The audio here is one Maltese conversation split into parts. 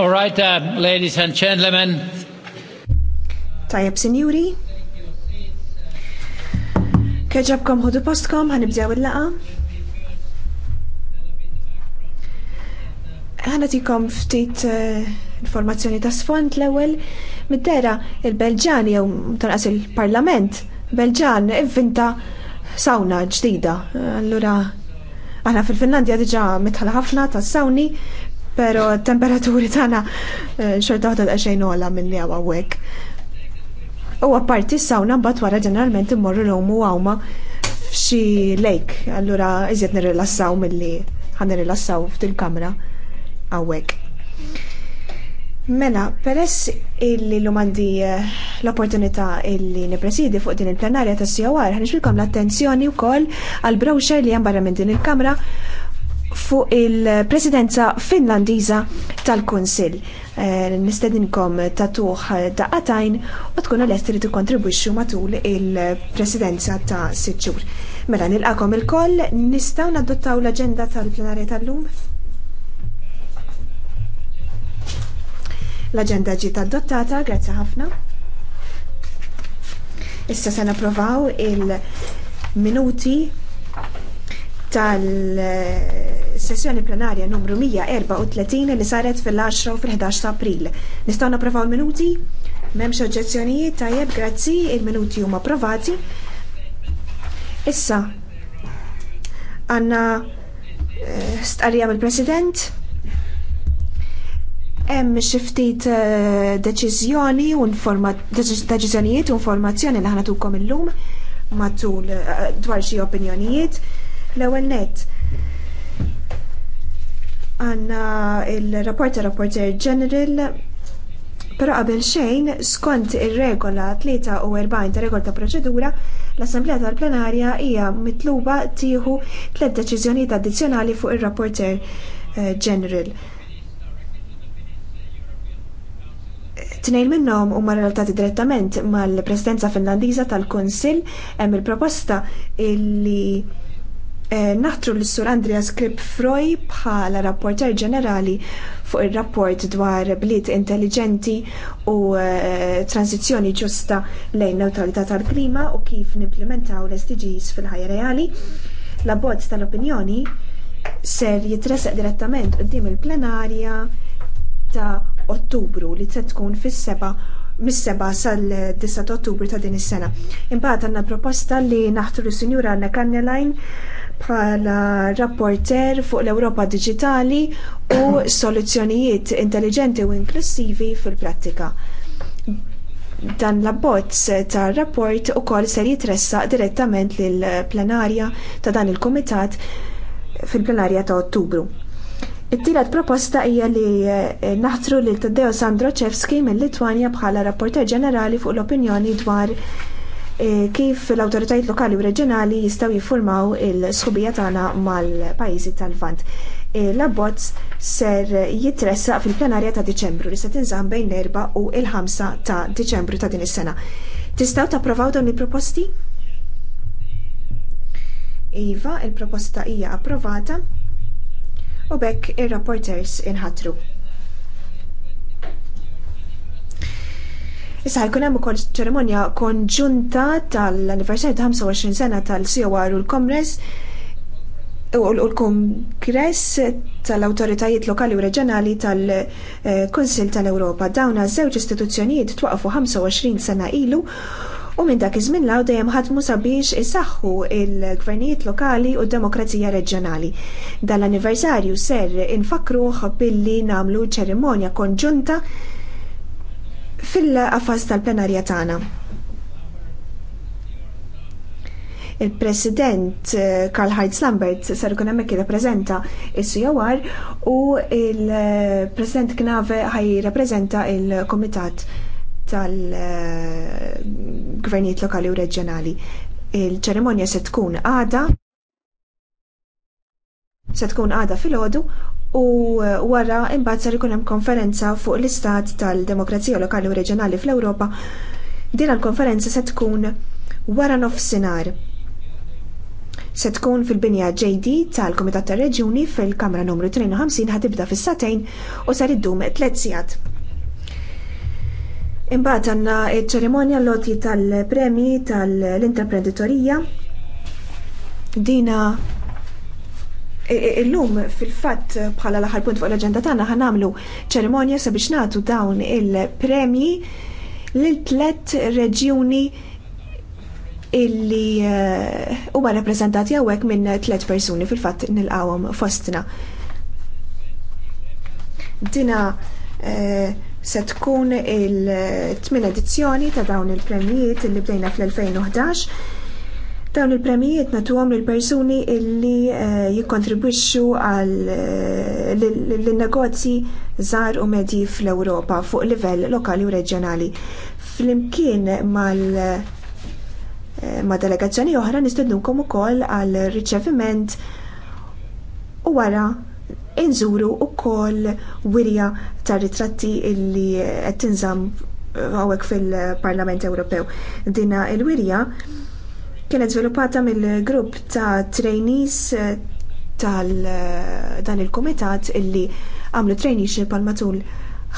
All right, uh, ladies and gentlemen. Tajab, sinjuri. Keġabkom hudu postkom, ħanibżaw il-laqa. ħanatikom ftit eh, informazzjoni ta' sfond l-ewel. Middera, il-Belġan jew tanqas il-Parlament, Belġan ivvinta sawna ġdida. Allura, għana fil-Finlandja diġa mitħala ħafna ta' sauni, pero temperaturi tagħna eh, xorta waħda xejn ola minn li hawnhekk. U apparti s-sawna mbagħad wara ġeneralment immorru l-hom għawma f'xi lejk, allura iżjed nirrilassaw milli ħan nirrilassaw f'dil kamra hawnhekk. Mela, peress illi l-umandi eh, l-opportunità illi nipresidi fuq din il-plenarja ta' COR, ħanix l-attenzjoni u koll għal-browser li barra minn din il-kamra fuq il-presidenza finlandiza tal-Konsil. Eh, nistedinkom tatuħ daqatajn u tkunu l-estri kontribwixxu matul il-presidenza ta' sitxur. Mela nilqakom il-koll, nistaw nadottaw l-agenda tal-plenarja tal-lum? L-agenda ġiet adottata, grazzi ħafna. Issa se napprovaw il-minuti tal-sessjoni plenarja numru 134 li saret fil-10 u fil-11 ta' april. Nistawna napprovaw minuti? Memx oġġezzjonijiet tajjeb, grazzi, il-minuti huma approvati. Issa, għanna eh, stqarrija mill-President. Hemm xi ftit eh, deċiżjoni u deċiżjonijiet u informazzjoni li ħanatukom illum matul eh, dwar xi opinjonijiet. L-ewwel nett Għanna il-rapport rapporter General Però qabel xejn, skont ir-regola 43 ta' regola ta' proċedura, l-Assemblea tal-Plenarja hija mitluba tieħu tliet deċiżjonijiet addizzjonali fuq ir-rapporter eh, General. Tnejn minnhom huma relatati direttament mal-Presidenza Finlandiża tal-Kunsill hemm il-proposta illi Eh, naħtru l sur Andrea Skrip Froj bħala rapporter ġenerali fuq il-rapport dwar bliet intelligenti u eh, transizjoni ġusta lejn neutralità tal-klima u kif nimplementaw l-SDGs fil-ħajja reali. L-abbozz tal-opinjoni ser jitresaq direttament qoddim il-plenarja ta' Ottubru li se tkun fis-seba' mis-seba sal-9 ta' Ottubru ta' din is-sena. Imbagħad għandna proposta li naħtru l sinjura Anna Kannelajn bħala rapporter fuq l-Ewropa Digitali u soluzzjonijiet intelligenti u inklusivi fil-prattika. Dan l-abbozz tar rapport ukoll ser jitressaq direttament lill plenarja ta' dan il kumitat fil-plenarja ta' Ottubru. It-tielet proposta hija li eh, naħtru lil Taddeo Sandroċevski mill-Litwanja bħala rapporter ġenerali fuq l-opinjoni dwar Eh, kif l-autoritajiet lokali u reġjonali jistgħu jiffurmaw il-sħubija tagħna mal-pajjiżi tal-Vant. Eh, l-abbozz ser jitressaq fil-plenarja ta' Diċembru li se tinżamm bejn l u l-5 ta' Diċembru ta' din is-sena. Tistgħu tapprovaw dawn il-proposti? Iva, il-proposta hija approvata u bekk ir rapporters inħatru. Issa jkun hemm ukoll ċerimonja konġunta tal-anniversarju ta' 25 sena tal-COR u l kongress u l-Kongress tal-Awtoritajiet Lokali u Reġjonali tal-Kunsil tal-Ewropa. Dawn żewġ istituzzjonijiet twaqfu 25 sena ilu u minn dak iż-żmien law dejjem ħadmu sabiex isaħħu il-gvernijiet lokali u d-demokrazija reġjonali. Dal-anniversarju ser infakruh billi nagħmlu ċerimonja konġunta fil-qafas tal-plenarja tagħna. il-President eh, Karl Heinz Lambert ser ikun hemmhekk jirrappreżenta s cor u il-President Knave ħaj jirrappreżenta il-Kumitat tal-Gvernijiet Lokali u Reġjonali. Il-ċerimonja se tkun għada se tkun għada fil-ħodu u eh, wara imbagħad sar ikun hemm konferenza fuq l-istat tal-demokrazija lokali u reġjonali fl-Ewropa. Din l-konferenza se tkun wara nofsinhar. Se tkun fil-binja JD tal-Kumitat tar-Reġjuni fil-Kamra numru 52 ħatibda fis-satejn u sar iddum tliet sigħat. Imbagħad għandna ċ-ċerimonja loti tal-premji tal-imprenditorija. Dina Illum fil-fatt bħala l-aħħar punt fuq l-aġenda tagħna nagħmlu ċerimonja sabiex nagħtu dawn il-premji lil tlet reġjuni illi eh, huma rappreżentati hawnhekk minn tliet persuni fil-fatt nilqawhom fostna. Dina eh, se tkun il tmien edizzjoni ta' dawn il-premjiet illi bdejna fl-2011 Dawn il-premijiet natuhom lill persuni illi eh, jikkontribwixxu għal eh, lin-negozji żgħar u medji fl-Ewropa fuq livell lokali u reġjonali. Flimkien mal eh, ma' delegazzjoni oħra nistednukom ukoll għal riċeviment u wara inżuru ukoll wirja ta' ritratti illi qed tinżamm għawek fil-Parlament Ewropew. Dina il-wirja kienet żviluppata mill-grupp ta' trainees eh, tal eh, dan il-kumitat illi għamlu traineeship għal matul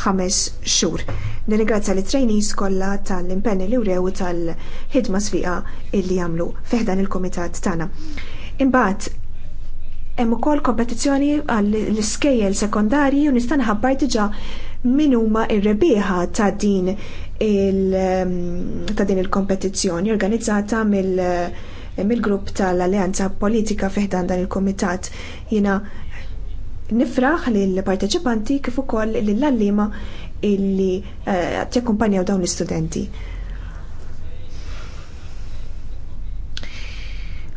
ħames xhur. Nirringrazzja li trainees kollha tal impenn li wrew tal-ħidma sfiqa illi għamlu fiħdan il-kumitat tagħna. Imbagħad hemm ukoll kompetizzjoni għall-iskejjel sekondarji u nista' nħabbar diġà min huma r-rebieħa ta' din Um, ta' din il-kompetizzjoni organizzata mill-grupp mil tal-Alleanza Politika fiħdan dan il-Komitat. Jina nifraħ lill-parteċipanti kif ukoll lill-allima illi uh, dawn l-istudenti.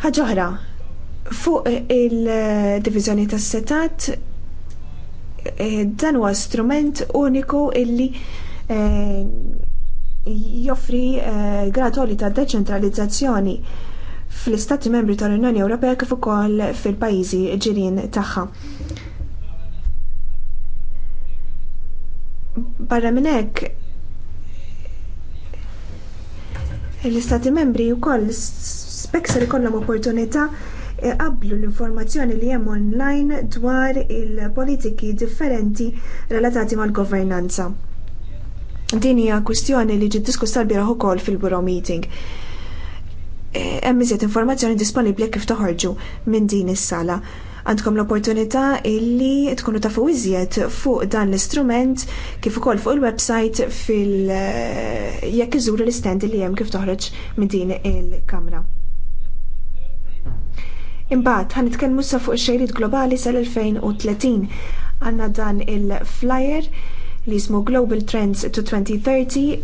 Ħaġoħra, fuq il-divizjoni tas setat eh, dan huwa strument uniku illi eh, joffri eh, ta' deċentralizzazzjoni fl-istati membri tal-Unjoni Ewropea kif ukoll fil-pajjiżi ġirien tagħha. Barra minn hekk l-istati membri wkoll spekser ikollhom opportunità eh, qablu l-informazzjoni li hemm online dwar il-politiki differenti relatati mal-governanza Din hija kwistjoni li ġiet diskussa l-bieraħ ukoll fil-Bureau Meeting. E, hemm iżjed informazzjoni disponibbli kif toħorġu minn din is-sala. Għandkom l-opportunità illi tkunu tafu iżjed fuq dan l-istrument kif ukoll fuq il-website fil- e, jekk iżuru l-istendi li hemm kif toħroġ minn din il-kamra. Imbagħad ħan itkellmu sa fuq ix-xejrid globali sal-2030. Għandna dan il-flyer li jismu Global Trends to 2030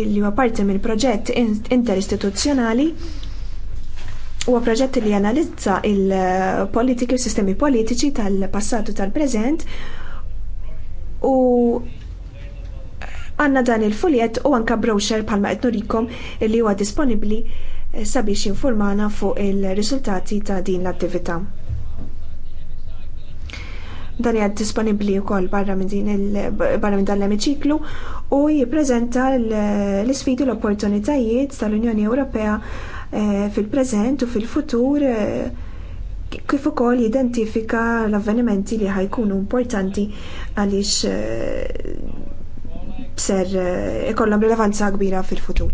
illi huwa parti mill proġett interistituzzjonali huwa proġett li analizza il-politiki u sistemi politiċi tal-passatu tal-preżent u għanna dan il-fuljet u anka brochure palma etnurikom li huwa disponibli sabiex informana fuq il-riżultati ta' din l-attività dan jgħad disponibli u koll barra minn dan l-emiċiklu u jiprezenta l-sfidi l-opportunitajiet tal-Unjoni Ewropea eh, fil-prezent u fil-futur eh, kif ukoll jidentifika l-avvenimenti li ħajkunu importanti għaliex eh, ser ikollhom rilevanza kbira fil-futur.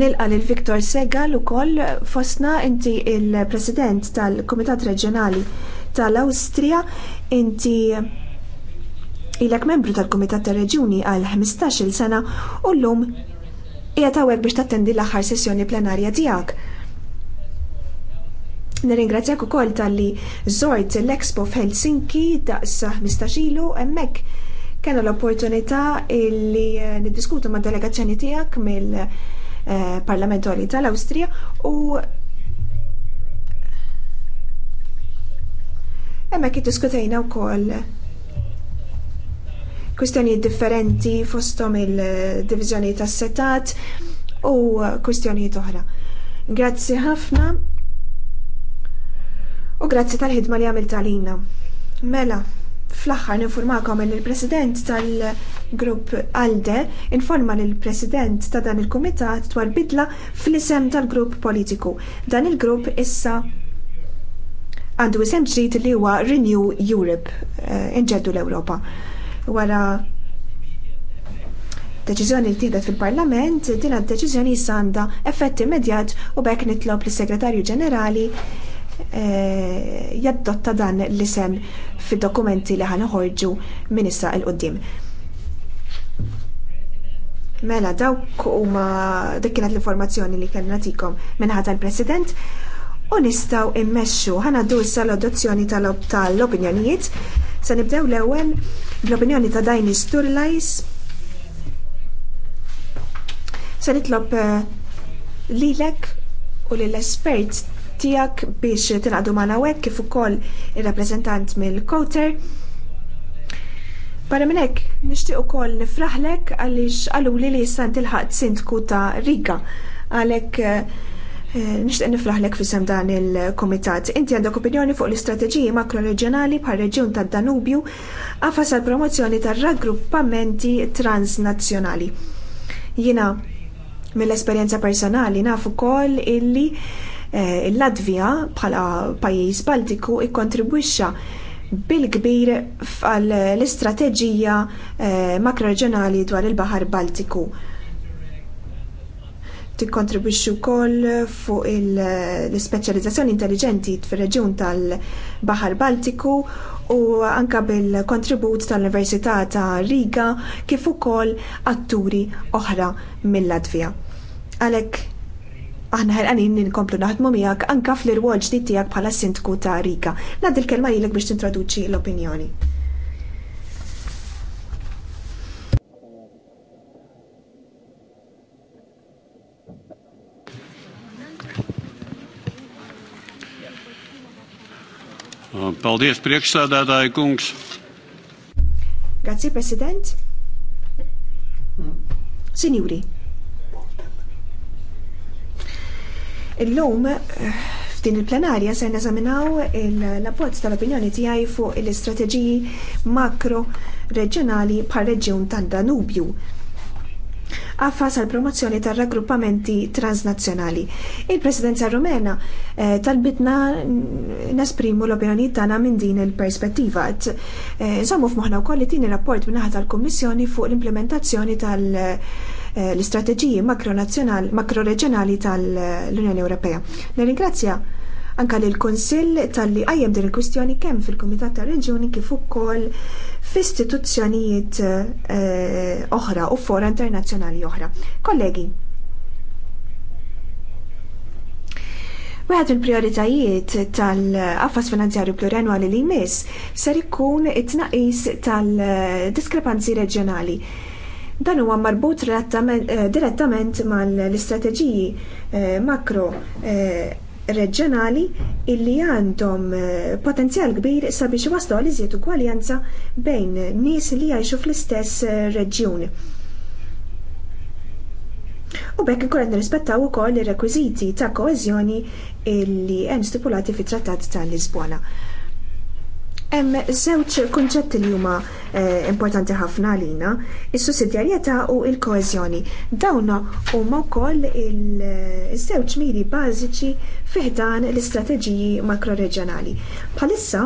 Nilqa lil Viktor Segal ukoll fostna inti il-President tal-Kumitat Reġjonali tal-Awstrija, inti ilek membru tal-Kumitat tar-Reġjuni għal 15-il sena u llum lum hawnhekk biex tattendi l-aħħar sessjoni plenarja tiegħek. Nirringrazzjak ukoll tal-li zort l-Expo f'Helsinki sa 15 ilu hemmhekk kena l-opportunità li niddiskutu mad delegazzjoni tiegħek mill- Eh, parlamentari tal-Awstrija u Emma diskutajna u wkoll kwistjonijiet differenti fosthom il divizjoni tas-setat u kwistjonijiet oħra. Grazzi ħafna u grazzi tal-ħidma li għamilt għalina. Mela, fl-axħar n-informakom il president tal- grupp ALDE informa lill president ta' dan il-Kumitat dwar bidla fl-isem tal-grupp politiku. Dan il-grupp issa għandu isem ġdid li huwa Renew Europe, eh, inġeddu l-Ewropa. Wara deċiżjoni li tieħdet fil-Parlament, din għad-deċiżjoni issa għandha effett immedjat u bekk nitlob lis-Segretarju Ġenerali eh, jaddotta dan l-isem fid dokumenti li ħana ħorġu minissa il-qoddim. Mela, dawk huma dik kienet l-informazzjoni li kellna tikom minħata l-President u nistaw immexxu ħanaddu issa l-adozzjoni tal-opinjonijiet. Se nibdew l-ewwel bl-opinjoni ta' Dajni Sturlajs. Se nitlob eh, lilek u lill-espert tiegħek biex tingħadu magħna hekk kif ukoll ir-rappreżentant mill-Koter Barra minn hekk nixtieq ukoll nifraħlek għaliex qaluli li issa tilħaq sindku ta' Riga. Għalhekk eh, nixtieq nifraħlek fisem dan il-komitat. Inti għandek opinjoni fuq l-istrateġiji makroreġjonali bħal reġjun tad-Danubju għafas għal promozzjoni tar-raggruppamenti transnazzjonali. Jiena mill-esperjenza personali naf ukoll illi eh, l-Latvija bħala pajjiż Baltiku ikkontribwixxa bil-kbir għall-istrateġija eh, makroreġjonali dwar il-Baħar Baltiku. Tikkontribwixxi wkoll fuq l-ispeċjalizzazzjoni intelligenti fir-reġjun tal-Baħar Baltiku u anka bil-kontribut tal-Università ta' Riga kif ukoll atturi oħra mill-Latvija. Għalhekk Aħna ħelqanin ninkomplu naħdmu miegħek anka fl-irwol ġdid tiegħek bħala sindku ta' Rika. Nagħdi l-kelma lilek biex tintroduċi l-opinjoni. Uh, paldies, priekšsēdētāji kungs. Grazie, President. Mm. Signori. Illum eh, f'din il-plenarja se neżaminaw l-abbozz tal-opinjoni tiegħi fuq il istrateġiji makro reġjonali par reġjun tad-Danubju. Affa għal promozzjoni tar raggruppamenti transnazzjonali. Il-Presidenza Rumena eh, talbitna nesprimu l-opinjoni tagħna minn din il-perspettiva. Eh, Żommu f'moħħna wkoll li tieni rapport minnaħat tal- Eh, l-istrateġiji makroreġjonali tal-Unjoni Ewropea. Nirringrazzja anka lill konsill tal-li din il-kwistjoni kemm fil-Kumitat tar reġjuni kif ukoll f'istituzzjonijiet eh, oħra u fora internazzjonali oħra. Kollegi, Waħed il-prioritajiet tal-qafas finanzjarju plurianwali li jmiss ser ikun it-tnaqis tal-diskrepanzi reġjonali. Dan huwa marbut eh, direttament mal-istrateġiji eh, makro eh, reġjonali illi għandhom potenzjal kbir sabiex waslu għal iżjed ugwaljanza bejn nies li jgħixu fl-istess reġjun. U bekk ikun qed nirrispettaw ukoll ir-rekwiżiti ta' koeżjoni illi hemm stipulati fit-Trattat ta' Lisbona. Hemm żewġ kunċetti li huma eh, importanti ħafna għalina, is-sussidjarjetà u l-koeżjoni. Dawn huma wkoll iż-żewġ miri bażiċi fiħdan l-istrateġiji makroreġjonali. Bħalissa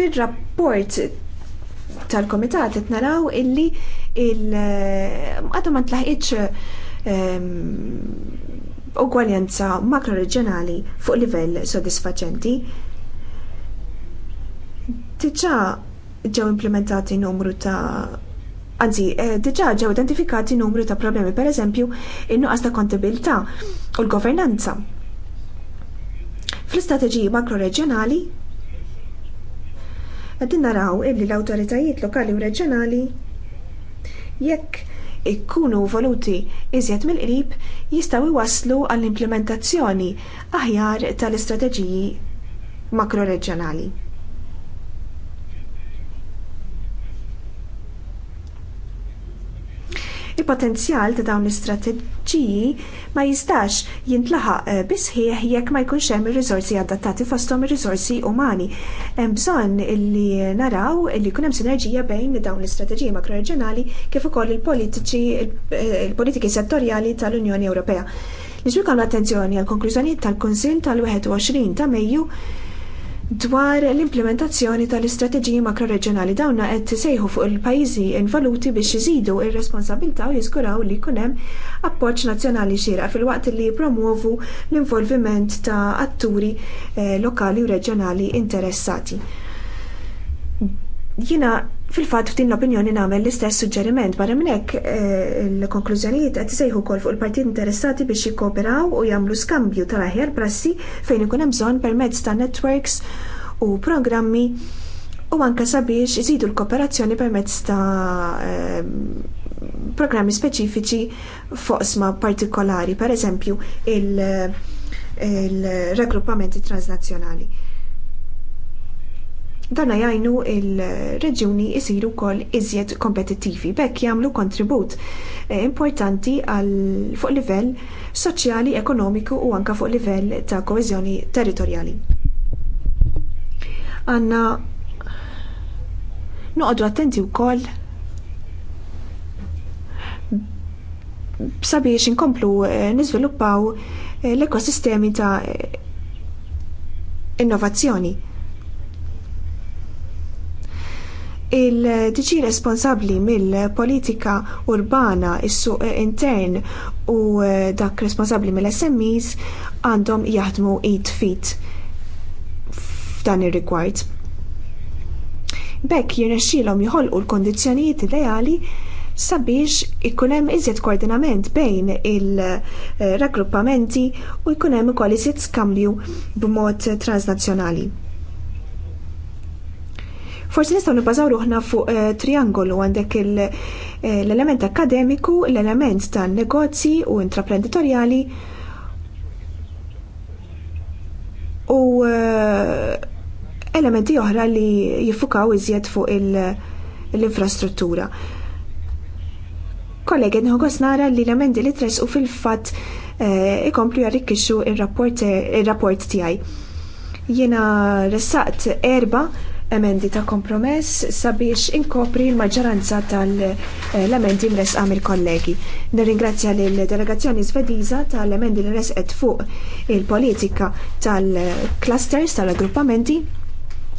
fir-rapport tal-komitat qed naraw illi il għadhom ma tlaħqitx ugwaljanza makroreġjonali fuq livell sodisfaċenti. Diġà ġew implementati numru ta' Anzi, eh, diġà ġew identifikati numru ta' problemi, pereżempju in-nuqqas ta' kontibilità u l-governanza. Fl-istrateġiji makroreġjonali qegħdin naraw illi l-awtoritajiet lokali u reġjonali jekk ikkunu voluti iżjed mill-qrib jistgħu iwasslu għall-implementazzjoni aħjar tal-istrateġiji makroreġjonali. il-potenzjal ta' dawn l-istrateġiji ma jistax jintlaħaq eh, bisħieħ jekk ma jkunx hemm ir-riżorsi adattati fosthom ir-riżorsi umani. Hemm bżonn li naraw li jkun hemm sinerġija bejn dawn l-istrateġiji makroreġjonali kif ukoll il-politiċi eh, il-politiki settorjali tal-Unjoni Ewropea. Nixbikam l-attenzjoni għal konklużjonijiet tal-Kunsil tal-21 ta' Mejju dwar l-implementazzjoni tal-istrateġiji makroreġjonali dawna qed tisejħu fuq il-pajjiżi involuti biex iżidu ir-responsabilità u jiżguraw li jkun hemm appoġġ nazzjonali xieraq filwaqt li jippromuovu l-involviment ta' atturi eh, lokali u reġjonali interessati. Jiena Fil-fat f'din l-opinjoni nagħmel l-istess suġġeriment barra minnek eh, l konklużjonijiet qed isejħu kol fuq il partijiet interessati biex jikkooperaw u jagħmlu skambju tal-aħjar prassi fejn ikun hemm bżonn permezz ta' networks u programmi u anke sabiex iżidu l-kooperazzjoni permezz ta' eh, programmi speċifiċi foqsma partikolari, per eżempju il-raggruppamenti eh, transnazzjonali. Dana jajnu il-reġjuni jisiru kol iżjed kompetittivi. Bekk jamlu kontribut eh, importanti għal fuq livell soċjali, ekonomiku u anka fuq livell ta' koezjoni territorjali. Għanna nuqadu attenti u kol sabiex inkomplu eh, nizviluppaw eh, l-ekosistemi ta' innovazzjoni. il-diġi responsabbli mill-politika urbana, is-suq intern u dak responsabbli mill-SMEs għandhom jaħdmu 8 fit f'dan ir-rigward. Bekk jirnexxielhom joħolqu l-kondizzjonijiet ideali sabiex ikun hemm iżjed koordinament bejn il-raggruppamenti u jkun hemm ukoll iżjed skambju b'mod transnazzjonali. Forsi nistgħu nibbażaw ruħna fuq eh, triangolu għandek eh, l-element akademiku, l-element tan negozji u intraprenditorjali u eh, elementi oħra li jiffukaw iżjed fuq l-infrastruttura. Kollegi, nħogos nara li l-emendi li tresqu fil-fat ikomplu jarrikkixu il-rapport tiegħi. Jiena ressaqt erba' emendi ta' kompromess sabiex inkopri l-maġġoranza tal-emendi mres għamil kollegi. Nirringrazzja l-delegazzjoni svediża tal-emendi li resqet fuq il-politika tal-clusters tal-aggruppamenti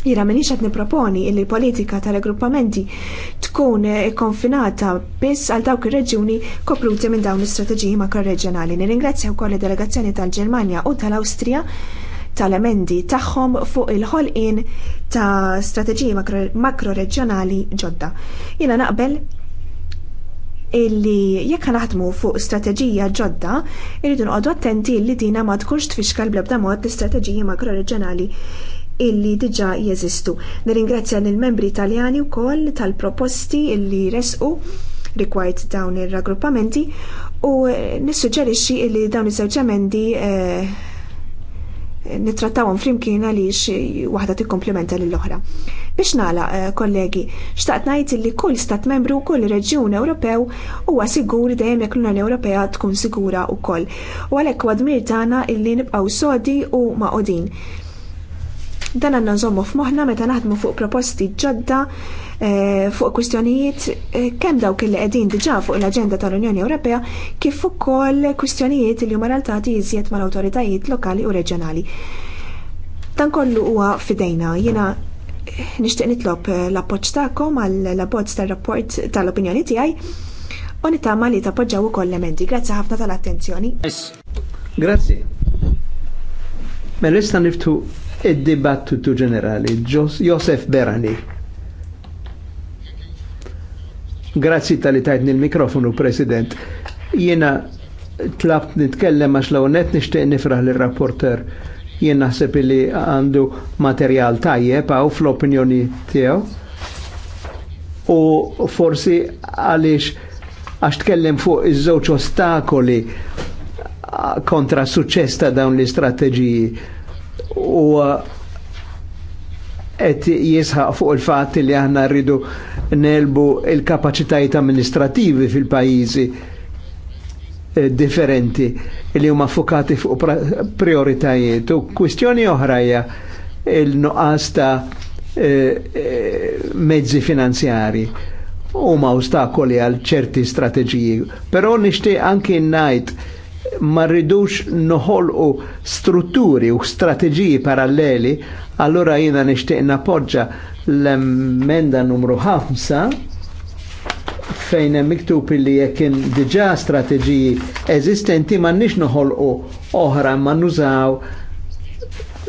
Jira minix xat niproponi il politika tal-aggruppamenti tkun konfinata biss għal dawk ir-reġjuni kopruti minn dawn l-istrateġiji makroreġjonali. Nirringrazzja wkoll id-delegazzjoni tal-Ġermanja u tal-Awstrija tal-emendi tagħhom fuq il-ħolqien ta' strateġiji makroreġjonali ġodda. Jiena naqbel illi jekk naħdmu fuq strateġija ġodda, irridu nqogħdu attenti li dina ma tkunx tfixkal bl-ebda mod l-istrateġiji makroreġjonali illi diġa jeżistu. Nirringrazzja lill-membri Italjani wkoll tal-proposti illi resqu rigward dawn ir raggruppamenti u nissuġġerixxi li dawn iż-żewġ emendi eh, nittrattawhom flimkien għaliex waħda tikkomplementa lill-oħra. Biex nagħlaq eh, kollegi, xtaqt ngħid li kull stat membru u kull reġjun Ewropew huwa sigur dejjem jekk l-Unjoni Ewropea tkun sigura wkoll. U għalhekk huwa dmir tagħna illi nibqgħu sodi u maqodin. Dan għanna nżommu f'moħna meta naħdmu fuq proposti ġodda eh, fuq kwistjonijiet eh, kemm dawk kelli qegħdin diġà fuq l-aġenda tal-Unjoni Ewropea kif ukoll kwistjonijiet li huma raltati iżjed mal-awtoritajiet lokali u reġjonali. Dan kollu huwa fidejna jiena eh, nixtieq nitlob l-appoġġ tagħkom għall-abbozz tar-rapport tal-opinjoni tiegħi u nittama li tappoġġaw ukoll emendi. Grazzi ħafna tal-attenzjoni. Grazzi. Merrista mela, niftu id-dibattitu ġenerali. Josef Berani. Grazzi tal-li tajtni mikrofonu President. Jena tlapt nitkellem għax l-għonet nishtiq nifraħ l-rapporter jien naħseb li għandu materjal tajjeb għaw fl-opinjoni tiegħu. U forsi għaliex għax tkellem fuq iż-żewġ ostakoli kontra suċċess ta' dawn l-istrateġiji u et jisħa fuq il-fat li għanna rridu nelbu il-kapacitajiet amministrativi fil-pajizi eh, differenti li huma fukati fuq prioritajiet u kwistjoni oħrajja il-nuqqas ta' eh, eh, mezzi finanzjari u ma' ostakoli għal ċerti strategiji. Però nixtieq anki ngħid ma rridux noħolqu strutturi u strateġiji paralleli, allora jina nishtiq napoġġa l-emenda numru 5 fejn hemm miktub li jekk diġà strateġiji eżistenti m'għandniex noħolqu oħra ma nużaw eh,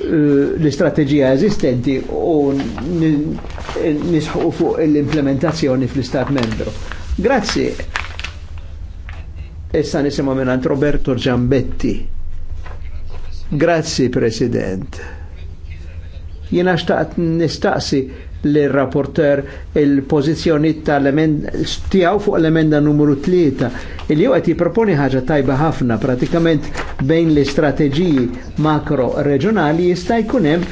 l-istrateġija eżistenti u nisħu fuq l-implementazzjoni fl-Istat membru. Grazzi, Issa nisimgħu minn Roberto Giambetti. Grazzi, President. Jiena xtaqt nistaqsi l-rapporter il-pozizjoni tal-emenda fuq l-emenda numru 3 il qed jipproponi ħaġa tajba ħafna pratikament bejn l-istrateġiji makro reġjonali jista' jkun hemm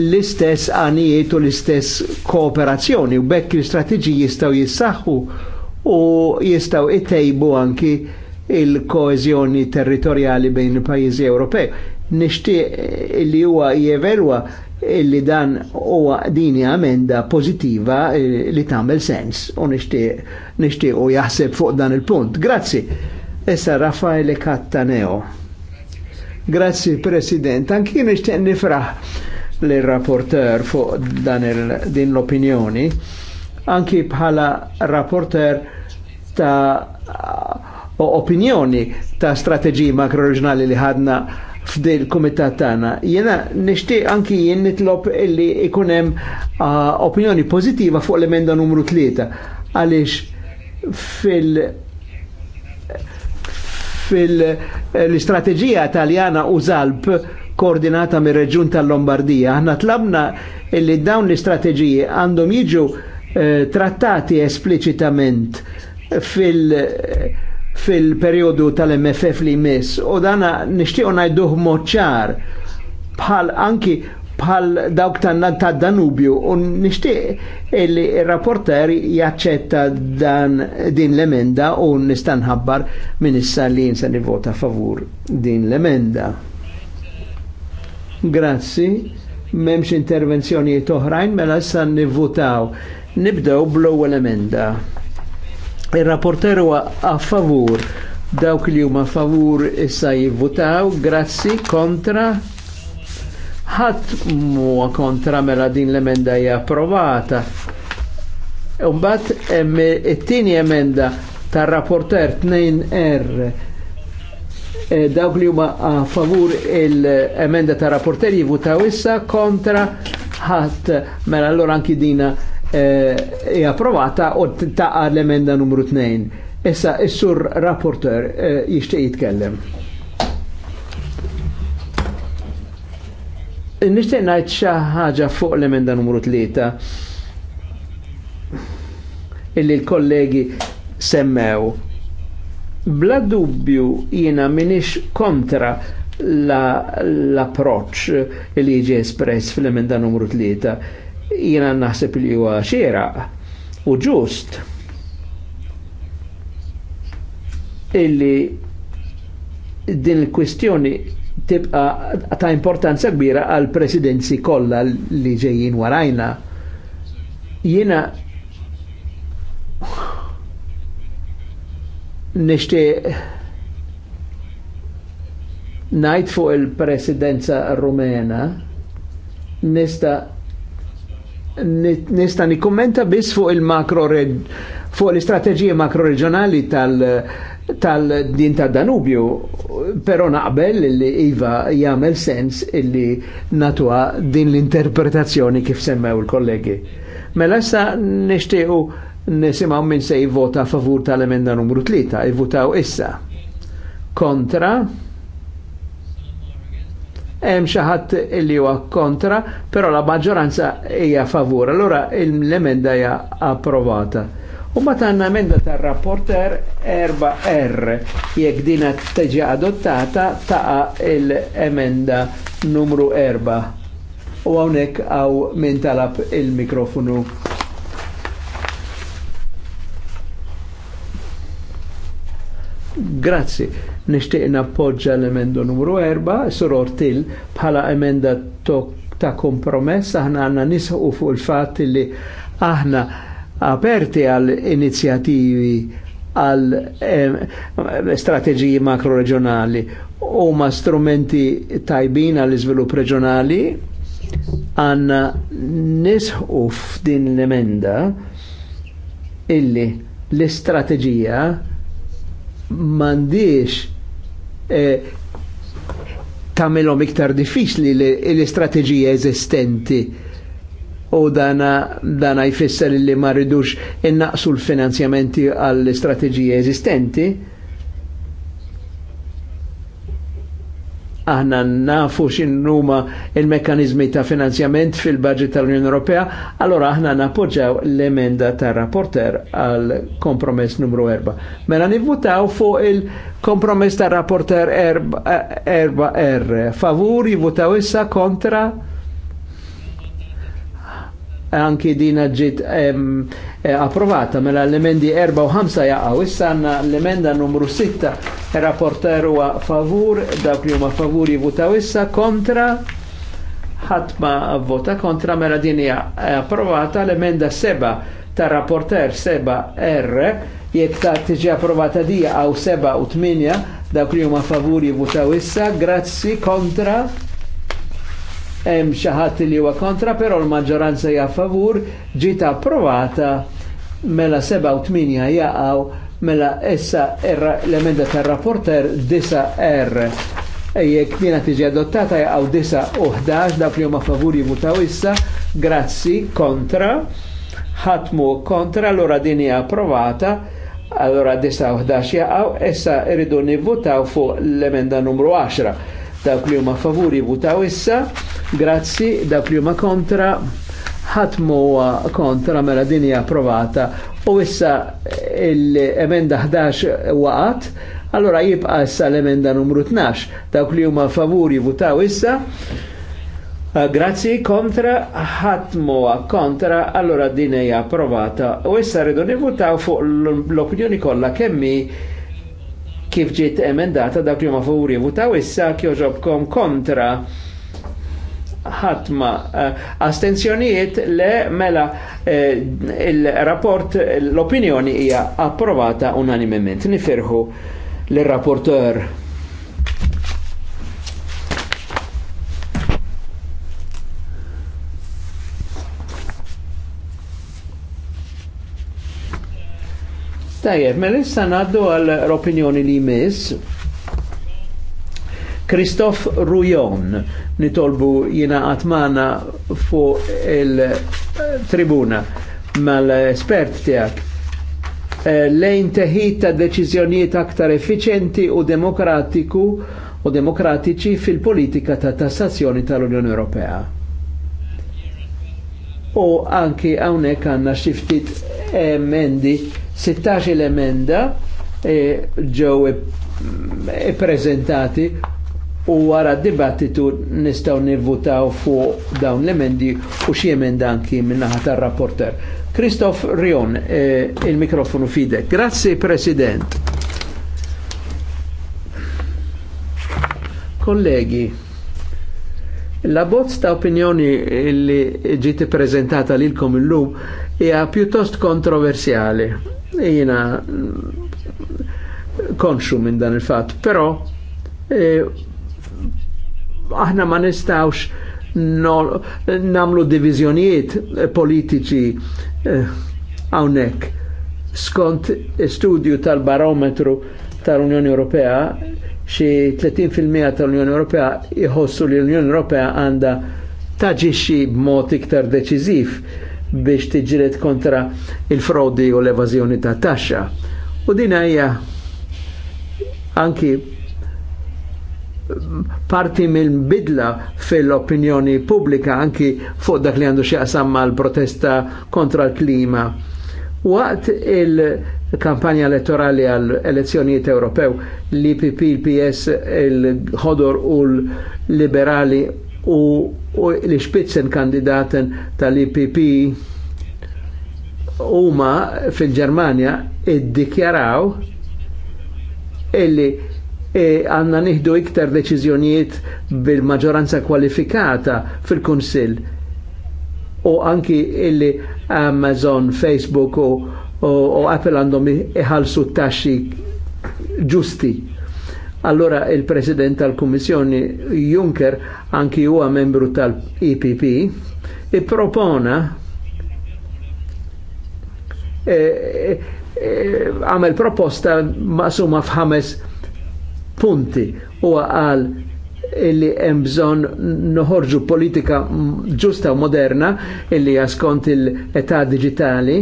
l-istess għanijiet u l-istess kooperazzjoni u bekk l-istrateġiji jistgħu jissaħħu u jistgħu ittejbu anki il-koezjoni territoriali bejn il-pajjiżi Ewropej. Nixti li huwa jevelwa illi dan huwa dini amenda pozittiva eh, li tagħmel sens u nixti u jaħseb fuq dan il-punt. Grazzi. Issa Raffaele Cattaneo. Grazzi President, anki nixtieq nifraħ l-rapporter fuq dan din l-opinjoni, anki bħala rapporter ta' opinjoni ta' strateġiji makroreġjonali li ħadna f'dil kumitat tagħna. Jiena nixtieq anki jien nitlob illi ikun hemm uh, opinjoni pożittiva fuq l-emenda numru 3 għaliex fil- fil-istrateġija eh, taljana u Zalp koordinata mir reġjun tal-Lombardija. Aħna tlabna illi dawn l-istrateġiji għandhom jiġu eh, trattati esplicitament fil- eh, fil-periodu tal-MFF li mis u dana nishtiqo najduh moċċar bħal anki bħal dawk ta' Danubju u nishtiq illi il-rapporter jaċċetta dan din l-emenda u nistanħabbar minn issa li jinsa vota favur din l-emenda. Grazzi, memx intervenzjoni oħrajn mela issa nivvotaw. Nibdew bl-ewwel emenda. Il-rapporter huwa a favur dawk li huma favur issa jivvutaw, grazzi, kontra. Ħadd huwa kontra mela din l-emenda hija approvata. hemm it-tieni emenda tar-rapporter 2R e, dawk li huma a favur il-emenda tar-rapporter jivvutaw issa kontra ħadd mela allora anki dina Eh, hija approvata u taqa l-emenda numru 2. Issa is-sur rapporteur eh, jixtieq jitkellem. Nixtieq ngħid xi ħaġa fuq l-emenda numru 3 illi l-kollegi semmew. Bla dubju jiena minix kontra l-approċ la li jiġi espress fil-emenda numru 3 jina naħseb li huwa xiera u ġust illi din il-kwistjoni tibqa ta' importanza kbira għal presidenzi kollha li ġejjin warajna. Jiena nixtieq najt fuq il-presidenza rumena nista' nista' kommenta biss fuq il-makro fuq l-istrateġija reġjonali tal- tal-din ta' Danubju, però naqbel li Iva jagħmel sens illi natwa din l-interpretazzjoni kif semmew il-kollegi. Mela sa nixtiequ nisimgħu minn se jivvota favur tal-emenda numru 3, jivvutaw issa. Kontra, hemm xi ħadd li huwa kontra, però la maġġoranza hija favur. Allora l-emenda hija approvata. U ma tanna emenda tar-rapporter 4R jekk din teġi adottata taqa l-emenda numru 4. U hawnhekk għaw min talab il-mikrofonu Grazie nishtiq nappoġġa l-emendu numru 4, soror til bħala emenda ta' kompromess, aħna għanna nisħu fuq il-fat li aħna aperti għal inizjativi għal strategiji makroreġjonali u ma strumenti tajbin għal iżvilupp reġjonali għanna nisħu f'din l-emenda illi l-istrateġija mandiex E, tamilhom iktar diffiċli l-istrateġija eżistenti u dana, dana jfisser li ma rridux innaqsu l-finanzjamenti għall-istrateġija eżistenti aħna nafu x'innuma il-mekkanizmi ta' finanzjament fil-budget tal-Unjoni Ewropea, allora aħna nappoġġaw l-emenda ta' rapporter għal kompromess numru 4. Mela nivvutaw fuq il-kompromess ta' rapporter 4R, favur jivvutaw issa kontra anki dina ġit eh, approvata mela l-emendi 4 u 5 jaqaw. Issa għanna l-emenda numru 6 rapporter a favur, dawk li huma favur jivutaw issa kontra ħatma vota kontra mela din hija eh, approvata l-emenda 7 ta' rapporter 7R jekk ta' tiġi approvata dija għaw 7 u 8 dawk li huma favur jivutaw issa, grazzi kontra hemm xi ħadd li huwa kontra, però l-maġġoranza hija favur, ġiet approvata mela 7 jaqgħu mela issa l-emenda tar-rapporter disa r Ejjek dina tiġi adottata jaqgħu disa u 11 dak li huma favur jivutaw issa, grazzi, kontra, ħatmu kontra, allura din hija approvata. Allora disa u jaqgħu, issa irridu nivvutaw fuq l-emenda numru 10. Dawk li huma favur jivutaw issa, Grazzi, dak li huma kontra, ħatmu kontra mela din hija approvata u issa eh, l-emenda 11 waqat, allora jibqa issa l-emenda numru 12, dawk li huma favuri votaw issa. Eh, grazzi, kontra, ħatmu kontra, allora din hija approvata. U issa rridu nivutaw fuq l-opinjoni kollha kemmi kif ġiet emendata dak li huma favuri votaw issa kjoġobkom kontra ħatma eh, astenzjonijiet le mela eh, il-rapport l-opinjoni hija approvata unanimement. Nifirħu l-rapporteur. Tajjeb, mela issa ngħaddu għall opinjoni li jmiss Kristof Rujon nitolbu jina għatmana fuq il-tribuna mal-espert tijak lejn teħid ta' deċiżjonijiet aktar efficienti u demokratiku u demokratiċi fil-politika ta' tassazzjoni tal-Unjoni Ewropea. U anki hawnhekk għandna xi ftit emendi, 16 l-emenda ġew prezentati u wara dibattitu nistaw nivvutaw fuq dawn l-emendi u xie emendanki anki minnaħa tar-rapporter. Kristof Rion, eh, il-mikrofonu fide. Grazie President. Kollegi, la bozz ta' opinjoni li ġiti prezentata lilkom illum hija pjuttost kontroversjali. Jina mm, konxu minn dan il-fat, però eh, aħna ma nistawx namlu divizjonijiet politiċi eh, hawnhekk. Skont studju tal-barometru tal-Unjoni Ewropea, xi 30% tal-Unjoni Ewropea jħossu li l-Unjoni Ewropea taġiċi b b'mod iktar deċiżiv biex tiġret kontra il-frodi u l-evażjoni ta' taxxa. U dinajja anki parti minn bidla fil-opinjoni publika anki fuq dak li għandu xieqsam mal protesta kontra l-klima. Waqt il-kampanja elettorali għal elezzjonijiet Ewropew, l-IPP, l ps il-ħodor u l-liberali u, l-spitzen kandidaten tal-IPP huma fil id-dikjaraw illi E għanna e nieħdu iktar deċiżjonijiet bil-maġoranza kwalifikata fil-Kunsill u anki illi Amazon, Facebook u, u, u Apple għandhom iħalsu taxxi ġusti. Allora il-President tal-Kummissjoni Juncker, anki huwa membru tal-EPP, i-propona għamel e, e, e proposta maqsuma f'ħames punti u għal illi hemm bżonn noħorġu politika ġusta u moderna illi jaskont il-età digitali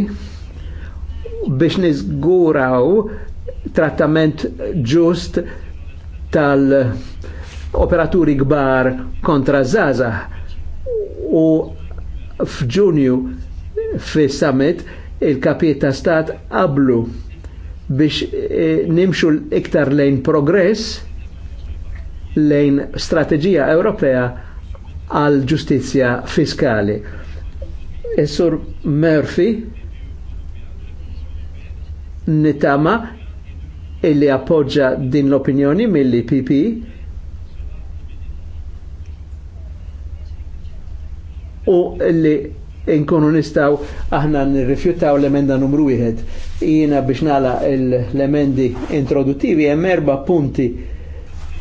biex niżguraw trattament ġust tal-operaturi kbar kontra Zaza u f'Ġunju fi summit il kapieta stat qablu biex eh, nimxu iktar lejn progress lejn strategija Ewropea għal ġustizja fiskali. Essur Murphy nitama illi appoġġa din l-opinjoni mill PP u li inkunu nistaw aħna nirrifjutaw l-emenda numru 1. Jiena biex nala l-emendi introduttivi hemm erba' punti.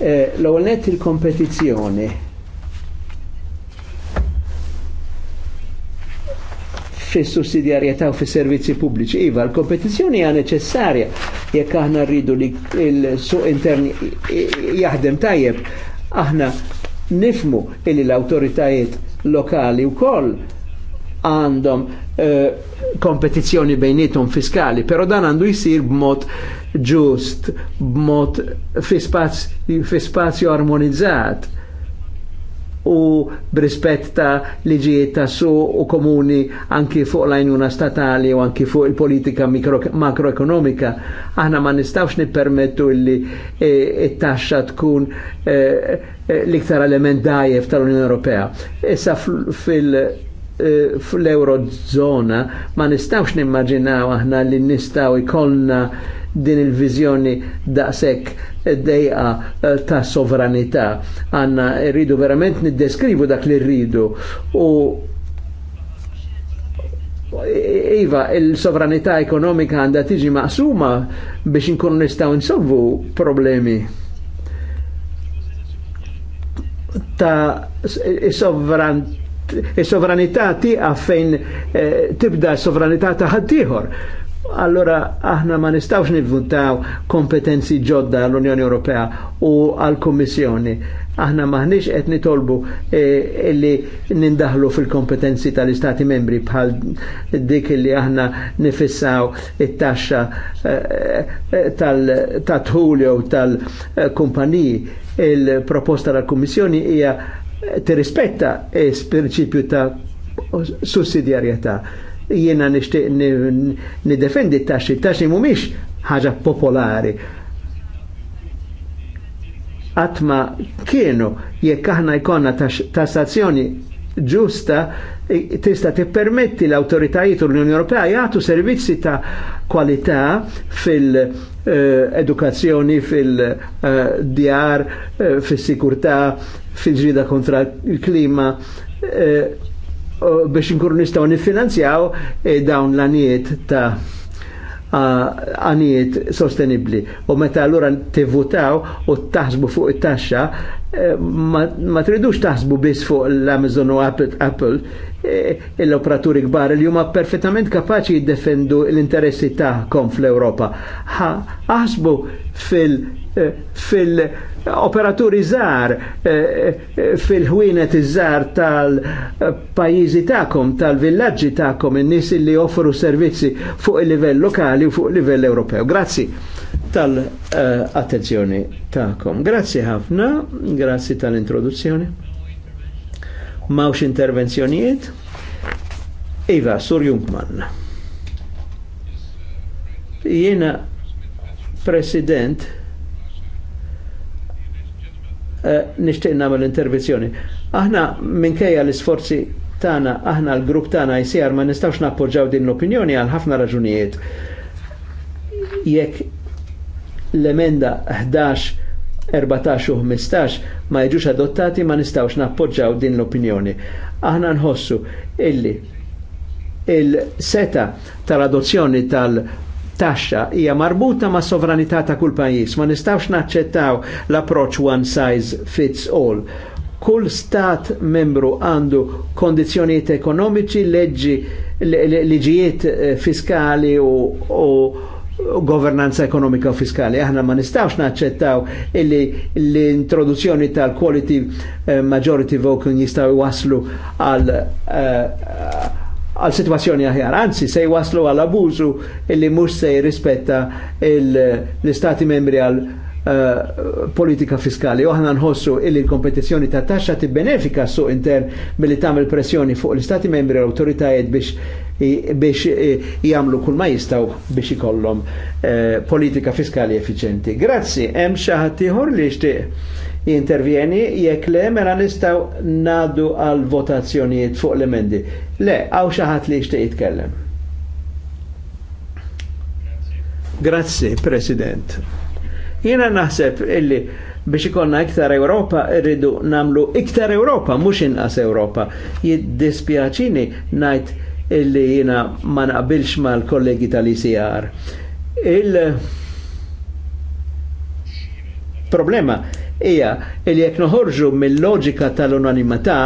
Eh, l-ewwel net il-kompetizzjoni. fis sussidjarjetà u fis servizzi pubbliċi. Iva, l-kompetizzjoni hija neċessarja jekk aħna rridu li l-suq interni jaħdem tajjeb. Aħna nifmu illi l-awtoritajiet lokali wkoll għandhom eh, kompetizzjoni bejnietom fiskali, pero dan għandu jisir b'mod ġust, b'mod fi spazju armonizzat u brispett ta' liġijiet ta' su u komuni anki fuq lajnuna statali u anki fuq il-politika makroekonomika. Aħna ma nistawx nippermettu li eh, it-taxxa tkun eh, l-iktar element dajef tal-Unjoni Ewropea. Issa fil- Eh, fl-Eurozona ma nistawx nimmaġinaw aħna li nistaw ikollna din il-vizjoni daqshekk dejqa eh, ta' sovranità. Għanna rridu verament niddeskrivu dak li rridu u Iva, il-sovranità ekonomika għanda tiġi maqsuma biex inkunu nistaw nsolvu problemi ta' sovranità is-sovranità tieqa fejn eh, tibda s-sovranità ta' ħaddieħor. Allora aħna ma nistawx nivvuntaw kompetenzi ġodda l-Unjoni Ewropea u għal-Kommissjoni. Aħna maħniex qed nitolbu eh, illi nindaħlu fil-kompetenzi tal-Istati membri bħal dik illi aħna nifissaw it-taxxa eh, tal-tħul jew tal-kumpaniji. Il-proposta tal-Kummissjoni hija ti rispetta il principju ta' sussidjarjetà. Jiena nixtieq nidefendi t-taxxi, t-taxxi mhumiex ħaġa popolari. Atma kienu jekk aħna jkollna tassazzjoni ġusta tista' tippermetti l-awtoritajiet u l-Unjoni Ewropea jagħtu servizzi ta' kwalità fil-edukazzjoni, eh, fil-djar, eh, eh, fis-sikurtà, fil-ġrida kontra il-klima eh, biex nkunu nistgħu nifinanzjaw eh, dawn l-anijiet ta' għanijiet sostenibli. U meta allura tivvutaw u taħsbu fuq it-taxxa, eh, ma, tridux taħsbu biss fuq l-Amazon u Apple, l-operaturi kbar li huma perfettament kapaċi jiddefendu l-interessi tagħhom fl-Ewropa. Aħsbu fil- Eh, fil-operaturi żgħar eh, eh, fil-ħwienet iż tal-pajjiżi tagħkom, tal-villaġġi tagħkom, in-nies li offru servizzi fuq il-livell lokali u fuq il-livell Ewropew. Grazzi tal-attenzjoni tagħkom. Grazzi ħafna, grazzi tal-introduzzjoni. Mawx intervenzjonijiet. Iva, Sur Jungman. Jena president Eh, nishtiq nagħmel intervenzjoni. Aħna minkejja l-isforzi tagħna, aħna l-grupp tagħna jsir ma nistgħux nappoġġaw din l-opinjoni għal ħafna raġunijiet. Jekk l-emenda 11 14 u 15 ma jġux adottati ma nistawx nappoġġaw din l-opinjoni. Aħna nħossu illi il-seta tal-adozzjoni tal taxxa hija marbuta ma' sovranità ta' kull pajjiż. Ma nistgħux naċċettaw l-approċċ one size fits all. Kull stat membru għandu kondizjonijiet ekonomiċi, leġi, liġijiet eh, fiskali u, u governanza ekonomika u fiskali. Aħna ma nistawx naċċettaw illi l-introduzzjoni tal-quality eh, majority voting jistaw waslu għal eh, għal situazzjoni aħjar, anzi se jwaslu għal abużu illi mhux se jirrispetta l-istati membri għal eh, politika fiskali. Oħna nħossu illi l-kompetizjoni ta' taxxa tibbenefika su intern billi tagħmel pressjoni fuq l-istati membri u l-autoritajiet biex biex eh, jagħmlu kull ma jistgħu biex ikollhom eh, politika fiskali effiċenti. Grazzi, hemm xi ħadd li jixtieq jintervjeni, jekk le, mela nistaw nadu għal votazzjonijiet fuq l-emendi. Le, għaw xaħat li jishtiq jitkellem. Grazzi, President. Jena naħseb illi biex ikonna iktar Europa rridu namlu iktar Europa, mux inqas Europa. Jiddispjaċini najt illi jena ma naqbilx mal-kollegi tal-ICR. Il- problema hija li jekk noħorġu mill-loġika tal-unanimità,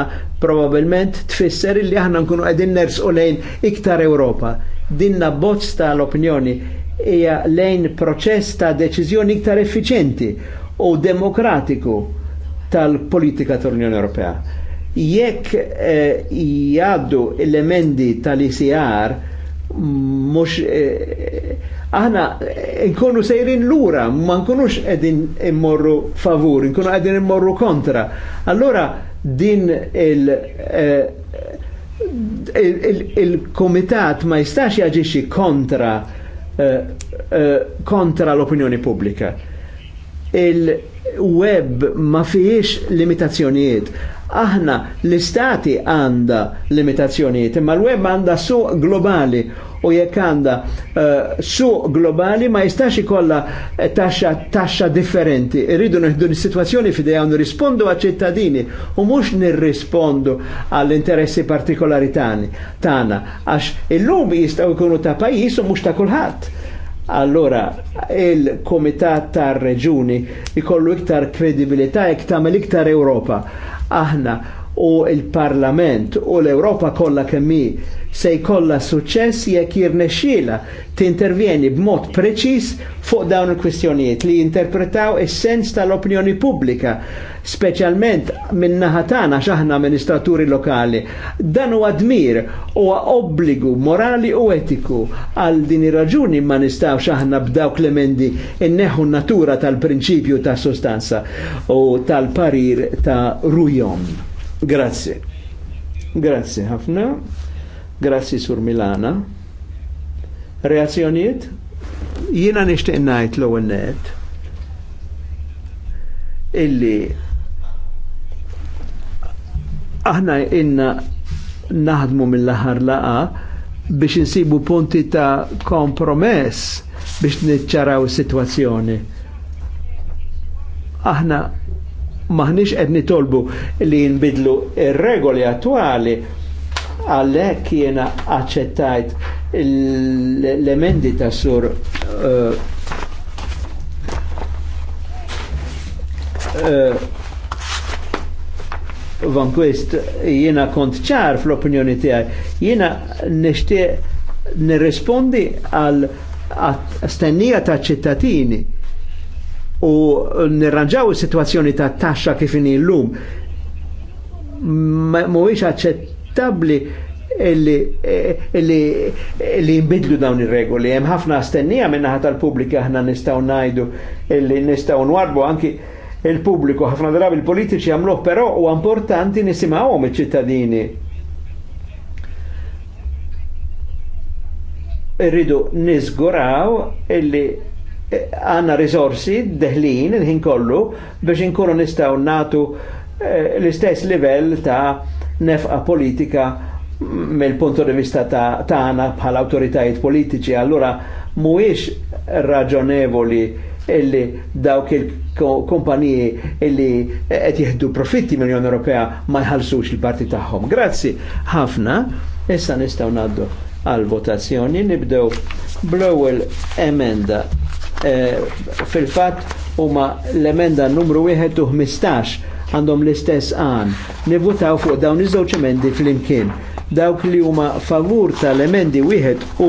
probabilment tfisser li aħna nkunu qegħdin nersqu lejn iktar Ewropa. Din bozz tal-opinjoni hija lejn proċess ta' deċiżjoni iktar effiċenti u demokratiku tal-politika tal-Unjoni Ewropea. Jekk eh, jgħaddu l-emendi tal-ICR mhux eh, aħna nkunu sejrin lura, ma nkunux edin immorru favur, nkunu e'din immorru kontra. Allora din il- eh, il-komitat il ma jistax jaġixi kontra eh, eh, kontra l-opinjoni pubblika. Il-web ma fiex limitazzjonijiet aħna l-istati għanda limitazzjonijiet, imma l-web għanda su globali u jekk għanda uh, su globali ma jistax ikolla eh, taxxa taxxa differenti. Irridu nieħdu situazzjoni fidejha u nirrispondu għaċ-ċittadini u mhux nirrispondu għall-interessi partikolari tagħna għax illum jistgħu jkunu ta' pajjiż u mhux ta' kulħadd. Allora, il-Komitat tar reġuni ikollu iktar kredibilità jekk tagħmel iktar Ewropa aħna u il-Parlament u l-Europa kollha kemmi se jkollha suċċess jekk jirnexxiela tintervjeni b'mod preċiż fuq dawn il-kwistjonijiet li jinterpretaw is-sens tal-opinjoni pubblika, speċjalment minn naħa x'aħna amministraturi lokali. Dan huwa dmir huwa obbligu morali u etiku għal din ir-raġuni ma nistgħux aħna b'daw klemendi inneħu natura tal-prinċipju ta' sostanza u tal-parir ta' rujom. Grazie. Grazie ħafna. Grazie Sur Milana. Reazzjonijiet? Jiena nixtieq ngħid l-ewwel net illi aħna inna naħdmu mill-aħħar laqa biex insibu punti ta' kompromess biex niċċaraw is-sitwazzjoni. Aħna maħniex qed nitolbu li jinbidlu il regoli attwali għallek jena accettajt l-emendi ta' sur eh, eh, Van Quist jena kont ċar fl-opinjoni tiegħi, jena nishtiq nirrispondi għal stennija ta' ċittatini u nirranġaw is situazzjoni ta' taxxa kif inhi llum mhuwiex aċċettabbli illi jinbidlu dawn ir-regoli. Hemm ħafna astennija minnaħa tal-pubblika aħna nistgħu ngħidu li nistgħu nwarbu anki il-pubbliku ħafna drabi il-politiċi jagħmluh però u importanti nisimgħuhom iċ-ċittadini. Irridu nizguraw illi għanna risorsi deħlin il-ħin kollu biex inkunu nistaw natu eh, l-istess livell ta' nefqa politika mill-punto di vista ta' tagħna bħal autoritajiet politiċi, allura mhuwiex raġonevoli illi dawk il-kumpaniji illi qed jieħdu profitti mill-Unjoni Ewropea ma jħallsux il-parti tagħhom. Grazzi ħafna, issa nistgħu ngħaddu għal votazzjoni nibdew bl-ewwel emenda Eh, fil-fatt huma l-emenda numru 1 u 15 għandhom l-istess għan. Nivutaw fuq dawn iż-żewġ emendi fl-imkien. Dawk li huma favur tal-emendi wieħed u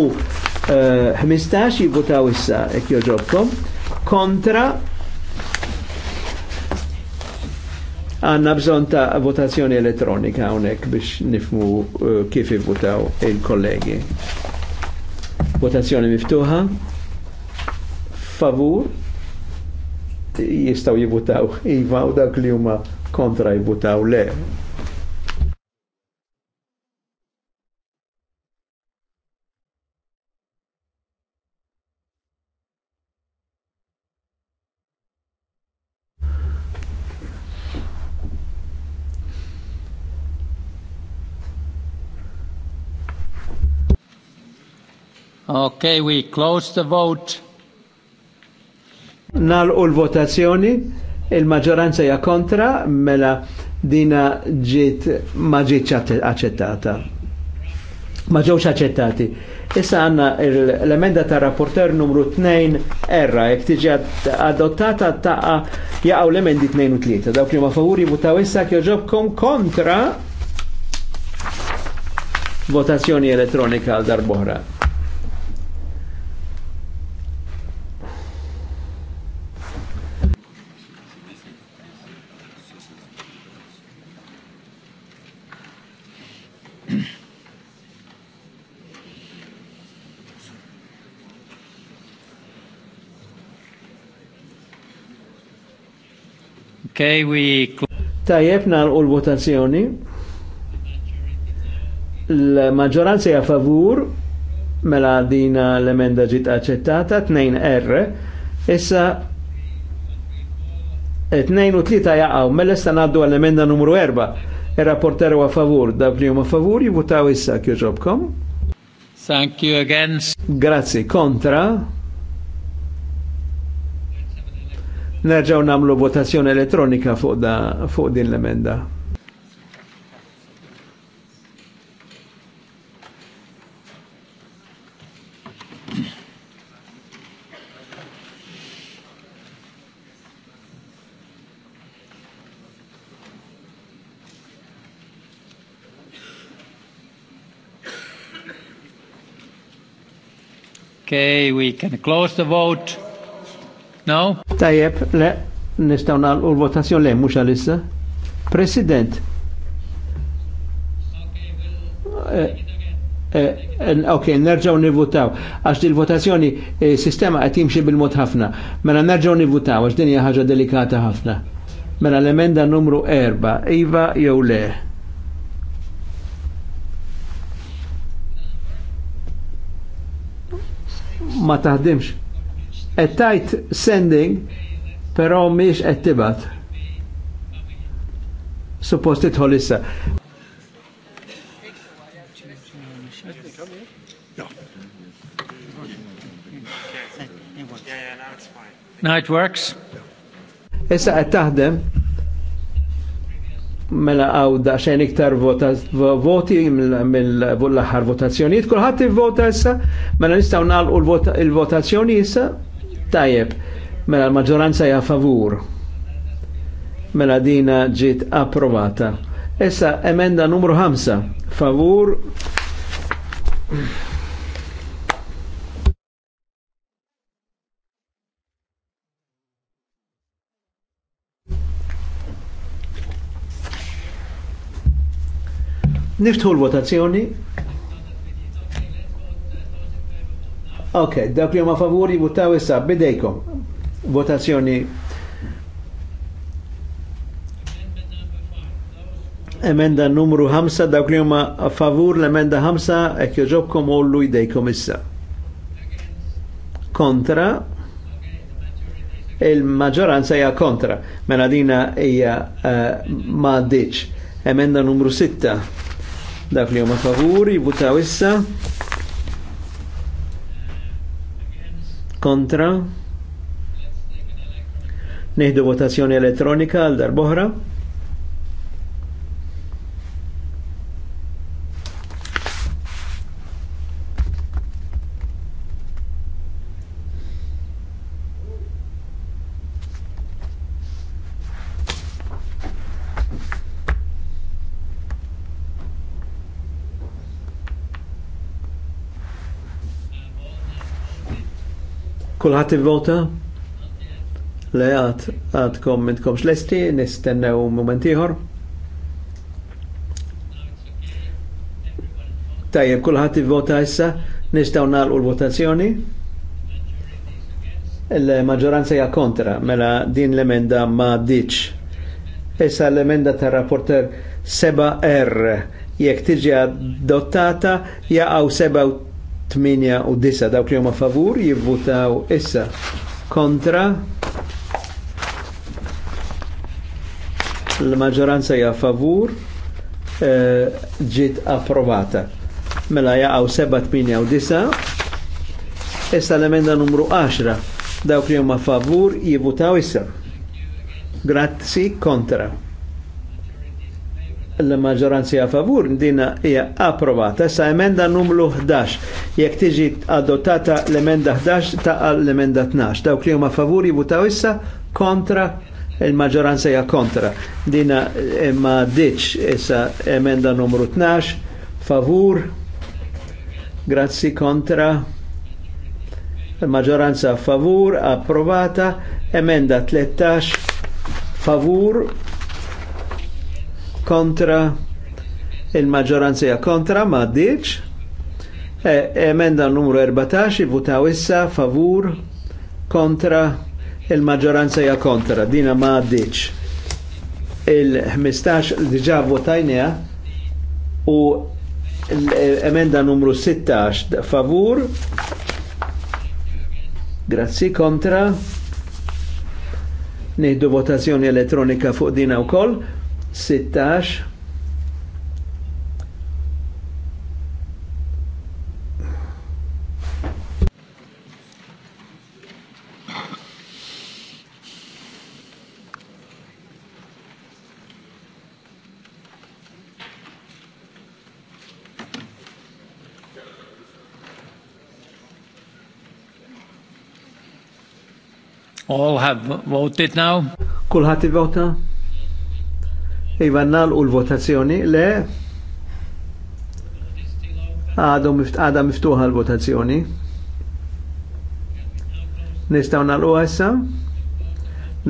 15 eh, jivutaw issa ek joġobkom. Kontra għanna bżon ta' votazzjoni elettronika hawnhekk biex nifmu eh, kif votaw il-kollegi. Votazzjoni miftuħa favur jistaw jibutaw iva u dak li huma kontra jibutaw le. Okay, we close the vote. Nalqu l-votazzjoni, il-maġġoranza hija kontra, mela dina ġiet ma ġietx aċċettata. Ma ġewx aċċettati. Issa għanna l-emenda ta' rapporter numru 2 erra, jek tiġi adottata ta' jaqaw l-emendi 2 u 3. Dawk li ma favuri votaw issa kjoġobkom kontra votazzjoni elettronika għal darbohra. Okay, we... Tajjeb nalqu l-votazzjoni. L-maġġoranza hija favur mela dina l-emenda ġiet aċċettata 2R. Issa 2 e, u 3 jaqgħu, mela issa ngħaddu għall-emenda numru 4. Ir-rapporter huwa favur, dawk li huma favur jivutaw issa kieġobkom. Thank you again. Grazzi, kontra. nerġaw namlu votazzjoni elettronika fuq, da, fuq din l-emenda. Okay, we can close the vote. No? Tajjeb, le, nistaw nalqu l votazzjon le, muxa għalissa. President. Eh, eh, eh, ok, nerġaw nivutaw. Għax di l-votazzjoni sistema qed jimxi bil-mod ħafna. Mela nerġaw nivutaw għax din hija ħaġa delikata ħafna. Mela l-emenda numru 4, Iva jew le. Ma taħdimx qed sending, pero miex qed tibat. Suppost idħol issa. Now it works. Issa qed taħdem mela għaw daċen iktar voti mill-aħħar votazzjonijiet, kulħadd ivvota issa, mela nistgħu nagħlqu l-votazzjoni issa Tajjeb, mela l-maġġoranza hija favur. Mela dina ġiet approvata. Issa emenda numru 5, favur Niftħu l-votazzjoni Ok, dawk li huma favuri votaw issa bidejkom. Votazzjoni emenda numru 5 dawk li huma favur l-emenda 5 hekk joġobkom lu idejkom issa. Kontra il-maġġoranza hija kontra. Mela dina hija uh, eh, ma ditx. Emenda numru 6 dawk li huma favuri votaw issa kontra, Nieħdu votazzjoni elettronika għal darboħra. Kulħat i-vota? Le għad għadkom mintkomx lesti, nistennew moment ieħor. Tajjeb, kulħadd ivvota issa, nal u l-votazzjoni. il maġoranza hija kontra, mela din l-emenda ma diċ. Issa l-emenda ta' rapporter 7R jekk tiġi adottata jaqgħu 8 u 9 dawk li huma favur jivvutaw issa kontra l maġoranza hija favur ġiet approvata. Mela jaqgħu 7 8 u 9 issa l-emenda numru 10 dawk li huma favur jivvutaw issa. Grazzi kontra l maġoranzi a favur dina hija approvata. Issa emenda numru 11. Jekk tiġi adottata l-emenda 11 ta' l-emenda 12. Dawk li huma favur jibutaw issa kontra il-maġġoranza hija kontra. Dina eh, ma diċ issa emenda numru 12 favur grazzi kontra il-maġġoranza favur approvata emenda 13 favur kontra il-maġġoranzija kontra ma ddiċ. E, emenda numru 14 votaw issa favur kontra il-maġġoranzija kontra. Dina ma ddiċ. Il-15 diġa votajnija u l-emenda numru 16 favur grazzi kontra Nihdu votazzjoni elettronika fuq dina u koll All have voted now? Kulħat vota Iva nalqu l-votazzjoni, le għada miftuħa l-votazzjoni. Nistaw nalqu għessa?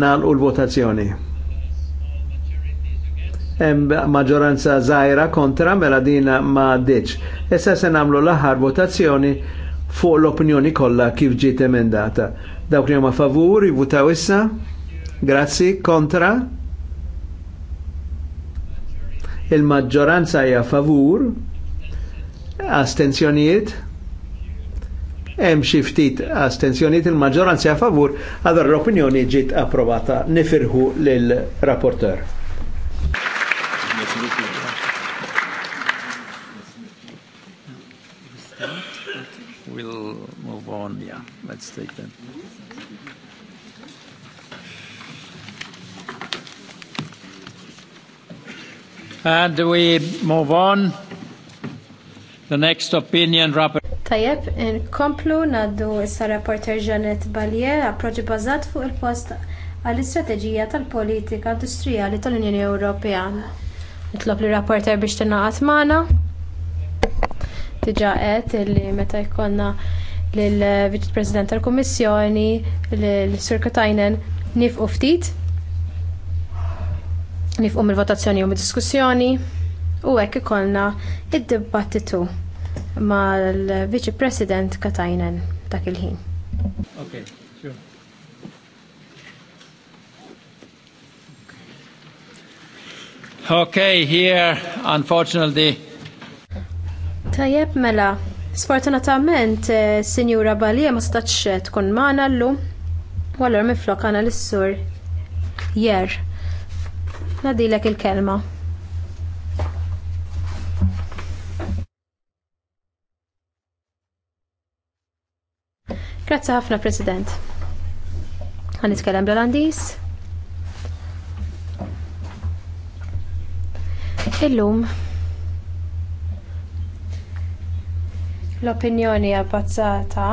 Nalqu l-votazzjoni. Em maġġoranza żgħira kontra mela dina ma deċ. essa se nagħmlu l-aħħar votazzjoni fuq l-opinjoni kollha kif ġiet emendata. Dawk li huma favur jivutaw issa? Grazzi, kontra? il-maġġoranza hija favur, astenzjonijiet, hemm xi ftit astenzjonijiet il-maġġoranza hija favur, għadha l-opinjoni ġiet approvata nifirħu lil rapporteur. We'll move on, yeah, let's take them. And we move on. The next opinion rapport. Tajjeb, inkomplu naddu issa rapporter Janet Balje, approċi bażat fuq il-post għall-istrateġija tal-politika industrijali tal-Unjoni Ewropea. Nitlob li rapporter biex tinaqat magħna. Diġà qed li meta jkollna lill viċ President tal-Kummissjoni, l-Sir Katajnen, nifqu ftit nifqum il-votazzjoni u mid-diskussjoni u hekk ikollna id-dibattitu mal-Viċi President Katajnen dak il-ħin. Okay, Okay, here, unfortunately. Tajjeb mela, sfortunatament, eh, Sinjura Balija ma staċċet eh, kun maħna l u għallur miflok għana l-sur jer. Nadilek il-kelma. Grazzi ħafna, President. Għan nitkellem bl-Olandis. Illum l-opinjoni abbazzata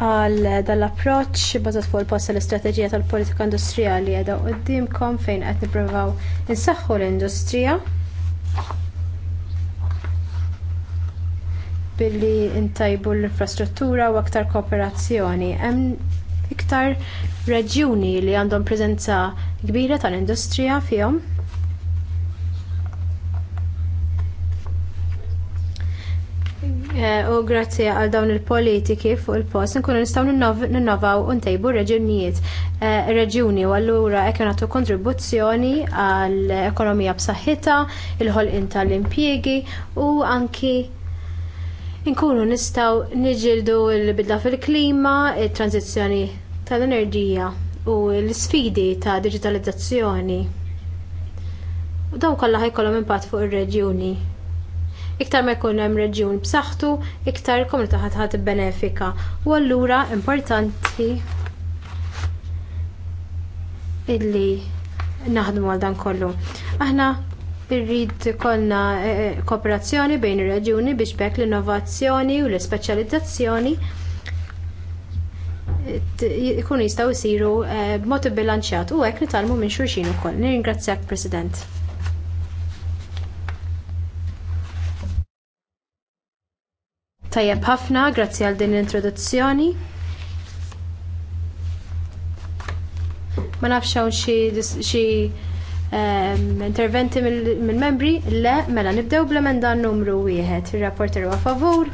għal dal approċċ bazat fuq il-post l-istrateġija tal-politika industrijali għedha quddiemkom fejn qed nippruvaw insaħħu l-industrija billi ntajbu l-infrastruttura u aktar kooperazzjoni. Hemm iktar reġjuni li għandhom preżenza kbira tal-industrija fihom. Eh, u grazzi għal dawn il-politiki fuq il-post, nkunu nistgħu ninnovaw u ntejbu reġunijiet, eh, reġjuni u allura hekk nagħtu kontribuzzjoni għall ekonomija b'saħħitha, il-ħolqien tal-impjiegi u anki nkunu nistgħu niġildu l-bidla fil-klima, it-tranzizzjoni tal-enerġija u l-sfidi ta' digitalizzazzjoni. U dawn kollha ħajkollhom impatt fuq ir-reġjuni iktar ma jkun hemm reġjun b'saħħtu, iktar komunità ħadd ħadd benefika. U allura importanti illi naħdmu għal dan kollu. Aħna irrid konna eh, eh, kooperazzjoni bejn ir-reġjuni biex bekk l-innovazzjoni u l-ispeċjalizzazzjoni jkunu eh, jistgħu jsiru b'mod ibbilanċjat u hekk nitalmu minn xulxin ukoll. Nirringrazzjak President. Tajjeb ħafna, grazzi għal din l-introduzzjoni. Ma nafx hawn xi ehm, interventi mill-membri, le, mela nibdew bl-emenda numru wieħed. Ir-rapporter huwa favur,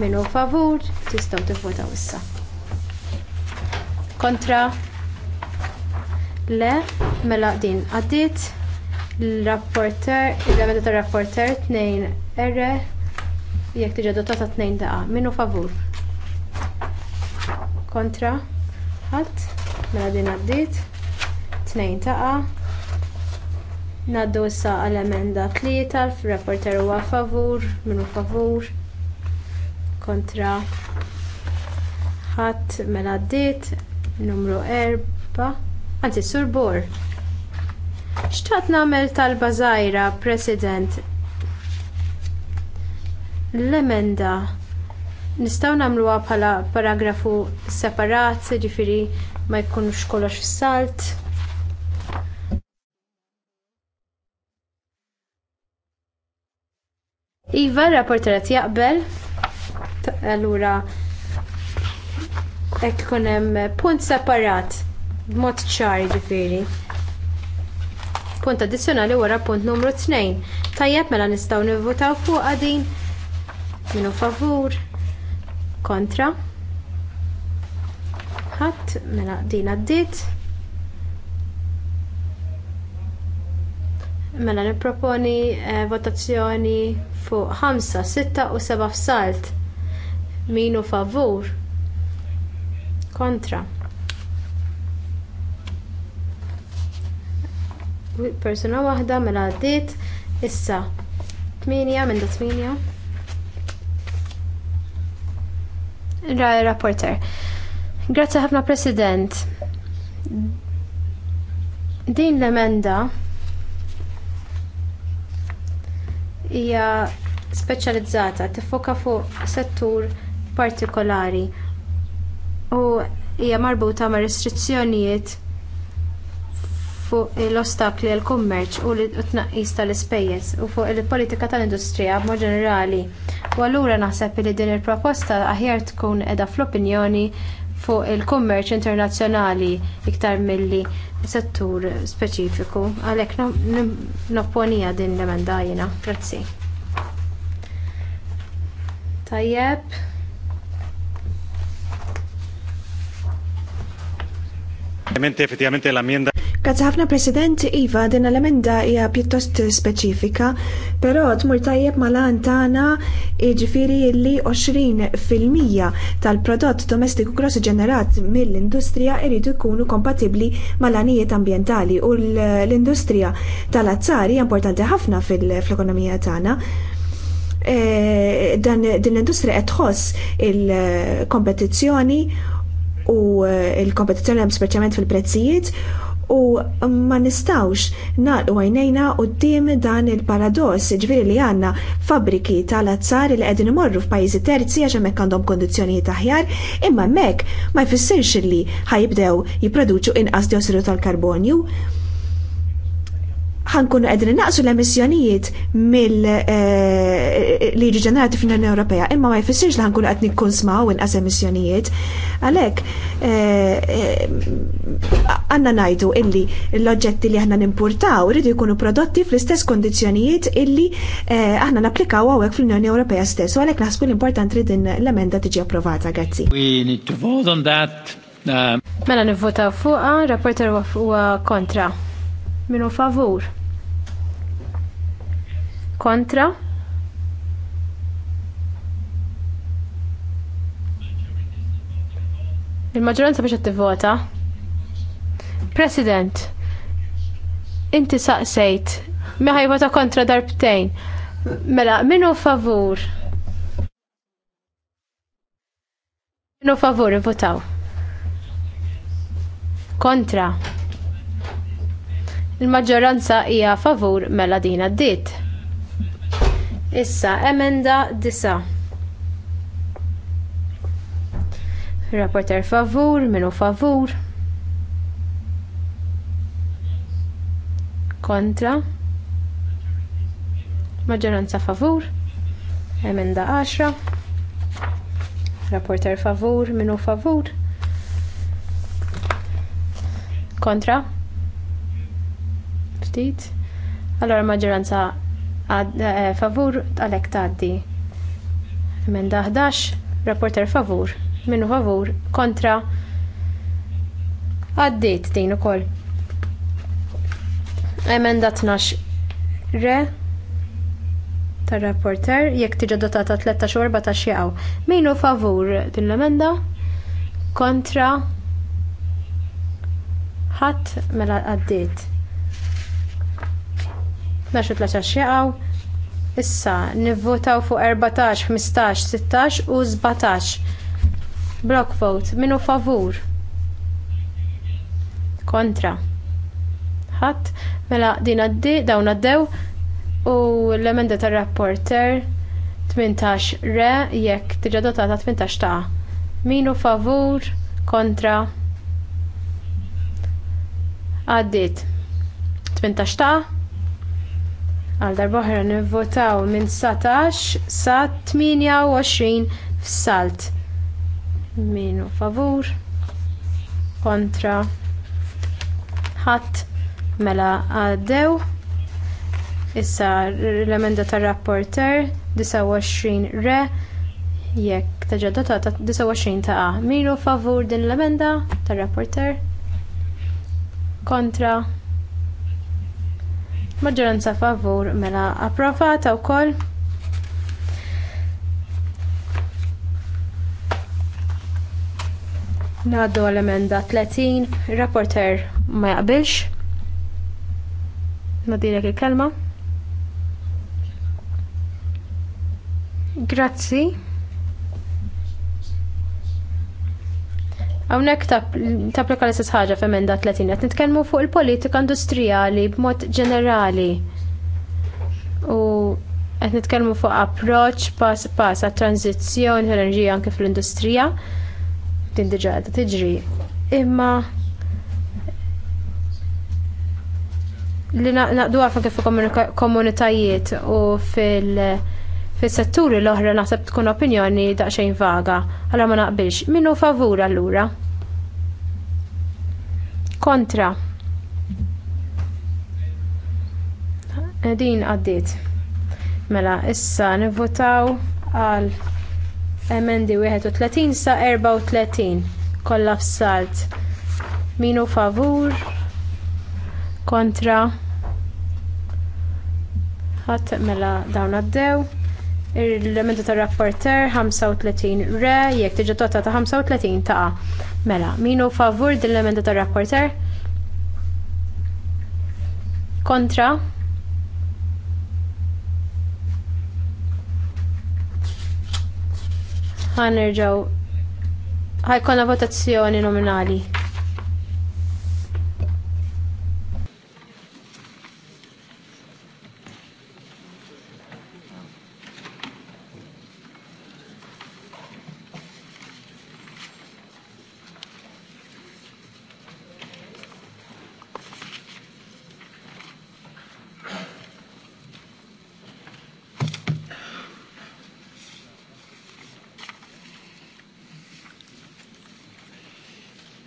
minu favur, tistgħu tivvota issa. Kontra? Le, mela din għaddiet. Il-rapporter, il-emenda tar-rapporter tnejn R jekk tiġi adottata tnejn daqa. minnu favur? Kontra? Ħadd? Mela din għaddiet. Tnejn daqa. Naddu issa għal emenda tlieta, il-rapporter huwa favur, minu favur, kontra ħadd mela għaddiet, numru erba, anzi sur bor. Xtaqt nagħmel talba żgħira, President, L-emenda nistgħu nagħmluha bħala paragrafu separat, ġifiri ma jkunux kollox fis-salt. Iva, rapporterat jaqbel. Allura, hekk ikun hemm punt separat, b'mod ċar ġifieri punt addizzjonali wara punt numru 2. Tajjeb mela nistgħu nivvotaw fuq din minu favur kontra ħadd mela din għaddiet mela nipproponi eh, votazzjoni fuq 5, 6 u 7 f'salt minu favur kontra Persona waħda mela għaddiet issa 8 minn 8 Ra rapporter. Grazzi ħafna President. Din l-emenda hija speċjalizzata tiffoka fuq settur partikolari u hija marbuta ma' restrizzjonijiet fuq l-ostakli għall kummerċ u l-tnaqqis tal-ispejjeż u fuq il-politika tal-industrija b'mod ġenerali. U allura naħseb li din il-proposta aħjar tkun qiegħda fl-opinjoni fuq il-kummerċ internazzjonali iktar milli settur speċifiku. Għalhekk nopponija din l-emenda jiena. Grazzi. Tajjeb. Effettivamente ħafna President Iva, din l-emenda hija pjuttost speċifika, però tmur tajjeb mal-għan tagħna jiġifieri li 20% tal-prodott domestiku gross ġenerat mill-industrija jridu jkunu kompatibbli mal-għanijiet ambjentali u l-industrija tal-azzar hija importanti ħafna fl ekonomija tagħna. Eh, dan din l-industrija qed tħoss il-kompetizzjoni u eh, il-kompetizzjoni hemm speċjalment fil-prezzijiet u ma nistawx naqlu għajnejna u d dan il-paradoss ġviri li għanna fabriki tal-azzar li għedin imorru f'pajjiżi terzi għax hemmhekk għandhom kondizjoni aħjar, imma hemmhekk ma jfissirx li ħajibdew jipproduċu inqas diossidu tal-karbonju ħankunu qegħdin naqsu l-emissjonijiet mill-liġi eh, ġenerati fl-Unjoni Ewropea, imma ma jfissirx li ħankunu qed nikkunsmaw inqas emissjonijiet. Għalhekk eh, għanna ngħidu illi l-oġġetti li aħna nimpurtaw iridu jkunu prodotti fl-istess kondizjonijiet illi eh, aħna napplikaw għawek fl-Unjoni Ewropea stess, u għalhekk naħsbu l-importanti din l-emenda tiġi approvata, grazzi. We need to vote on that. Uh, mela nivvota fuqa, rapporter huwa kontra. Minu favur. Kontra? Il-maġġoranza biex tivvota. President, inti saqsejt, mi mela ħajvota kontra darbtejn. Mela, minu favur? Minu favur, votaw. Kontra. Il-maġġoranza hija favur mela din għaddiet. Issa, emenda disa. Rapporter favur, minu favur. Kontra. Maġġoranza favur. Emenda 10. Rapporter favur, minu favur. Kontra. Ftit. Allora maġġoranza Eh, favur għalhekk tgħaddi. Emenda 11 rapporter favur minnu favur kontra għaddiet din ukoll. Emenda 12 re tar rapporter jekk tiġi dotata 13 u 14 jaqgħu. Min hu favur din l-emenda? Kontra ħadd mela għaddiet. 12 u 13 jaqgħu. Issa nivvotaw fuq 14, 15, 16 u 17. Block vote minu favur. Kontra. Ħadd mela din għaddi dawn għaddew u l-emenda tar-rapporter 18 re jekk tiġa dotata 18 ta' minu favur kontra għaddit 18 ta' Għal darbohra nivvotaw minn satax, sa 28 f'salt. Minu favur, kontra, ħadd mela għaddew. Issa l-emenda tar rapporter 29 re jekk ta ġa dotata 29 ta' A. Minu favur din l-emenda tar rapporter kontra maġġoranza favur mela approvata wkoll. Ngħaddu għal-emenda 30, rapporter ma jaqbilx. Nadilek il-kelma. Grazzi. Hawnhekk tapplika l-istess ħaġa f'emenda 30 qed nitkelmu fuq il-politika industrijali b'mod ġenerali. U qed nitkellmu fuq approċċ pass pass għat l enerġija anke fl-industrija din diġà qiegħda tiġri. Imma li naqduha anke kif komunitajiet u fil- Fis-setturi l-oħra naħseb tkun opinjoni daqsxejn vaga, allura ma naqbilx. Minnu favur allura? Kontra. Din għaddiet. Mela, issa nivvotaw għal emendi 31 sa 34 kollha f'salt. hu favur, kontra, ħadd mela dawn għaddew. Il-remenda tar rapporter 35 re, jekk tiġi tota ta' 35 ta' mela. Minu favur din l-emenda tar rapporter? Kontra? Ħanerġaw ħajkonna votazzjoni nominali.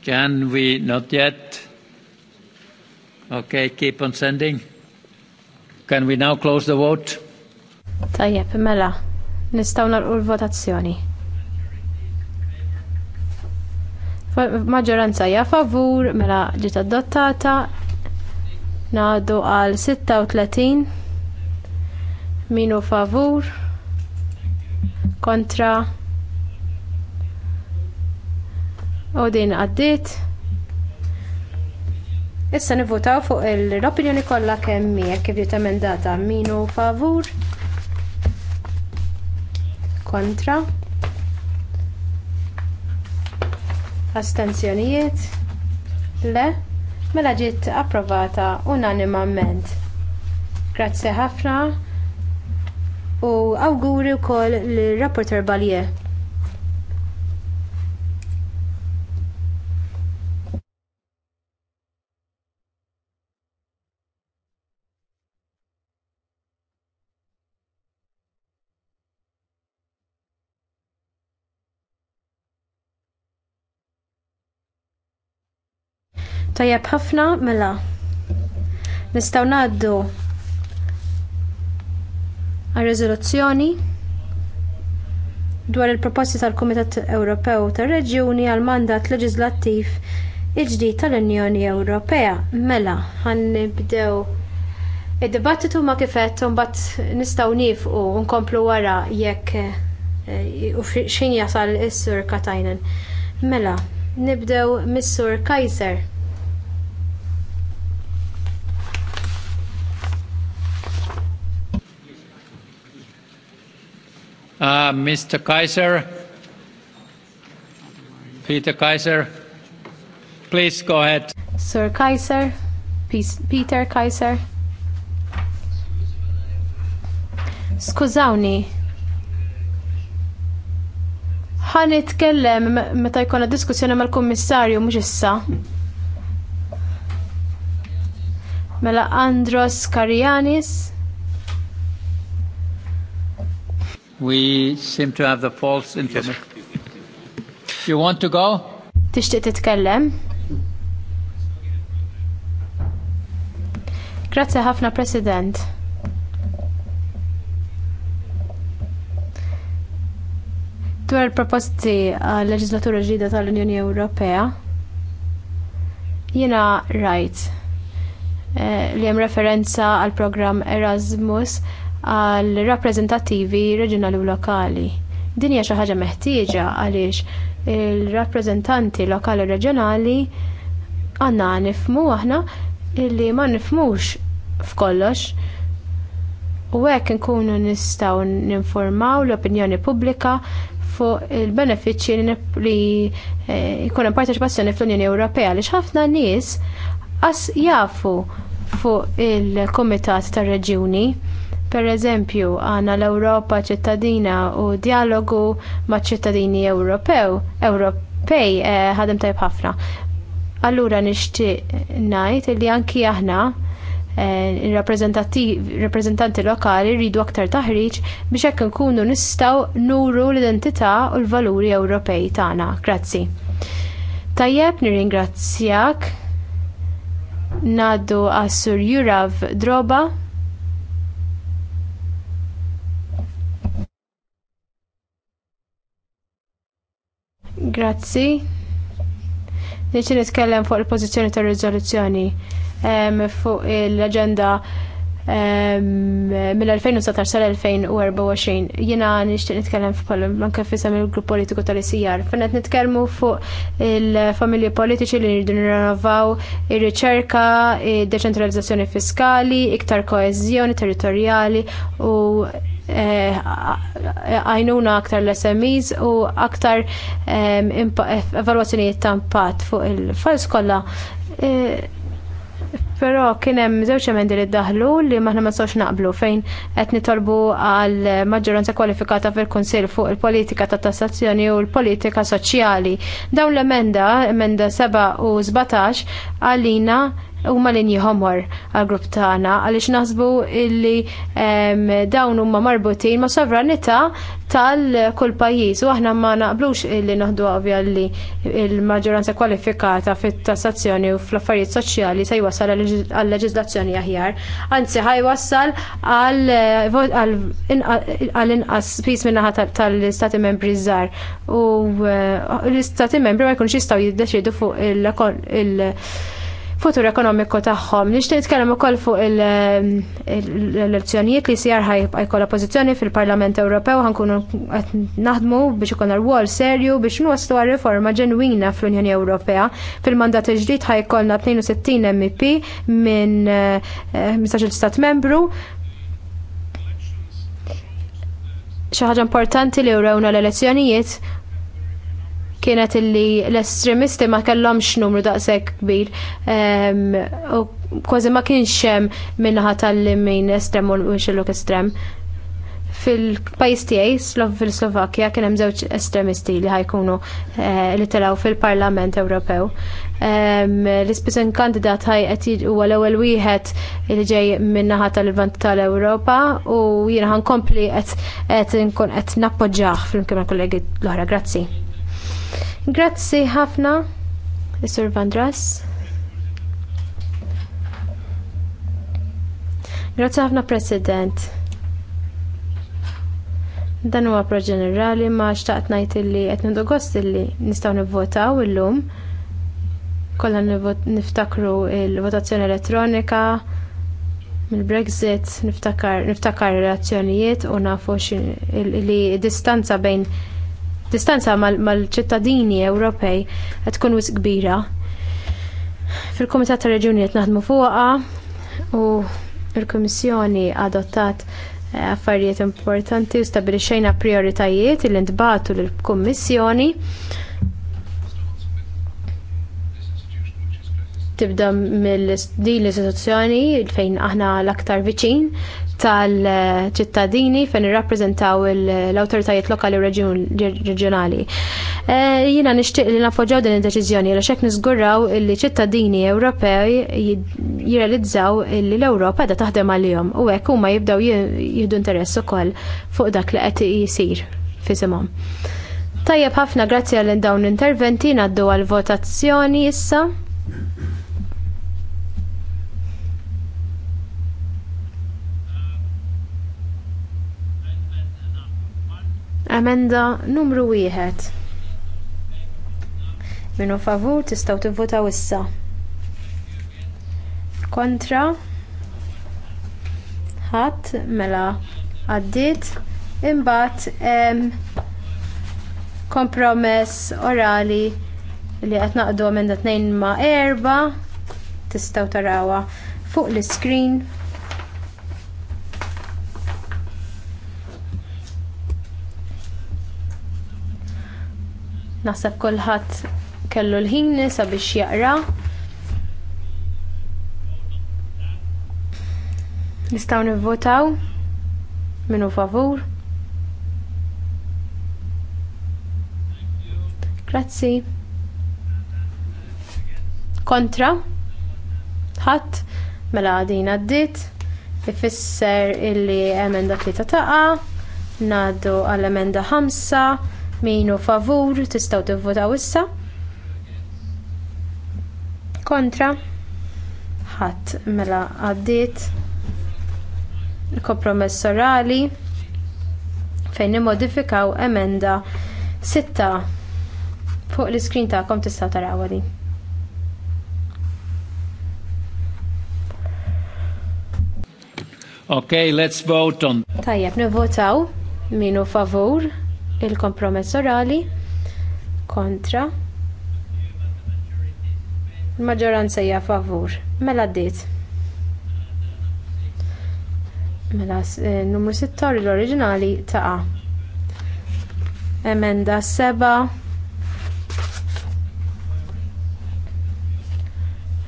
Can we not yet? Okay, keep on sending. Can we now close the vote? Tajjeb, mela, nistaw narqu l-votazzjoni. Maġġoranza hija favur, mela ġiet adottata. Ngħadu għal 36 minu favur kontra U din għaddit. Issa nivvotaw fuq l-opinjoni kollha kemm hija kif ġiet emendata minu favur kontra astenzjonijiet le mela ġiet approvata unanimament. Grazzi ħafna u awguri wkoll lir rapporter Balje. tajab ħafna mela. Nistgħu ngħaddu għal rezoluzzjoni dwar il-proposti tal-Kumitat Ewropew tar-Reġjuni għal mandat leġislattiv il-ġdid tal-Unjoni Ewropea. Mela, nibdew id-dibattitu ma kifet u mbagħad nistgħu nifqu nkomplu wara jekk eh, u xin jasal is-sur Katajnen. Mela, nibdew mis-sur Kaiser. Uh, Mr. Kaiser, Peter Kaiser, please go ahead. Sir Kaiser, Peter Kaiser. Skużawni, ħan nitkellem meta jkollna diskussjoni mal-kummissarju mhux issa. Mela Andros Karianis. We seem to have the false information. Yes. You want to go? Tixtieq titkellem? Grazzi ħafna President. Dwar proposti għal leġislatura ġdida tal-Unjoni Ewropea, jiena rajt right. Eh, li hemm referenza għal programm Erasmus għal rappreżentattivi reġjonali u lokali. Din hija xi ħaġa meħtieġa għaliex il-rappreżentanti lokali u reġjonali għandna nifmu aħna illi ma nifmux f'kollox u hekk inkunu nistgħu ninformaw l-opinjoni pubblika fuq il-benefiċċji li eh, jkun hemm parteċipazzjoni fl-Unjoni Ewropea li ħafna nies as jafu fuq il-Kumitat tar-Reġjuni Pereżempju għandna l ewropa ċittadina u dialogu maċ ċittadini Ewropew, Ewropej eh, ħadem tajb ħafna. Allura nixtieq ngħid li anki aħna eh, il-rappresentanti lokali rridu aktar taħriġ biex hekk nkunu nistgħu nuru l-identità u l-valuri Ewropej tagħna. Grazzi. Tajjeb nirringrazzjak ngħaddu għas-Sur Jurav Droba Grazzi. Nixi nitkellem fuq il-pożizzjoni tar rizoluzzjoni ehm, fuq l agenda mill-2019 sal-2024 jina nishtiq nitkellem anke fisem il-grupp politiku tal-ICR. Fenet nitkellmu fuq il-familji politiċi li nirdu nirrenovaw ir-riċerka, id-deċentralizzazzjoni fiskali, iktar koeżjoni territorjali u eh, għajnuna aktar l-SMEs u aktar evalwazzjonijiet ta' impatt fuq il-fals kollha eh, Però kien hemm żewġ emendi li ddaħlu li maħna ma sawx naqblu fejn qed nitolbu għal maġġoranza kwalifikata fil-Kunsill fuq il-politika ta' tassazzjoni u l-politika soċjali. Dawn l-emenda, emenda 7 u 17, għalina huma linji homor għal grupp tagħna għaliex naħsbu illi dawn huma marbutin ma' sovranità tal-kull pajjiż u aħna ma naqblux illi naħdu għavja li l-maġġoranza kwalifikata fit-tassazzjoni u fl-affarijiet soċjali se jwasal għal għal leġislazzjoni aħjar. Anzi, ħajwassal għal-inqas eh, pis minnaħa tal-istati membri zzar. U eh, l-istati membri ma jkunx jistgħu jiddeċidu fuq il- futur ekonomiku tagħhom. Nixtieq nitkellem ukoll fuq ehm, l-elezzjonijiet li sjar ħajbqa' pożizzjoni fil-Parlament Ewropew ħankunu qed naħdmu biex ikun rwol serju biex nwaslu għal riforma ġenwina fl-Unjoni Ewropea. Fil-mandat il-ġdid ħajkollna 62 MP minn 15 eh, stat membru xi ħaġa importanti li wrawna l-elezzjonijiet kienet illi l-estremisti ma kellhomx numru daqshekk kbir u kważi ma kienx hemm minnaħa tal-min estrem u xilluk estrem. Fil-pajis tiegħi fil-Slovakkja kien hemm żewġ estremisti li ħajkunu eh, li telaw fil-Parlament Ewropew. L-ispiżen kandidat ħaj qed u l-ewwel wieħed li ġej minnaħa tal vant tal-Ewropa u jiena ħankompli qed nkun qed nappoġġjah fil imkien kollegi l-oħra. Grazzi. Grazzi ħafna, Sur Vandras. Grazzi ħafna, President. Dan huwa pro ġenerali ma xtaqt ngħid illi qed nindu gost illi nistgħu nivvotaw illum. Kollha niftakru l votazzjoni elettronika mill-Brexit niftakar relazzjonijiet u nafu li distanza bejn distanza mal-ċittadini Ewropej qed tkun wisq kbira. Fil-Kumitat ta' Reġjuni qed naħdmu fuqha u l-Kummissjoni adottat eh, affarijiet importanti u stabilixxejna prioritajiet li ntbagħtu lill-Kummissjoni tibda mill-din l-istituzzjoni fejn aħna l-aktar viċin tal-ċittadini fejn irrappreżentaw l-awtoritajiet lokali u reġjonali. E, Jiena nixtieq li nafoġġaw din id-deċiżjoni għal hekk niżgurraw li ċittadini Ewropej jirrealizzaw li l-Ewropa da taħdem għalihom u hekk huma jibdew jieħdu interess ukoll fuq dak li qed jisir fisimhom. Tajjeb ħafna grazzi għal dawn l-interventi għaddu għal votazzjoni issa. Emenda numru wieħed. Minu favur tistgħu tivvotaw issa. Kontra ħadd mela għaddiet imbagħad hemm kompromess orali li qed naqdu emenda tnejn ma' erba' tistgħu tarawha fuq l-iskrin Naħseb kulħadd kellu l-ħin sabiex jaqra. Nistgħu nivvotaw minu favur. Grazzi. Kontra. Ħadd mela għadin għaddit. Ifisser illi emenda tlieta taqa' ngħaddu għall-emenda ħamsa Minu favur tistgħu tivvotaw issa. Kontra ħadd mela għaddiet kompromess orali fejn nimmodifikaw emenda sitta fuq l-iskrin tagħkom tista' taraw din. Okay, let's vote on. Tajjeb, nivvotaw minu favur Il-kompromess orali kontra il-maġġoranza hija favur. Mela ddiet. Mela eh, numru 6 l-oriġinali taqa. Emenda seba.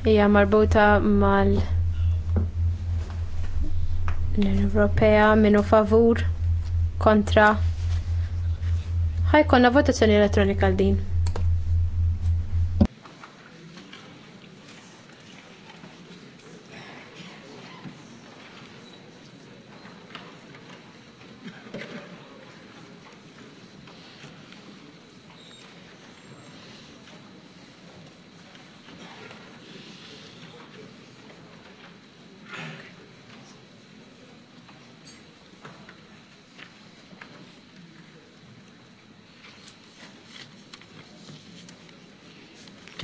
hija marbuta mal l-Ewropea minu favur kontra ħajkonna votazzjoni elettronika għal din.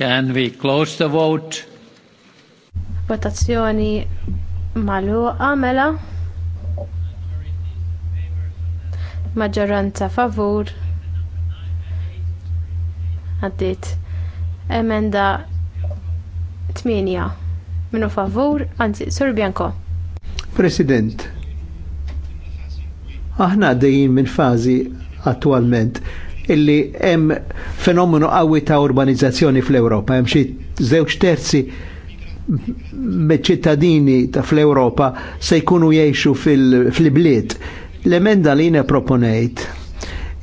Can we close the vote? Votazzjoni Malu mela. Maġġoranza favur. Għaddit. Emenda 8. Minu favur, anzi, Sur Bianco. President, aħna dejjin minn fazi attualment illi hemm fenomenu qawwi ta' urbanizzazzjoni fl-Ewropa, hemm xi żewġ terzi ċittadini ta' fl-Ewropa se jkunu jgħixu fil-bliet. L-emenda li jiena proponejt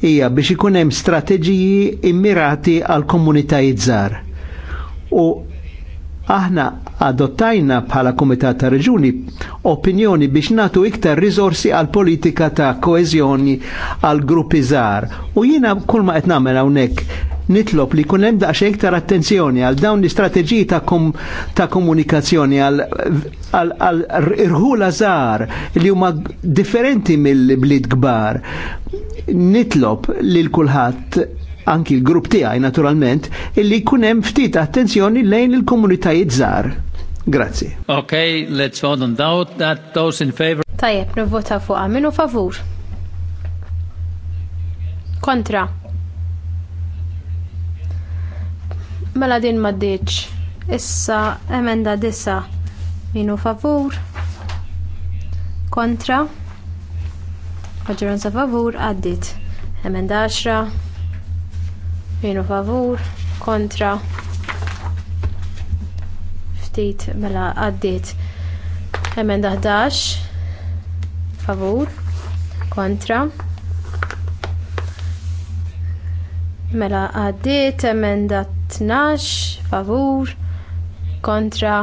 hija biex ikun hemm strateġiji immirati għal komunitajiet żgħar. U aħna adottajna bħala Kumitat ta' Reġuni opinjoni biex natu iktar risorsi għal politika ta' koezjoni għal gruppi żgħar. U jiena kull ma qed nagħmel hawnhekk nitlob li kun hemm daqs iktar attenzjoni għal dawn l-istrateġiji ta', kom, ta komunikazzjoni għal, għal, għal irħula żgħar li huma differenti mill-bliet kbar. Nitlob li l-kulħadd anki l-grupp tiegħi naturalment, illi jkun hemm ftit attenzjoni lejn il-komunitajiet żgħar. Grazzi. Ok, let's vote on doubt that those in favor. Tajjeb, nivvota fuq minu favur. Kontra. Mela din maddiċ. Issa emenda disa. Minu favur. Kontra. Maġġoranza favur għaddit. Emenda 10. Jienu favur, kontra, ftit mela għaddiet. Emenda 11, favur, kontra. Mela għaddiet emenda 12, favur, kontra.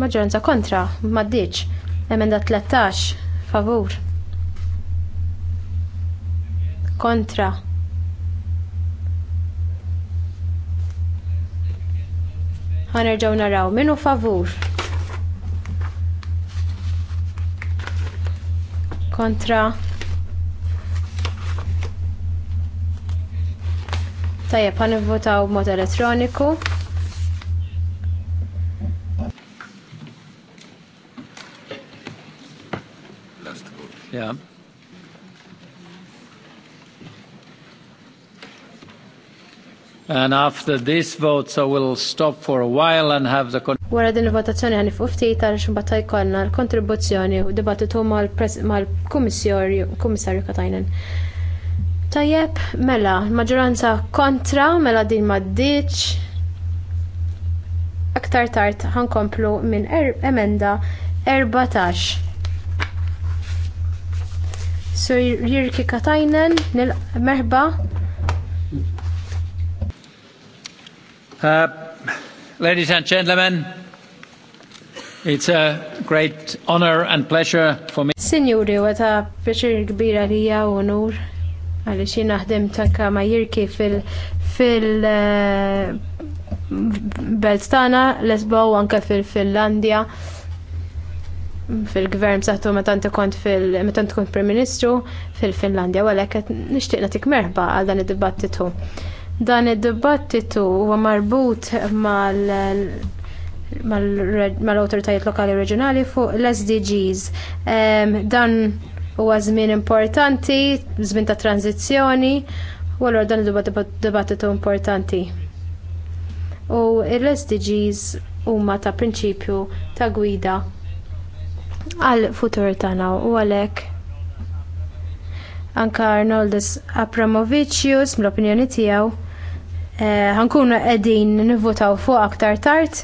Maġġoranza kontra, maddiċ. Emenda 13, favur. Kontra. ħanerġaw naraw minu favur. Kontra. Tajjeb, għan votaw mod elettroniku. Last vote. Yeah. And after this vote, so we'll stop for a while and have the... Wara din il-votazzjoni għan ftit għal ximbatta jkollna l-kontribuzzjoni u dibattitu mal-komissarju Katajnen. Tajjeb, mela, maġoranza kontra, mela din maddiċ. Aktar tard ħankomplu minn er-, emenda 14. So Jirki Katajnen, nil-merba, Uh, ladies and gentlemen, it's a great honor and pleasure for me. Signori, wata pjaċir kbira li hija unur għaliex jien naħdem ta' ma jirki fil fil uh, belt tagħna Lesbo anke fil-Finlandja fil-gvern b'saħħtu meta tant kont fil meta Prim Ministru fil-Finlandja u għalhekk nixtieq nagħtik għal dan id-dibattitu. Dan id-dibattitu huwa marbut mal-autoritajiet Lokali u reġjonali fuq l-SDGs. dan huwa żmien importanti, żmien ta' tranzizzjoni, u għallur dan id-dibattitu importanti. U l-SDGs huma ta' prinċipju ta' gwida għal futur tagħna u għalhekk anka Arnoldus Apramovicius mill-opinjoni tiegħu Eh, ħankunu qegħdin nivvotaw fuq aktar tard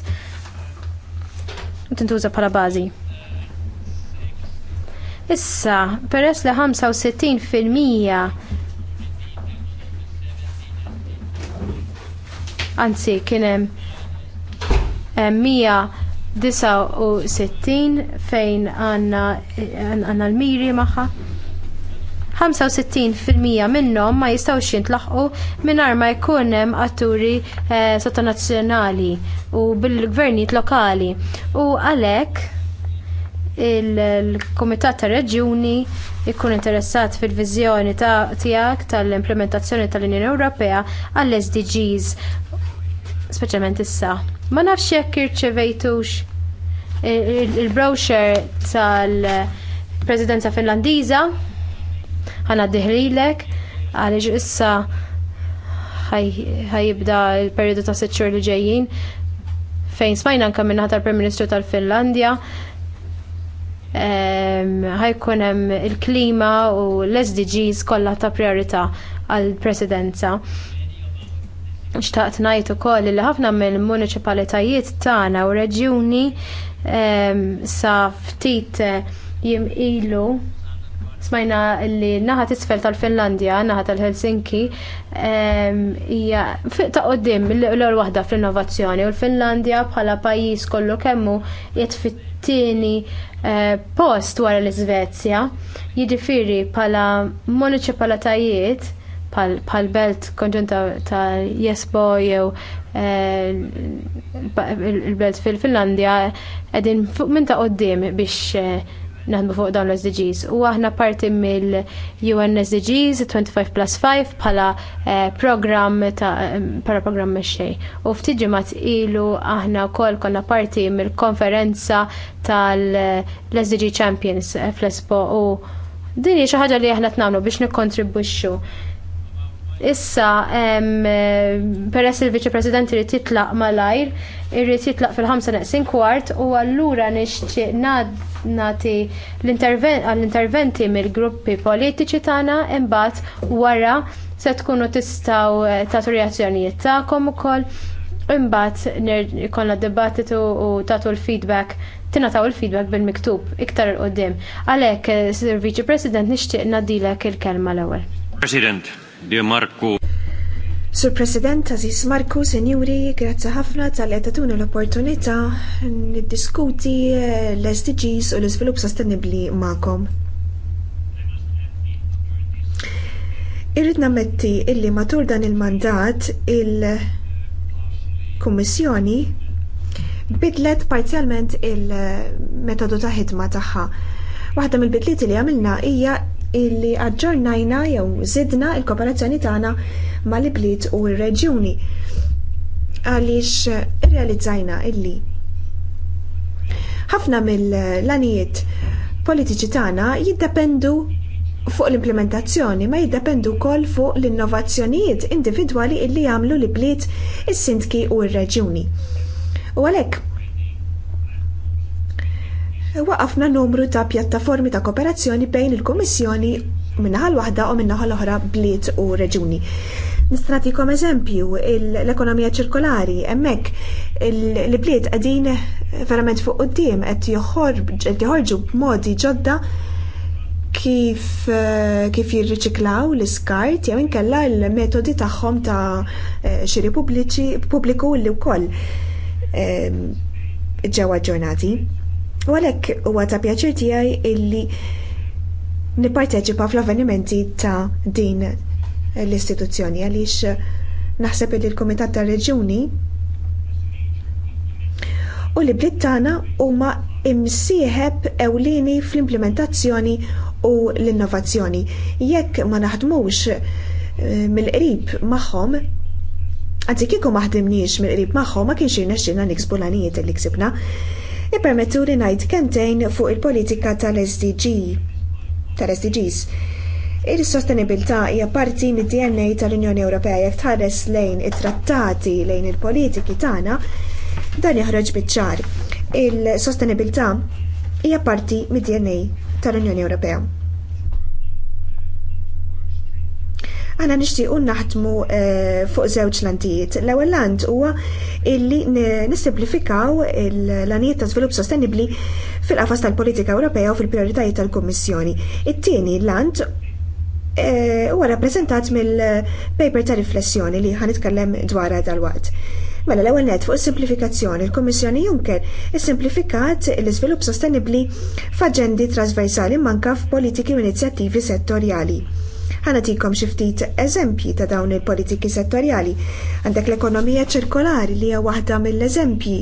u tintuża bħala bażi. Issa, peress li 65 fil-mija anzi kien hemm 169 fejn għandna eh, għandna l-miri magħha. 65% minnhom ma jistgħux jintlaħqu mingħajr ma jkun hemm atturi eh, sottonazzjonali u bil-gvernijiet lokali. U għalhekk il-Kumitat tar Reġjuni jkun interessat fil-viżjoni tiegħek tal-implementazzjoni tal-Unjoni Ewropea għall-SDGs, speċjalment issa. Ma nafx jekk irċevejtux il-brochure tal-Presidenza Finlandiża ħana diħrilek għaliex issa ħajibda l-periodu ta' sitt li ġejjin fejn smajna anka minn ħatar Prim Ministru tal-Finlandja ħajkun hemm il-klima u l-SDGs kollha ta' priorità għall-presidenza xtaqt ngħid ukoll li ħafna mill municipalitajiet tagħna u reġjuni sa ftit eh, ilu. Smajna li naħat isfel tal-Finlandja, naħat tal-Helsinki, hija fiq ta' qoddim l-ewwel waħda fl-innovazzjoni u l-Finlandja bħala pajjiż kollu kemmu qiegħed fit-tieni eh, post wara l-Iżvezja. Jiġifieri bħala municipalitajiet pal belt konġunta ta' Jesbo jew il-belt eh, fil-Finlandja qegħdin fuq minn ta' qoddim biex eh, naħdmu fuq dawn l-SDGs. U aħna parti mill-UN SDGs 25 plus 5 bħala eh, program ta' pala program mexxej. U ftit ġimgħat ilu aħna wkoll konna parti mill-konferenza tal-SDG Champions fl-Espo u din hija xi ħaġa li aħna nagħmlu biex nikkontribwixxu Issa, peress il-Viċi President irrid jitlaq malajr, irrid jitlaq fil-5 neqsin kwart u allura nixtieq nati l-interventi mill-gruppi politiċi tagħna imbagħad wara se tkunu tistgħu eh, tagħtu reazzjonijiet tagħkom ukoll. Imbagħad ikollna dibattitu u tagħtu l-feedback tingħataw il-feedback bil-miktub iktar il qudiem Għalhekk, eh, Sir Viċi President, nixtieq nadilek il-kelma l-ewwel. President, Dear Marco. Sur President, Aziz Marku, Senjuri, grazzi ħafna tal-edatun l-opportunità niddiskuti eh, l-SDGs u l svilup sostenibli ma'kom. Irrid nammetti illi matul dan il-mandat il-Kummissjoni bidlet parzjalment il-metodu ta' ħidma tagħha. Waħda mill-bidliet li għamilna hija illi aġġornajna jew zidna il-kooperazzjoni tagħna mal-ibliet u r-reġjuni. Għaliex eh, irrealizzajna illi ħafna mill-lanijiet politiċi tagħna jiddependu fuq l-implementazzjoni ma jiddependu wkoll fuq l-innovazzjonijiet individwali illi jagħmlu l-ibliet is-sindki u r-reġjuni. U għalhekk waqafna numru ta' pjattaformi ta' kooperazzjoni bejn il-Kummissjoni minnaħal waħda u l oħra bliet u reġuni. Nistratikom eżempju, l-ekonomija ċirkolari, emmek, l-bliet għadin verament fuq qoddim qed joħorġu b'modi ġodda kif kif jirriċiklaw l-iskart jew inkella l-metodi tagħhom ta' xiri pubbliku li wkoll ehm, ġewwa ġurnati. U għalhekk huwa ta' pjaċir tiegħi illi nipparteċipa fl-avvenimenti ta' din l-istituzzjoni għaliex naħseb li l-Kumitat tar Reġuni u li bliet tagħna huma imsieħeb ewlieni fl-implementazzjoni u l-innovazzjoni. Jekk ma naħdmux eh, mill-qrib magħhom, anzi kieku maħdimniex mill-qrib magħhom ma kienx jirnexxina niksbu l-għanijiet li ksibna. Ipermettu li ngħid kentejn fuq il-politika tal-SDG tal-SDGs. Il-sostenibilità hija parti mid-DNA tal-Unjoni Ewropea jekk tħares lejn it-trattati lejn il-politiki tagħna dan jaħroġ biċ-ċar. Il-sostenibilità hija parti mid-DNA tal-Unjoni Ewropea. Għana nishtiqu naħdmu eh, fuq żewġ lantijiet. L-ewwel lant huwa illi nisimplifikaw l lanijiet ta' svilup sostenibbli fil-qafas tal-politika Ewropea u fil prioritajiet tal-Kummissjoni. It-tieni lant eh, huwa rappreżentat mill-paper ta' riflessjoni li ħanitkellem dwarha dal-waqt. Mela l-ewwel net fuq simplifikazzjoni, il-Kummissjoni Juncker issimplifikat l-iżvilupp sostenibbli f'aġendi trasversali manka f'politiki u inizjattivi settorjali. Ħanatikom xi ftit eżempji ta' dawn il-politiki settorjali. Għandek l-ekonomija ċirkolari li hija waħda mill-eżempji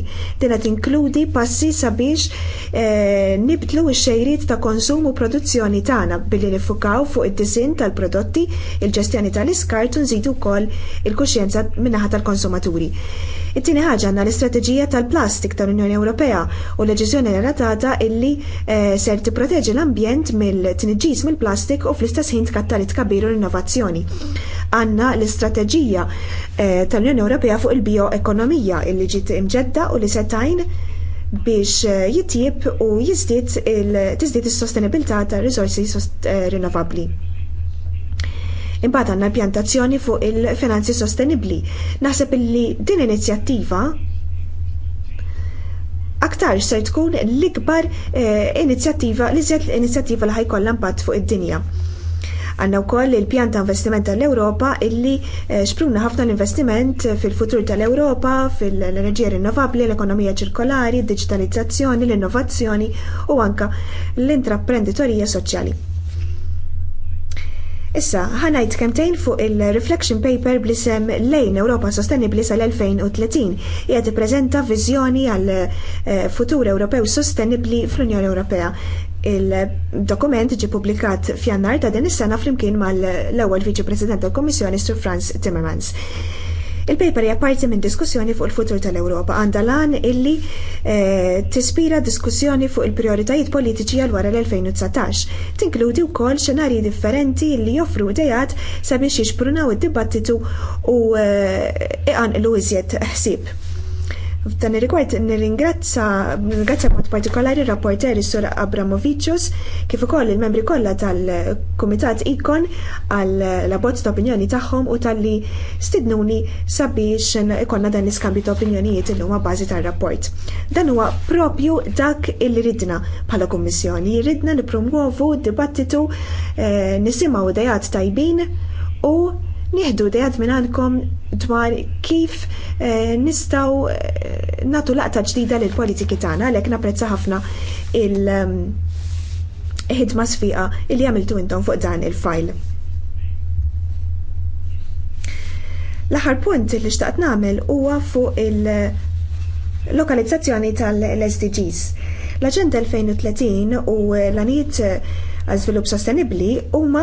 din qed inkludi passi sabiex e, nibdlu x-xejriet ta' konsum u produzzjoni tagħna billi nifukaw fuq id-disin tal-prodotti, il-ġestjoni tal-iskart u nżidu wkoll il-kuxjenza min-naħa tal-konsumaturi. It-tieni ħaġa għandna l-istrateġija tal-plastik tal-Unjoni Ewropea u l-leġiżjoni relatata illi eh, ser tipproteġi l-ambjent mill-tniġġis mill-plastik u fl-istess ħin tkattali tkabbi tkabbir u l-innovazzjoni. Għanna l-istrateġija eh, tal-Unjoni Ewropea fuq il-bioekonomija illi ġiet imġedda u li setajn biex eh, jitjib u jizdit il-tizdit il-sostenibilità ta' risorsi eh, rinnovabli. Imbagħad għandna pjantazzjoni fuq il-finanzi sostenibbli. Naħseb illi din inizjattiva aktar se tkun l-ikbar inizjattiva li żed inizjattiva li ħajkollha impatt fuq id-dinja. Għanna wkoll il-pjan ta' investiment tal-Ewropa illi eh, xpruna ħafna l-investiment fil-futur tal-Ewropa, fil-enerġija rinnovabli, l-ekonomija ċirkolari, digitalizzazzjoni, l-innovazzjoni u anka l-intraprenditorija soċjali. Issa, ħanajt kemtejn fuq il-Reflection Paper blisem lejn Europa Sostenibli sal-2030 jgħat prezenta vizjoni għal eh, futur Ewropew Sostenibli fl-Unjoni Ewropea. Il-dokument ġi publikat f'jannar ta' din is-sena flimkien mal-ewwel Viċi President tal kummissjoni Sir Franz Timmermans. Il-paper hija parti minn diskussjoni fuq il-futur tal-Ewropa għandha lan illi eh, tispira diskussjoni fuq il-prioritajiet politiċi għal wara l-2019. Tinkludi wkoll xenarji differenti li joffru dejat sabiex jixprunaw id-dibattitu u eh, iqanqlu iżjed ħsieb. F'dan ir-rigward nirringrazza nirringrazza b'mod partikolari rapporter is-sur Abramovicius kif ukoll il-membri kollha tal-Kumitat Ikon għal la ta' opinjoni tagħhom u talli stidnuni sabiex ikollna dan l-iskambju ta' opinjonijiet illum bażi tar-rapport. Dan huwa propju dak il ridna bħala Kummissjoni, ridna nippromuovu dibattitu eh, nisimgħu dejat tajbin u nieħdu dejat minn għandkom dwar kif eh, nistaw eh, natu laqta ġdida lill politiki tagħna għalhekk napprezza ħafna il ehm, ħidma sfiqa li għamiltu intom fuq dan il-fajl. L-aħħar punt li xtaqt nagħmel huwa fuq il-lokalizzazzjoni tal-SDGs. L-Aġenda 2030 u l-anijiet għal-svilup sostenibbli huma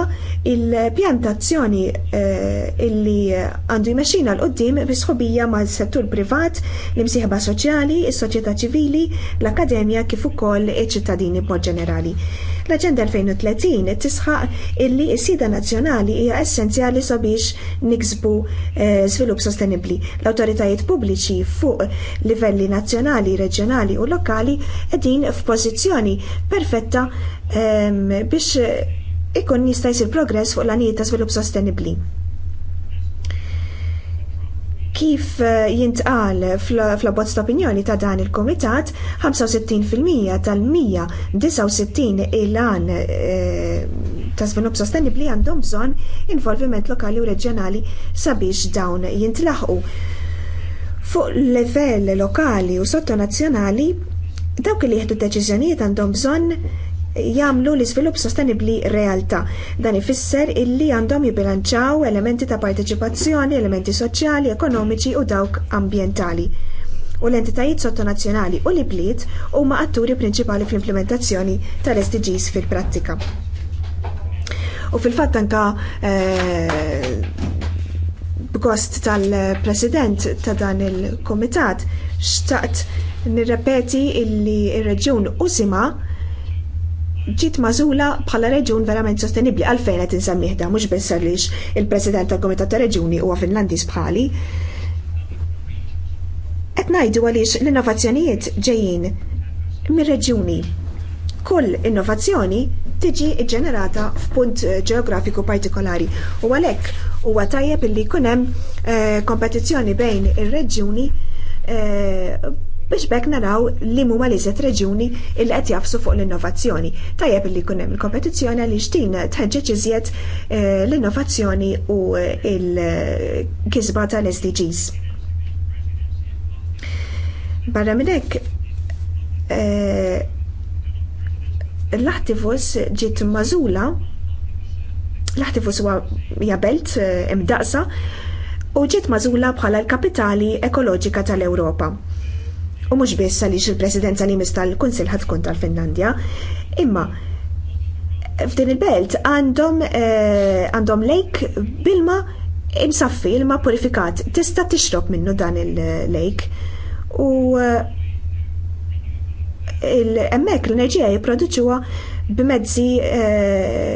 il-pjantazzjoni eh, illi għandu jmexxina l qoddim bi sħubija mal-settur privat, l-imsieħba soċjali, is-soċjetà ċivili, l-akademja kif ukoll iċ-ċittadini b'mod ġenerali. L-Aġenda 2030 tisħaq illi s-sida nazzjonali hija essenzjali sabiex niksbu eh, svilup sostenibbli. L-awtoritajiet pubbliċi fuq livelli nazzjonali, reġjonali u lokali qegħdin f'pożizzjoni perfetta ehm, biex ikun jista' jsir progress fuq l-anijiet ta' żvilupp sostenibbli. Kif eh, jintqal fl-abbozz ta' opinjoni ta' dan il-komitat, 65% tal-169 il-għan eh, ta' svilupp sostenibli għandhom bżonn involviment lokali u reġjonali sabiex dawn jintlaħqu. Fuq level lokali u sottonazzjonali, dawk li jieħdu deċiżjonijiet għandhom bżonn Jamlu l-iżvilupp sostenibbli realtà. Dan ifisser illi għandhom jibilanċaw elementi ta' parteċipazzjoni, elementi soċjali, ekonomiċi u dawk ambjentali u l-entitajiet sottonazzjonali u l u huma atturi prinċipali fl-implementazzjoni tal-SDGs fil-prattika. U fil-fatt anka b'gost eh, tal-president ta' dan il-komitat xtaqt nirrepeti illi il reġjun usima ġiet mażula bħala reġun verament sostenibli għalfejn qed insemmiħda mhux biss għaliex il-President tal-Kumitat ta' Reġuni huwa Finlandis bħali. Qed ngħidu għaliex l-innovazzjonijiet ġejjin mir-reġuni. Kull innovazzjoni tiġi ġenerata f'punt eh, ġeografiku partikolari u għalhekk huwa tajjeb illi jkun hemm eh, kompetizzjoni bejn ir-reġjuni eh, biex bekk naraw li huma maliżet reġuni il qed jafsu fuq l-innovazzjoni. Tajjeb li jkun hemm il-kompetizzjoni għal xtin tħeġġeġ iżjed eh, l-innovazzjoni u eh, l-kisba tal-SDGs. Barra minn hekk eh, l-attivus ġiet mażula l-ħtifus huwa jabelt imdaqsa u ġiet mażula bħala l-kapitali ekoloġika tal-Ewropa. U mhux biss għaliex il-presidenza li mis tal-Kunsil ħad tkun tal-Finlandja, imma f'din il-belt għandhom eh, għandhom lejk bilma imsaffi, ilma purifikat. Tista' tixrob minnu dan il-lejk u eh, emmek l-enerġija jiproduċuwa bimezzi eh,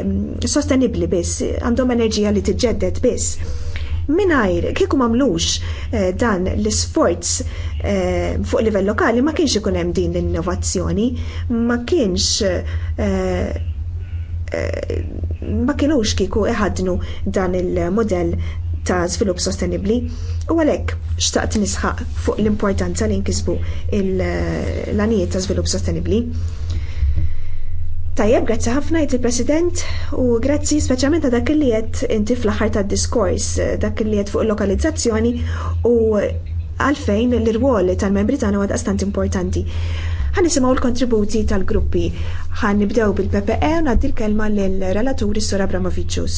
sostenibli biss, għandhom enerġija li tiġġedded biss. Minajr, kieku mamlux eh, dan l-sforz eh, fuq livell lokali ma kienx ikun hemm din l-innovazzjoni, ma kienx eh, ma kienux kieku iħadnu dan il-modell ta' svilup sostenibli u għalek xtaqt nisħaq fuq l-importanza li nkisbu l-anijiet ta' svilup sostenibli. Tajjeb, grazzi ħafna jt il-President u grazzi speċjalment ta' dak li jett inti fl-aħħar ta' diskors, dak li jett fuq lokalizzazzjoni u għalfejn l-irwol tal-membri tagħna huwa daqstant importanti. Ħan nisimgħu l-kontributi tal-gruppi. Ħan nibdew bil-PPE u ngħaddi l-kelma lill-relaturi Sora Bramovicius.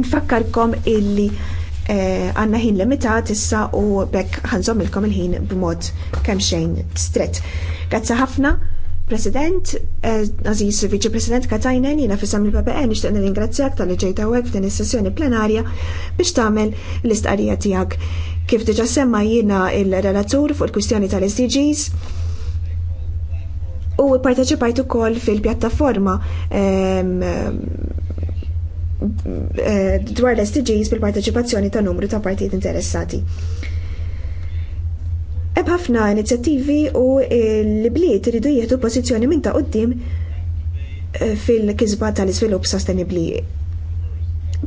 Infakkarkom illi eh, għanna ħin limitat issa u bekk ħanżommilkom il il-ħin b'mod kemm xejn stret. Grazzi ħafna President, eh, Aziz Viċi President Katajnen, jina fissam il-PPE nishtiq nir-ingrazzjak tal ġejta għek f'din is-sessjoni plenarja biex tagħmel l-istqarija tiegħek. Kif diġa semma jina il-relatur fuq il-kwistjoni tal-SDGs u parteċipajt ukoll fil-pjattaforma ehm, eh, dwar l-SDGs bil-parteċipazzjoni ta' numru ta' partijiet interessati. Hemm ħafna inizjattivi u l-bliet iridu jieħdu pożizzjoni minn ta' qoddim eh, fil-kisba tal-iżvilupp sostenibbli.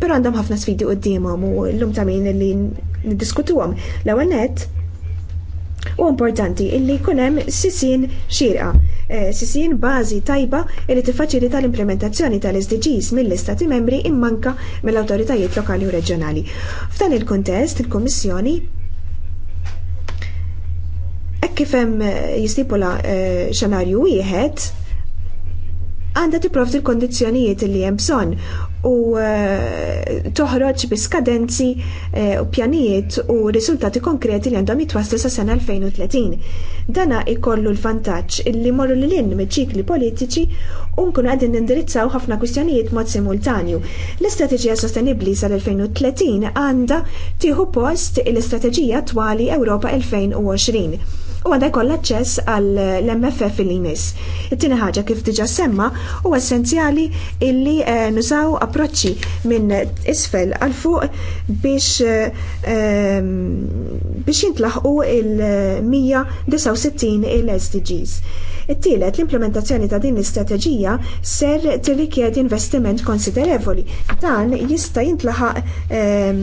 Però għandhom ħafna sfidi qoddimhom u llum ta' min li niddiskutuhom. L-ewwel nett u importanti illi jkun hemm sisin xirqa eh, sisin bażi tajba li tiffaċilita l-implementazzjoni tal-SDGs mill-istati membri immanka mill-autoritajiet lokali u reġjonali. F'dan il-kontest, il kummissjoni kifem eh, jistipula eh, xanarju wieħed, għanda tipprovdi l kondizzjonijiet li hemm bżonn u eh, toħroġ bi skadenzi u pjanijiet u riżultati konkreti li għandhom jitwasslu sa sena 2030. Dana ikollu l-vantaġġ li morru l lin mill-ċikli politiċi u nkunu għadin nindirizzaw ħafna kwistjonijiet mod simultanju. L-istrateġija sostenibli sal-2030 għanda tieħu post l-istrateġija twali Ewropa 2020 u għadha jkollha aċċess għall-MFF il jmiss. It-tieni ħaġa kif diġà semma u essenzjali illi eh, nużaw approċċi minn isfel għal fuq biex eh, ehm, biex jintlaħqu il-169 il-SDGs. It-tielet l-implementazzjoni ta' din l-istrateġija ser tirrikjedi investiment konsiderevoli. Dan jista' jintlaħaq ehm,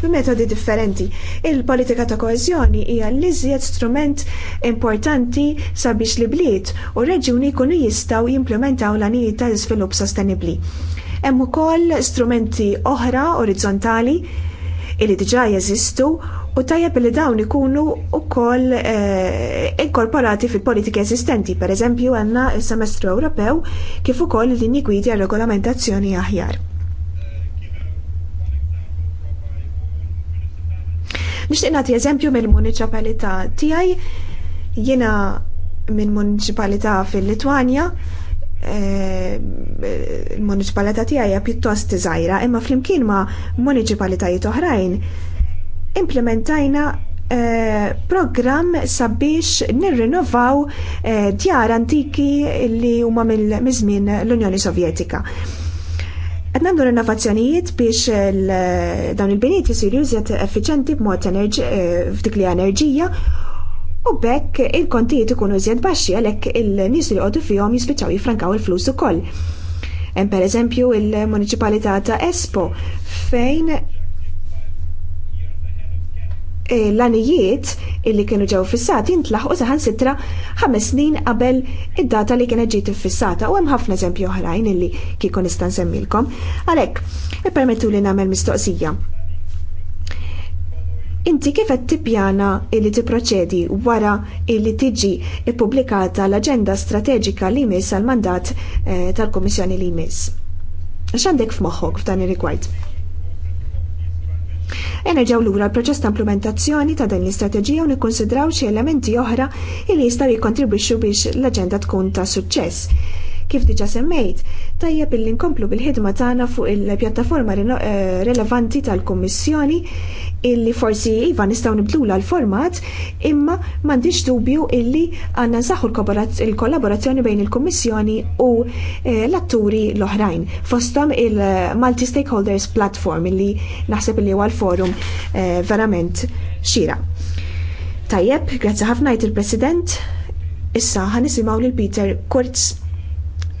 b'metodi differenti. Il-politika ta' koeżjoni hija l-iżjed strument importanti sabiex li bliet u reġjuni jkunu jistgħu jimplementaw l għanijiet ta' iżvilupp sostenibbli. Hemm ukoll strumenti oħra orizzontali li diġà jeżistu u tajjeb li dawn ikunu wkoll eh, inkorporati fil-politika eżistenti, pereżempju għandna s semestru Ewropew kif ukoll l-linji gwidi għal regolamentazzjoni aħjar. Nixtieq nagħti eżempju mill-municipalità tiegħi jiena minn municipalità fil-Litwanja eh, il-municipalità tiegħi hija pjuttost żgħira, imma flimkien ma' municipalitajiet oħrajn implementajna eh, program sabiex nirrinnovaw eh, djar antiki li huma mill-żmien l-Unjoni Sovjetika. Qed nagħmlu rinnovazzjonijiet biex dawn il-binijiet jisir iżjed effiċenti b'mod eh, f'dik li enerġija u bekk il-kontijiet ikunu iżjed baxxi għalhekk il-nies li jqogħdu fihom jispiċċaw jifrankaw il-flus ukoll. Hemm pereżempju il-Municipalità ta' Espo fejn l-anijiet illi kienu ġew fissati intlaħqu saħan sitra ħames snin qabel id-data li kienet ġiet fissata u hemm ħafna eżempju oħrajn illi kieku nista' nsemmilkom. Għalhekk, ippermettu li nagħmel mistoqsija. Inti kif qed tippjana illi tipproċedi wara illi tiġi ippubblikata l-aġenda strateġika li jmiss għall mandat eh, tal-Kummissjoni li jmiss? għandek f'moħħok f'dan ir-rigward? Enerġaw lura l-proċess ta' implementazzjoni ta' din l-istrateġija u nikkonsidraw xi elementi oħra li jistgħu jikkontribwixxu biex l-aġenda tkun ta' suċċess. Kif diġa semmejt, tajjeb illi nkomplu bil-ħidma tagħna fuq il-pjattaforma eh, relevanti tal-Kummissjoni illi forsi iva nistgħu nibdlu l-format, imma m'għandix dubju illi għandna nsaħħu l-kollaborazzjoni bejn il-Kummissjoni u eh, l-atturi l-oħrajn. Fosthom il-Multi Stakeholders Platform illi naħseb illi huwa l-forum eh, verament xira. Tajjeb, grazzi ħafna jt il-President. Issa nisimgħu lil Peter Kurz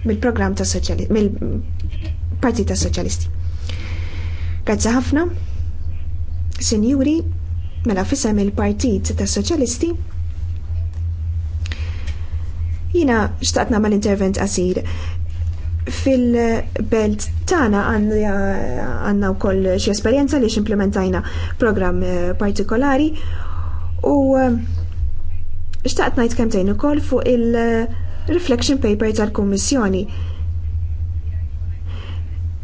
mill-programm ta' soċjalisti, mill-Partit ta' Soċjalisti. Grazzi ħafna, Sinjuri, mela fisem il-Partit ta' Soċjalisti. Jina xtaqtna mal-intervent qasir fil-belt tana għanna u koll xie esperienza li ximplementajna program eh, partikolari u eh, xtaqt najt koll fuq il- reflection paper tal-Kummissjoni.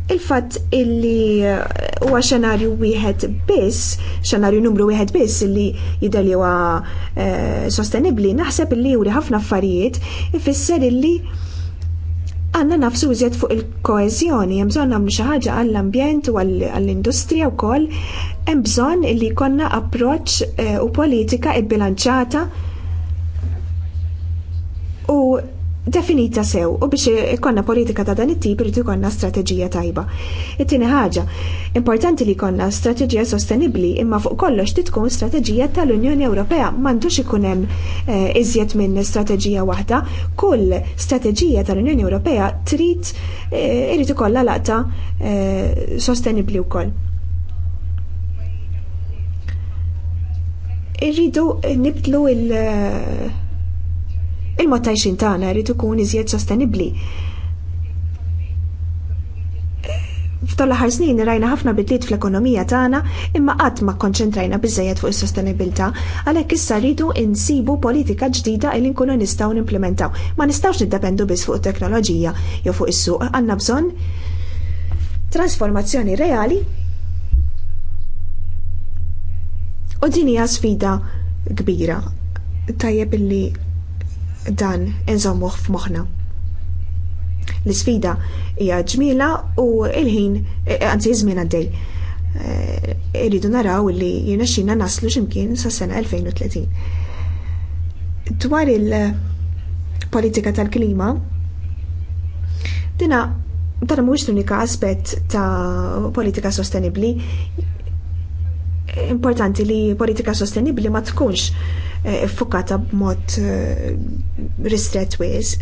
Il-fatt illi uh, huwa xenarju wieħed biss, xenarju numru wieħed biss illi jidher li huwa uh, sostenibbli, naħseb illi juri ħafna affarijiet ifisser illi għanna nafsu użiet fuq il-koezjoni, hemm bżonn nagħmlu xi ħaġa għall-ambjent u għall-industrija wkoll, hemm bżonn li jkollna approċċ uh, u politika bbilanċata u definita sew u biex ikonna politika ta' dan it-tip irid ikonna strateġija tajba. It-tieni ħaġa, importanti li jkollna strateġija sostenibbli imma fuq kollox ti tkun strateġija tal-Unjoni Ewropea m'għandux ikun hemm eh, iżjed minn strateġija waħda, kull strateġija tal-Unjoni Ewropea trid eh, irid ikollha laqta eh, sostenibbli wkoll. Irridu nibdlu il- Il-mod tajxin tagħna jrid ikun iżjed sostenibbli. ftol aħħar snin rajna ħafna bidliet fl-ekonomija tagħna imma qatt ma kkonċentrajna biżejjed fuq is-sostenibilità għalhekk issa rridu insibu politika ġdida li nkunu nistgħu nimplementaw. Ma nistgħux niddependu biss fuq teknoloġija jew fuq is-suq għandna bżonn transformazzjoni reali u din hija sfida kbira. Tajjeb illi dan inżommuh f'moħħna. L-isfida hija ġmila u il-ħin eh, anzi żmien għaddej. Eh, irridu naraw li jirnexxina naslu x'imkien sa sena 2030. Dwar il-politika tal-klima, dina dan mhuwiex l-unika aspett ta' politika sostenibbli importanti li politika sostenibli ma tkunx iffukata eh, b'mod eh, ristret wies.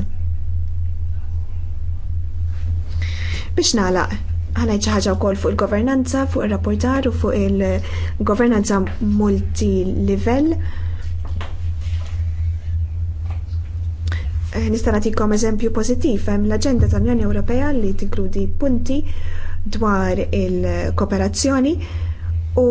Biex nagħlaq, ħanajt xi ħaġa wkoll fuq il-governanza, fuq ir-rapportar u fuq il-governanza multilivell. Eh, nista' nagħtikom eżempju pożittiv hemm l-aġenda tal-Unjoni Ewropea li tinkludi punti dwar il-kooperazzjoni u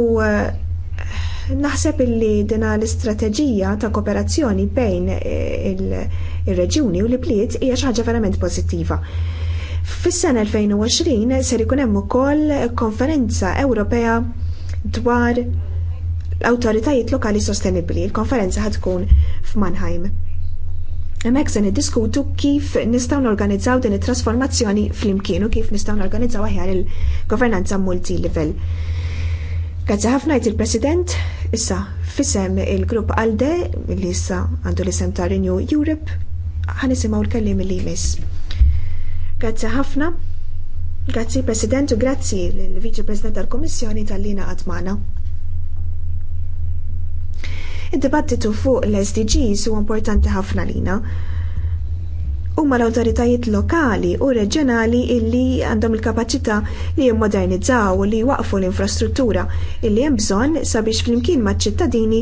Naħseb illi dina l-istrateġija ta' kooperazzjoni bejn eh, il-reġjuni u l-bliet hija xi ħaġa verament pożittiva. Fis-sena 2020 ser ikun hemm ukoll konferenza Ewropea dwar l-awtoritajiet lokali sostenibbli. Il-konferenza ħad tkun f'Mannheim. Hemmhekk se niddiskutu kif nistgħu norganizzaw din it-trasformazzjoni flimkien u kif nistgħu norganizzaw aħjar il-governanza multilivell. Grazzi ħafna jt il-President, issa fissem il-grupp ALDE, li issa għandu l-isem ta' Renew Europe, ħanisimaw l-kellim li jmiss. Grazzi ħafna, grazie President u grazzi l-Vice President tal-Komissjoni tal-lina għatmana. Id-dibattitu fuq l-SDGs u importanti ħafna lina huma l-awtoritajiet lokali u reġjonali illi għandhom il-kapaċità li jimmodernizzaw u li waqfu l-infrastruttura illi hemm bżonn sabiex flimkien maċ-ċittadini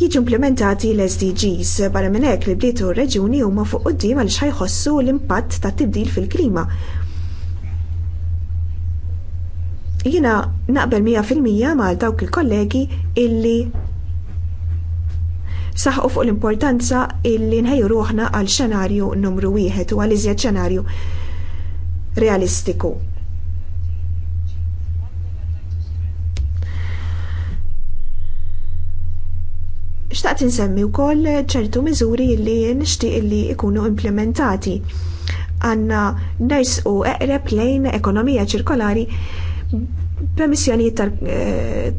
jiġu implementati l-SDGs barra minn hekk li bliet u reġuni huma fuq quddiem għaliex ħajħossu l-impatt ta' tibdil fil-klima. Jiena naqbel 100% ma' dawk il-kollegi illi saħqu fuq l-importanza illi nħejju ruħna għal xenarju numru wieħed u għal iżjed xenarju realistiku. Xtaqt insemmi wkoll ċertu miżuri li nixtieq li jkunu implementati. Għanna ners u eqreb lejn ekonomija ċirkolari b'emissjonijiet tal eh,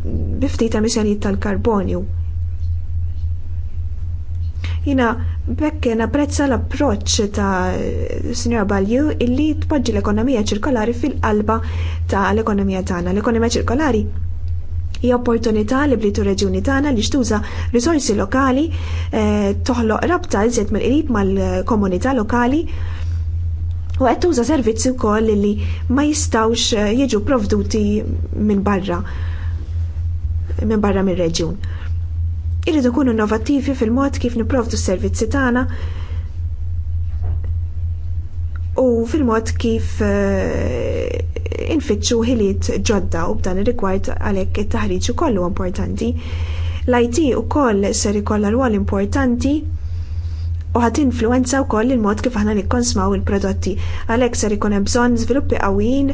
biftit emissjonijiet tal-karbonju. Jina bekk napprezza l-approċċ ta' Sinjora Balju illi tpoġġi l-ekonomija ċirkolari fil-qalba ta' l-ekonomija tagħna. L-ekonomija ċirkolari hija opportunità li blitu reġjuni tagħna li xtuża risorsi lokali eh, toħloq rabta iżjed mill-qrib mal-komunità lokali u qed tuża servizzi wkoll li ma jistgħux eh, jiġu provduti minn barra minn barra mir-reġjun. Irridu kun innovattivi fil-mod kif niprovdu s-servizzi tagħna u fil-mod kif eh, infittxu ħiliet ġodda u b'dan ir-rigward għalhekk it-taħriġ ukoll huwa importanti. L-IT ukoll ser ikollha rwol importanti u ħat influenza wkoll il-mod kif aħna nikkonsmaw il-prodotti. Għalhekk ser ikun hemm bżonn żviluppi qawwin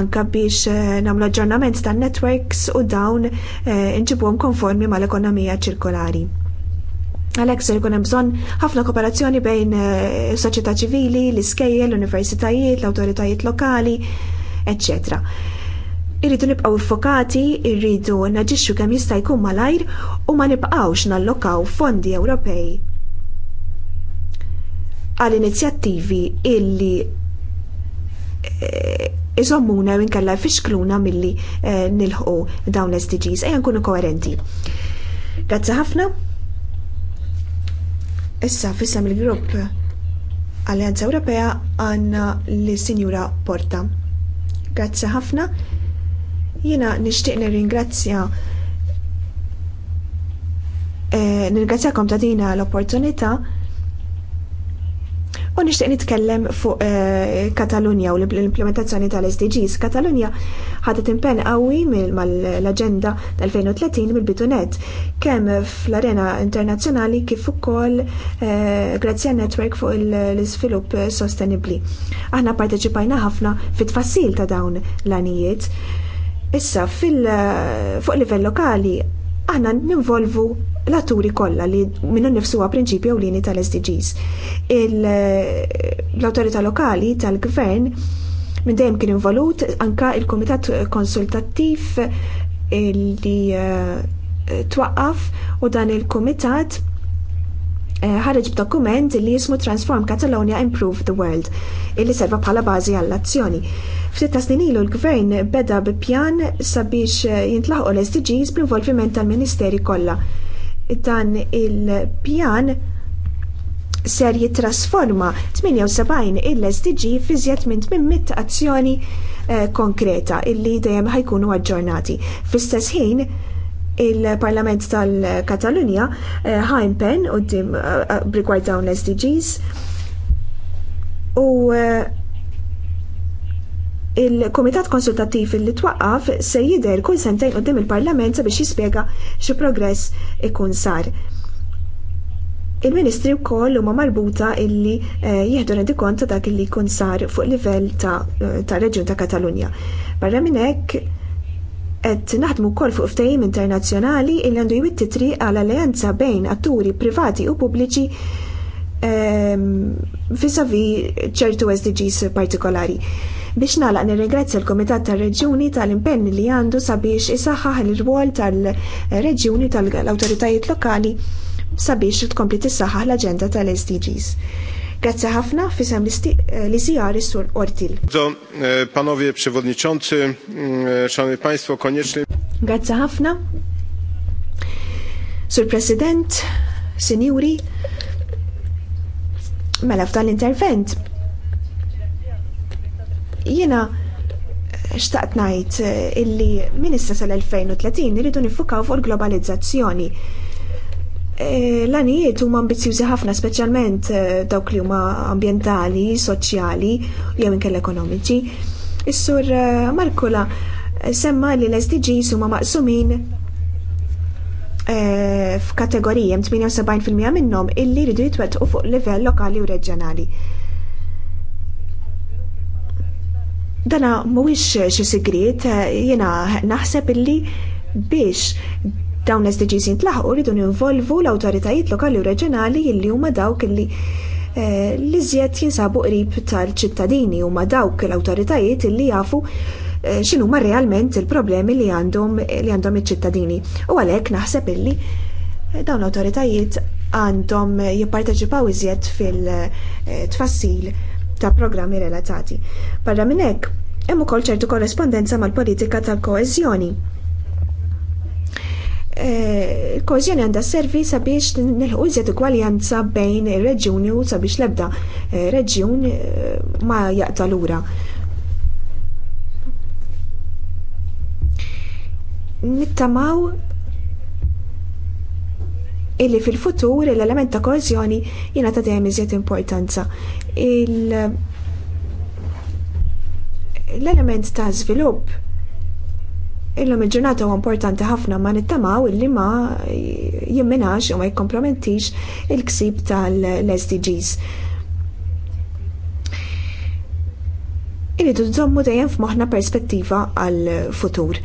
anke biex eh, nagħmlu aġġornament tan-networks u dawn eh, inġibuhom konformi mal-ekonomija ċirkolari. Għalhekk ser ikun hemm bżonn ħafna kooperazzjoni bejn is-soċjetà eh, ċivili, l iskejje l-universitajiet, l-awtoritajiet lokali, eċċetera. Irridu nibqgħu iffokati, irridu naġixxu kemm jista' jkun malajr u ma nibqgħux nallokaw fondi Ewropej għal inizjattivi illi eh, iżommuna minn kalla fixkluna milli eh, nilħu dawn l-SDGs, ejja nkunu koerenti. Grazzi ħafna. Issa fissam il-grupp Alleanza Ewropea għanna l-Sinjura Porta. Grazzi ħafna. Jina nishtiq nirringrazzja eh, nirringrazzjakom ta' dina l-opportunità U nixtieq nitkellem fuq eh, Katalunja u l-implementazzjoni tal-SDGs. Katalunja ħadet impenn qawwi mal-aġenda tal-2030 mill bitunet kemm fl-arena internazzjonali kif ukoll eh, grazzi network fuq l-iżvilupp sostenibbli. Aħna parteċipajna ħafna fit-tfassil ta' dawn l-anijiet. Issa fuq livell lokali aħna ninvolvu l-atturi kollha li minnu nifsu huwa prinċipju ewlieni tal-SDGs. Eh, l-awtorità lokali tal-gvern minn dejjem kien involut anka il-Kumitat Konsultattiv eh, li eh, twaqqaf u dan il-Kumitat ħareġ b'dokument li jismu Transform Catalonia Improve the World, illi serva bħala bażi għall-azzjoni. Ftit ta' snin ilu l-gvern beda bi pjan sabiex jintlaħqu l-SDGs bl-involviment tal-Ministeri kollha dan il-pjan ser jitrasforma 78 il-SDG fi zjed minn 800 azzjoni eh, konkreta illi dejjem ħajkunu aġġornati. Fl-istess ħin, il-Parlament tal-Katalunja eh, pen u dim brigward eh, dawn l-SDGs u il-Komitat Konsultattiv li twaqqaf se jidher kull sentejn qudiem il-Parlament sabiex jispjega xi progress ikun sar. Il-Ministri wkoll huma marbuta illi eh, jieħdu rendi ta' dak li jkun sar fuq livell eh, ta' reġjun ta' Katalunja. Barra minn hekk qed naħdmu wkoll fuq ftehim internazzjonali illi għandu jwitt triq għal alleanza bejn atturi privati u pubbliċi ehm, vis-a-vis ċertu SDGs partikolari Biex nalaq nirringrazzja l-Komitat tal-Reġjuni tal-impenn li għandu sabiex isaħħaħ l-rwol tal-Reġjuni tal-Awtoritajiet Lokali sabiex tkompli tissaħħaħ l-aġenda tal-SDGs. Grazie ħafna fisem li sijar sur Ortil. E, panowie Przewodniczący, e, Szanowni Państwo, koniecznie. Grazie ħafna. Sur President, Sinjuri, mela f'dan l-intervent Jiena xtaqt ngħid eh, illi minn issa sal-2030 iridu nifukaw fuq il-globalizzazzjoni. Eh, l-għanijiet huma ambizjużi ħafna, speċjalment eh, dawk li huma ambjentali, soċjali, jew inkella ekonomiċi. Is-sur Markula semma li l-SDGs huma maqsumin f'kategoriji hemm 78% minnhom illi jridu jitwettqu fuq livell lokali u reġjonali. Dana mhuwiex xi sigriet, eh, jena naħseb illi biex dawn l-SDGs jintlaħqu rridu involvu l-awtoritajiet lokali u reġjonali illi huma dawk illi eh, li zjed jinsabu qrib tal-ċittadini huma dawk l-awtoritajiet illi jafu eh, xinu ma realment il-problemi li għandhom li għandhom iċ-ċittadini. U għalhekk naħseb illi dawn l-awtoritajiet għandhom jipparteċipaw iżjed fil-tfassil ta' programmi relatati. Barra minn hekk, hemm ukoll ċertu korrespondenza mal-politika tal-koeżjoni. Il-koeżjoni eh, għandha servi sabiex nilħu iżjed ugwaljanza bejn ir-reġjuni u sabiex l-ebda eh, reġjun eh, ma jaqta' lura. nittamaw illi fil-futur l-element ta' korzjoni jina ta' dejjem iżjed importanza. L-element ta' żvilupp illum il-ġurnata huwa importanti ħafna ma nittamaw illi ma jimminax u ma jikkompromettix il-ksib tal-SDGs. Iridu nżommu dejjem f'moħħna perspettiva għal-futur.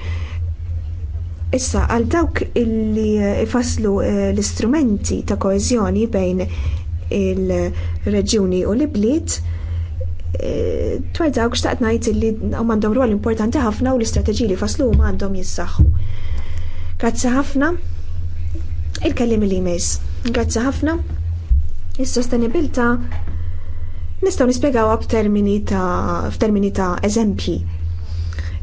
Issa, għal dawk illi eh, faslu eh, l-istrumenti ta' koezjoni bejn il-reġjuni u l ibliet dwar eh, dawk xtaqt ngħid li għandhom rol importanti ħafna u l-istrateġiji li faslu huma għandhom jissaħħu. Grazzi ħafna. Il-kellim li jmiss. Grazzi ħafna. Is-sostenibilità nistgħu nispjegawha b'termini ta' f'termini ta' eżempji.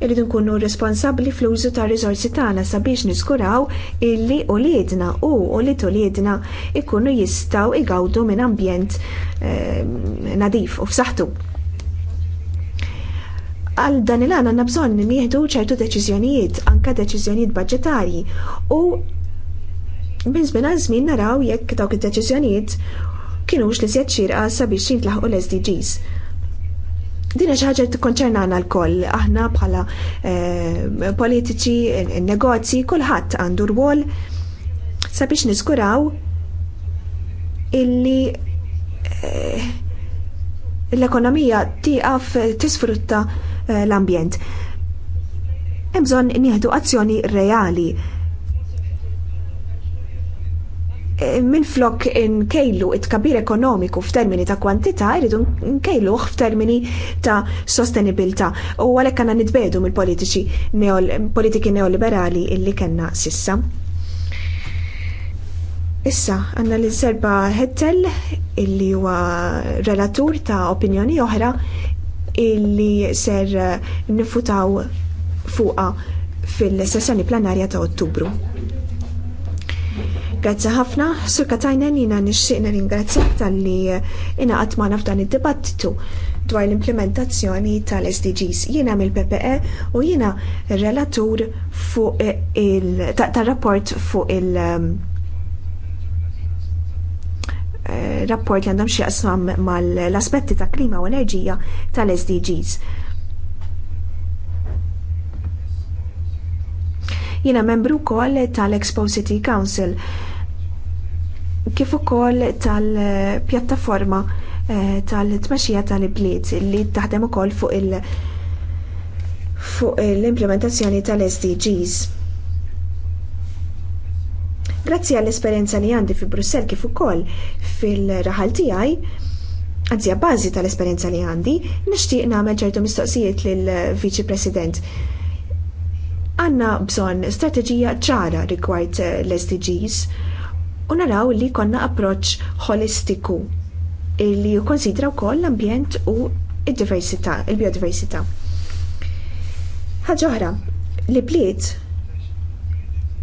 Iridu nkunu responsabbli fl-użu ta' risorsi tagħna sabiex niskuraw illi uliedna u ulied uliedna ikunu jistgħu igawdu minn ambjent eh, nadif u f'saħħtu għal dan il għanna bżon nieħdu ċertu deċiżjonijiet, anka deċiżjonijiet budġetarji. U minn żmien għal żmien naraw jekk dawk id-deċiżjonijiet kienux li sjed xirqa sabiex jintlaħqu l-SDGs. Dina xaħġa t-konċernana l-koll, aħna bħala eh, politiċi, negozji, kullħat għandu rwol sabiex niskuraw illi eh, l-ekonomija tiqaf tisfrutta eh, l-ambjent. Hemm bżonn nieħdu azzjoni reali minflok nkejlu it-kabir ekonomiku f'termini ta' kwantità, jridu nkejluh f'termini ta' sostenibilità. U għalhekk għandna nitbedu mill-politiċi politiki neoliberali illi kellna sissa. Issa, għanna l serba Hettel, illi huwa relatur ta' opinjoni oħra, illi ser nifutaw fuqa fil-sessjoni planarja ta' Ottubru. Grazzi ħafna, Sur Katajnen jina nixxieqna ringrazzjak tal-li jina magħna f'dan id-dibattitu dwar l-implementazzjoni tal-SDGs. Jiena mill-PPE u jiena relatur fuq il tar-rapport fuq il um, eh, rapport li għandhom xi qasam mal-aspetti ta' klima u enerġija tal-SDGs. Jiena membru wkoll tal-Expo City Council kif ukoll tal-pjattaforma eh, tal-tmexxija tal-ibliet li taħdem ukoll fuq il- fuq l-implementazzjoni tal-SDGs. Grazzi għall-esperjenza li għandi fi Brussell kif ukoll fil-raħal tiegħi, anzi bażi tal-esperjenza li għandi, nixtieq nagħmel ċertu mistoqsijiet lill viċi President. Għandna bżonn strateġija ċara rigward l-SDGs u naraw li jkollna approċċ holistiku li jikkonsidra wkoll l-ambjent u d diversità il-biodiversità. Ħaġa oħra, li bliet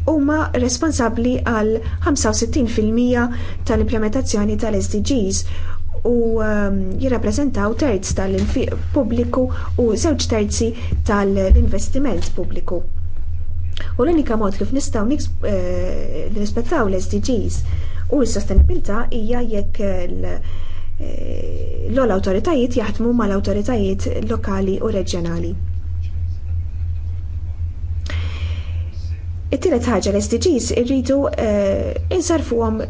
huma responsabbli għal 65% tal-implementazzjoni tal-SDGs u um, jirrappreżentaw terz tal pubbliku u żewġ terzi tal-investiment pubbliku. U l-unika mod kif nistgħu eh, nirrispettaw l-SDGs u s-sostenibilità hija jekk eh, l-ol awtoritajiet jaħdmu mal-awtoritajiet lokali u reġjonali. It-tielet ħaġa l-SDGs irridu eh, insarfuhom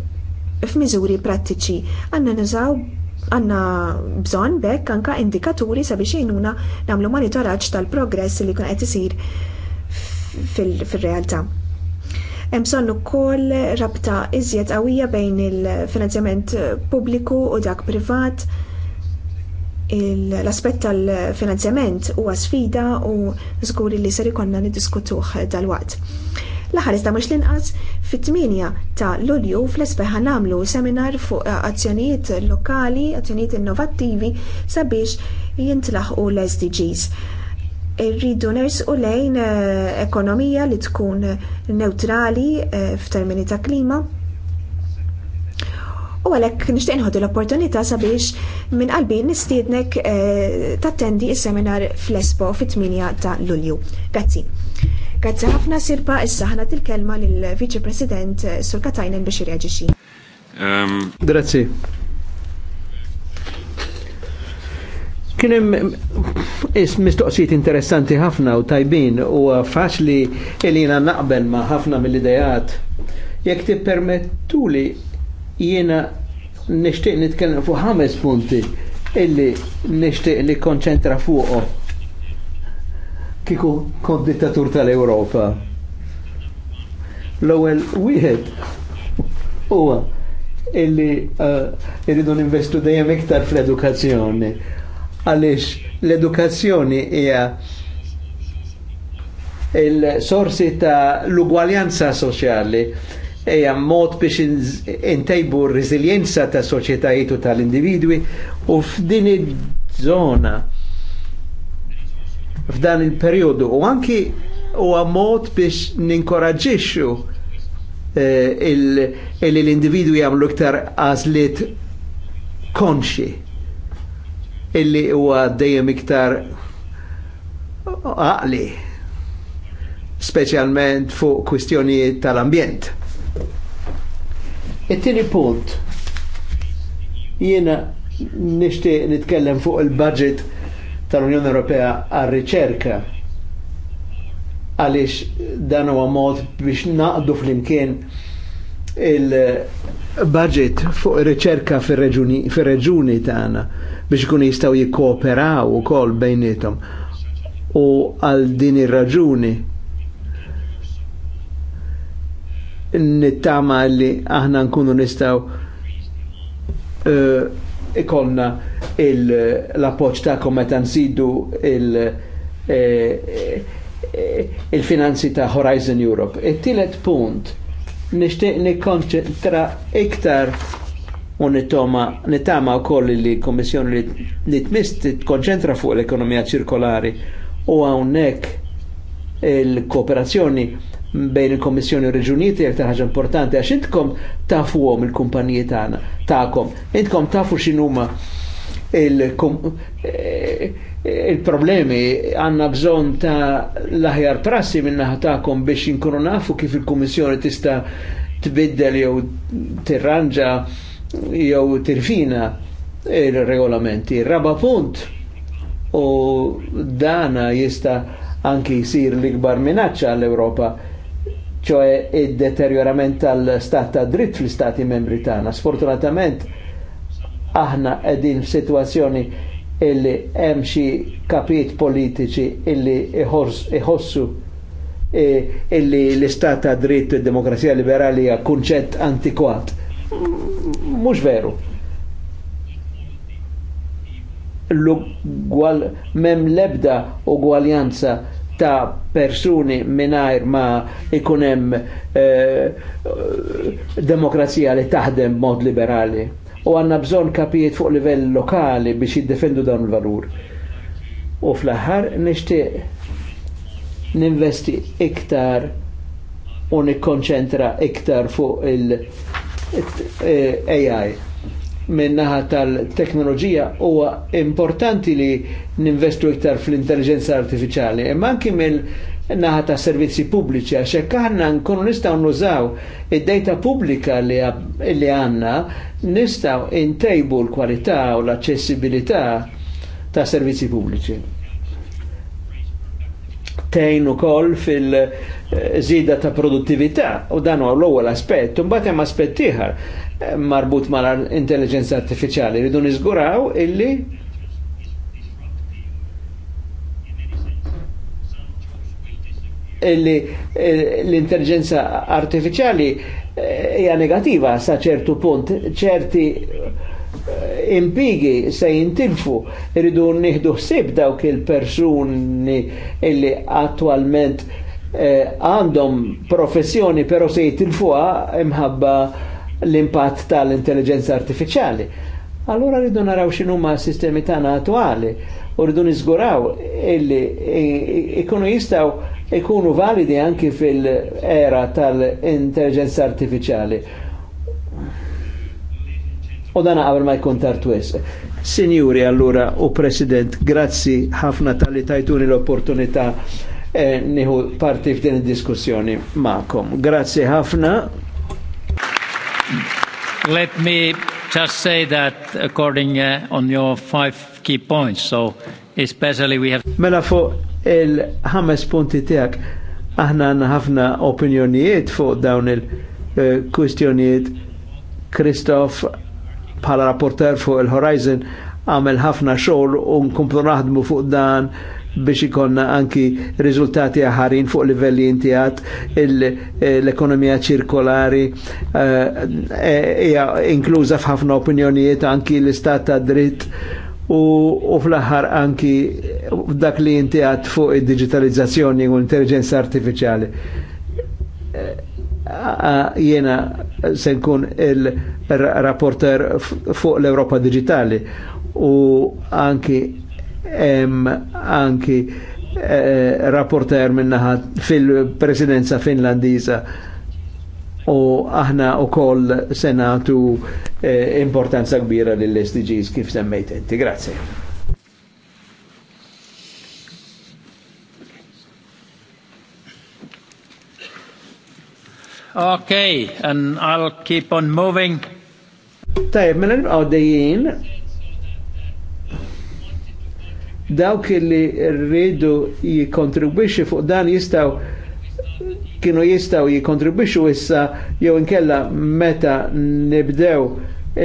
f'miżuri prattiċi. Għandna nużaw għanna bżon bekk anka indikaturi sabiex jgħinuna nagħmlu monitoraġġ tal-progress li kun qed isir fil-realtà. Hemm sonnu ukoll rabta iżjed qawwija bejn il-finanzjament pubbliku u dak privat. L-aspett tal-finanzjament huwa sfida u żgur li ser ikonna niddiskutuh dal-waqt. L-aħħar iżda mhux l-inqas fit-8 ta' Lulju fl-isbeħ nagħmlu seminar fuq azzjonijiet lokali, azzjonijiet innovattivi sabiex jintlaħqu l-SDGs rridu nersqu lejn eh, ekonomija li tkun neutrali eh, f'termini ta' klima. U għalhekk nixtieq nħoddu l-opportunità sabiex minn qalbi nistiednek eh, tattendi is-seminar fl-Espo fit-8 ta' Lulju. Grazzi. Grazzi ħafna sirpa issa ħana il-kelma lill-Viċi President Sur Katajnen biex jirreġixxi. Ehm, Grazzi. Kien hemm mistoqsijiet interessanti ħafna u tajbin u faċli elina naqbel ma' ħafna mill-idejat. Jekk tippermettuli jiena nixtieq nitkellem fuq ħames punti illi nixtieq li konċentra fuqhom kiku kont dittatur tal ewropa L-ewwel wieħed huwa illi uh, irridu dejjem iktar fl-edukazzjoni għalix l-edukazzjoni hija il-sorsi ta' l-ugwaljanza soċjali hija mod biex intejbu r-reżiljenza ta' soċjetajiet u tal-individwi u f'din iż-żona f'dan il-periodu u anki huwa mod biex ninkoraġġixxu eh, il l-individwi jagħmlu iktar għażliet konxi illi huwa dejjem iktar għaqli, specialment fuq kwistjonijiet tal-ambjent. It-tieni punt jiena nixtieq nitkellem fuq il-budget tal-Unjoni Ewropea għar-riċerka għaliex dan huwa mod biex naqdu flimkien il-budget fuq ir-riċerka fir-reġuni tagħna biex kun jistaw jikkooperaw u kol bejnietom. U għal din ir-raġuni nittama li aħna nkunu nistaw uh, ikonna l-appoċ ta'kom meta nsidu eh, eh, il-finanzi ta' Horizon Europe. It-tielet e punt nishtiq nikkonċentra iktar u nittama nittama u koll li kommissjoni li tmist tkonċentra fuq l-ekonomija ċirkolari u għawnek il-kooperazzjoni bejn il-Kommissjoni u Reġuniti jek ħaġa importanti għax intkom għom il kumpanji tagħna tagħkom. Intkom tafu x'inhuma eh, il-problemi għanna bżon ta' l-aħjar prassi minnaħa tagħkom biex inkunu nafu kif il-Kummissjoni tista' tbiddel jew tirranġa' jew tirfina il-regolamenti. Raba punt u dana jista anki jisir l-ikbar minaccia għall-Europa ċoħe id-deterjorament tal-stat ta' dritt fil stati membri tana. Sfortunatament, aħna edin situazzjoni illi emxi xi kapiet politiċi illi iħossu eh, illi l-istat ta' dritt il demokrazija liberali għakunċet kunċett antikwat mhux veru. L-ugwal mem lebda gwaljanza ta' persuni minajr ma ikunem eh, demokrazija li taħdem mod liberali. U għanna bżon kapijiet fuq livell lokali biex jiddefendu dan il-valur. U fl-ħar nishti ninvesti iktar u nikkonċentra iktar fuq il- Eh, AI minnaħa tal-teknoloġija huwa importanti li ninvestu iktar fl-intelligenza artificiali, imma anki mill naħa ta' servizzi pubbliċi għax hekk aħna nkunu nistgħu nużaw id-data pubblika li għandna nistgħu intejbu l-kwalità u l-aċċessibilità ta' servizzi pubbliċi tejn u koll fil-żida ta' produttività u dan huwa l-ewwel aspett, u mbagħad hemm aspett ieħor eh, marbut mal-intelligenza artifiċjali ridu niżguraw illi eh, l-intelligenza artificiali eh, hija negativa sa ċertu punt, ċerti impigi se jintilfu irridu nieħdu ħsieb dawk il-persuni illi attualment eh, għandhom professjoni però se jitilfuha imħabba l-impatt tal-intelligenza artificiali. Allora rridu naraw x'inhu ma' sistemi tagħna attwali u rridu niżguraw illi ikunu jistgħu ikunu validi anki fil-era tal-intelligenza artificiali u dana għabel ma jkun tartwis. Signori allura u President, grazzi ħafna tal-li tajtuni l-opportunità eh, nieħu parti f'din id-diskussjoni ma'kom. Grazzi ħafna. Let me just say that according uh, on your five key points, so especially we have... Mela fu il-ħames punti tijak, aħna għanna ħafna opinjonijiet fuq dawn il-kwistjonijiet. Eh, Kristof bħala rapporter fuq il-Horizon għamel ħafna xogħol u nkomplu naħdmu fuq dan biex ikonna anki riżultati aħarin fuq livelli intijat l-ekonomija ċirkolari eh, eh, hija inkluża f'ħafna opinjonijiet anki l-istat ta' dritt u, u fl-aħħar anki dak li intijat fuq id-digitalizzazzjoni u l-intelligenza artificiali eh, jena se nkun il-rapporter fuq l-Europa Digitali u anki em, anki eh, rapporter minnaħa fil-presidenza finlandiza u aħna u koll senatu eh, importanza kbira lill-SDGs kif semmejt inti. Grazie. Okay, and I'll keep on moving. Tajb, mela nibqaw dejjien. Dawk li rridu jikontribuixi fuq dan jistaw kienu jistaw jikontribwixu issa jew inkella meta nibdew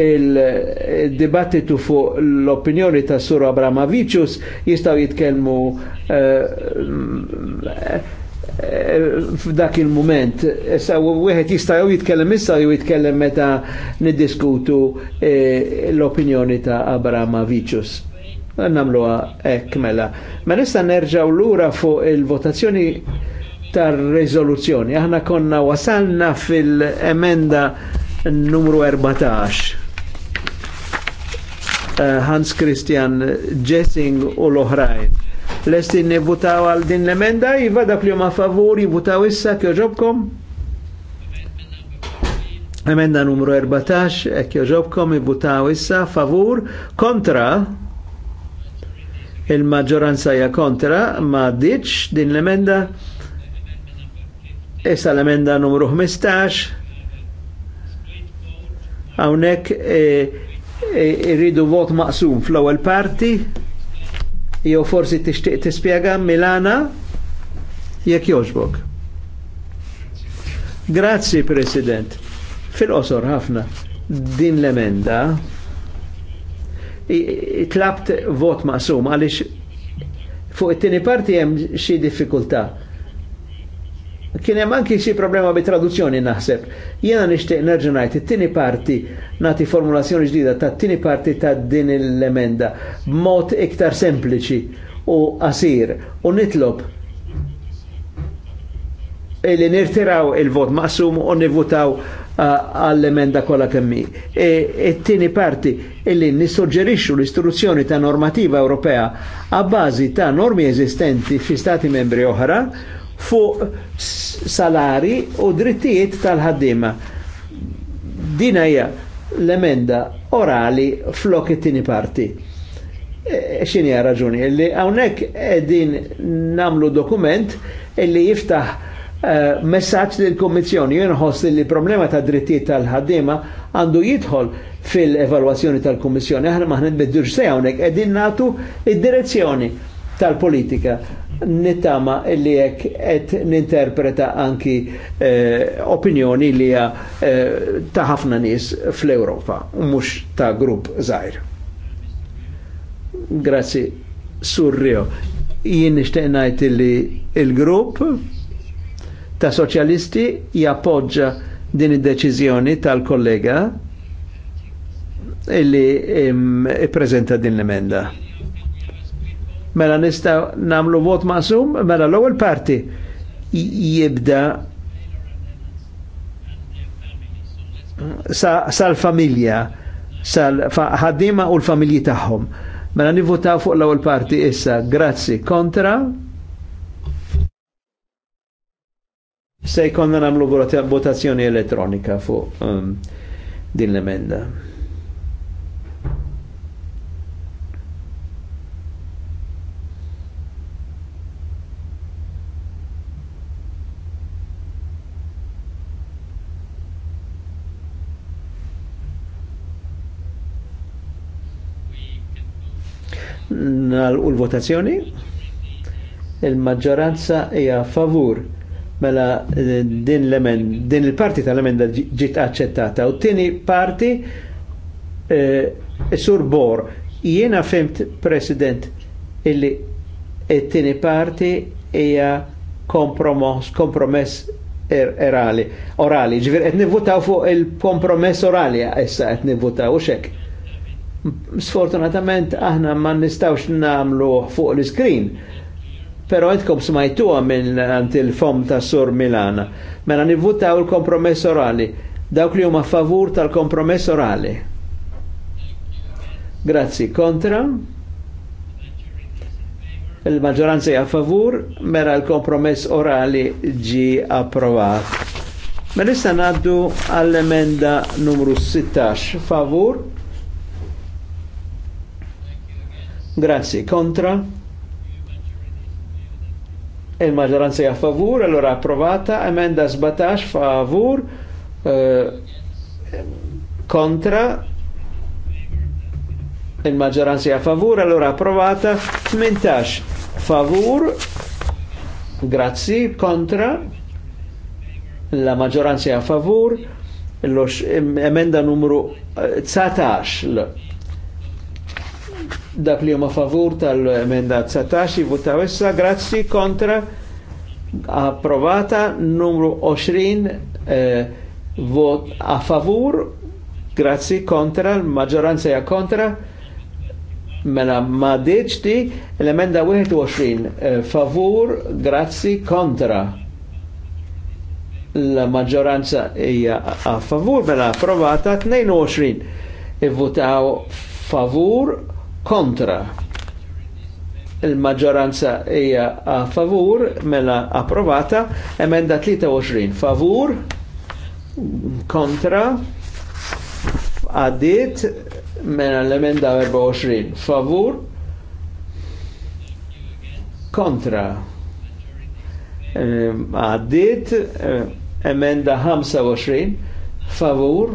il-dibattitu fuq l-opinjoni ta' Suru Abramavicius jistaw jitkelmu uh, eh, f'dak il-moment. Issa wieħed jista' jew jitkellem issa jew jitkellem meta niddiskutu eh, l-opinjoni ta' Abrama Vicius. nagħmluha hekk mela. Ma nista' nerġgħu lura fuq il-votazzjoni tar riżoluzzjoni Aħna konna wasalna fil-emenda numru 14. Eh, Hans Christian Jessing u l-oħrajn Lestin nivutaw għal din l-emenda, jiva dak li huma favur jivutaw issa kjoġobkom. Emenda numru 14, ek joġobkom jivutaw issa favur kontra il-maġġoranza hija kontra ma ditx din l-emenda issa l-emenda numru 15 hawnhekk e, e, irridu vot maqsum fl-ewwel parti jew forsi tixtieq tispjega Milana jekk jogħġbok. Grazzi President. Fil-qosor ħafna din l-emenda tlabt vot maqsum għaliex fuq it-tieni parti hemm xi diffikultà Kien hemm anki xi problema bi traduzzjoni naħseb. Jiena nixtieq nerġa' ngħid it-tieni parti nagħti formulazzjoni ġdida tat-tieni parti ta' din l-emenda b'mod iktar sempliċi u qasir u nitlob li nirtiraw il-vot maqsum u nivutaw għall-emenda kolla kemmi. E, it-tieni parti illi nissuġġerixxu l-istruzzjoni ta' normativa Ewropea għabbażi ta' normi eżistenti fi stati membri oħra fuq salari u drittijiet tal-ħaddima. Dina hija l-emenda orali flok it-tieni parti. E, e xini raġuni? Illi hawnhekk qegħdin namlu dokument illi jiftaħ e, messaġġ lill-Kummissjoni. Jien ħoss li l-problema ta' drittijiet tal ħaddiema għandu jidħol fil-evalwazzjoni tal-Kommissjoni. Aħna maħna nbiddirx se hawnhekk qegħdin nagħtu id-direzzjoni tal-politika nittama li jekk qed ninterpreta anki eh, opinjoni li hija eh, ta' ħafna nies fl-Ewropa u mhux ta' grupp żgħir. Grazzi, surrio. Jien nixtieq ngħid li il-grupp ta' soċjalisti jappoġġa din id-deċiżjoni tal-kollega illi ippreżenta din l-emenda. Mela nista' namlu vot maqsum, mela l-ewwel parti jibda sal-familja, sal-ħaddima u l-familji tagħhom. Mela nivvotaw fuq l-ewwel parti issa, grazzi, kontra. Se konna namlu votazzjoni elettronika fuq um, din l-emenda. nalqu l-votazzjoni. Il-maġġoranza hija favur mela eh, din l emend din il-parti tal-emenda ġiet aċċettata U t-tieni parti eh, sur bor. Jiena fimt, President, illi it-tieni parti hija kompromess er erali, orali. Ġvir, qed nivvutaw fuq il-kompromess orali issa qed nivvutaw u xek. Sfortunatament aħna ma nistawx namlu fuq l screen pero għedkom smajtu minn għant il-fom ta' Sur Milana. Mela nivvutaw il-kompromess orali, dawk li huma favur tal-kompromess orali. Grazzi, kontra? Il-maġġoranza hija favur, mera l-kompromess orali ġi approvat. Ma mela nista' ngħaddu għall-emenda numru 16 favur Grazzi. Kontra? Il-maġġoranza hija favur, allora approvata. Emenda 17 favur. Eh, kontra? Il-maġġoranza hija favur, allora approvata. 18 favur. Grazzi. Kontra? La maġġoranza hija favur. Emenda numru 19 eh, dak li huma favur tal-emenda 19 votaw issa grazzi kontra approvata numru 20 eh, vot a favur grazzi kontra l-maġġoranza hija kontra mela ma deċti l-emenda 21 eh, favur grazzi kontra la maġġoranza hija a favur mela approvata 22 Votaw favur kontra il-maġġoranza hija a favur mela approvata emenda 23 favur kontra għaddit mela l-emenda 24 favur kontra eh, għaddit eh, emenda 25 favur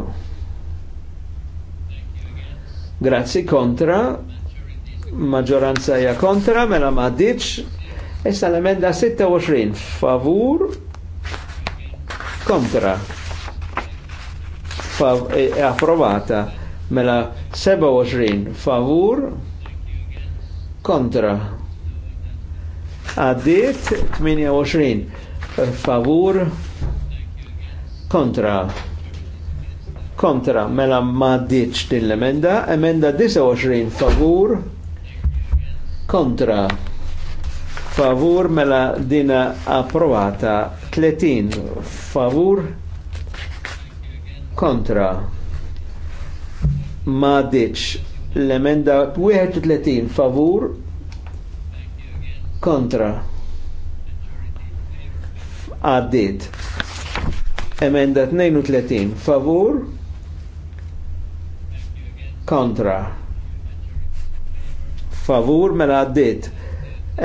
Grazzi kontra maġoranza hija kontra, mela ma ddiċ. Issa l-emenda 26 favur kontra. Fav, e, e approvata. Mela 27 favur kontra. Għaddit 28 favur kontra kontra mela ma ddiċ din l-emenda, emenda 29 favur kontra favur mela dina approvata 30 favur kontra ma ditx l-emenda 31 favur kontra għaddit emenda 32 favur kontra favur mela għaddit.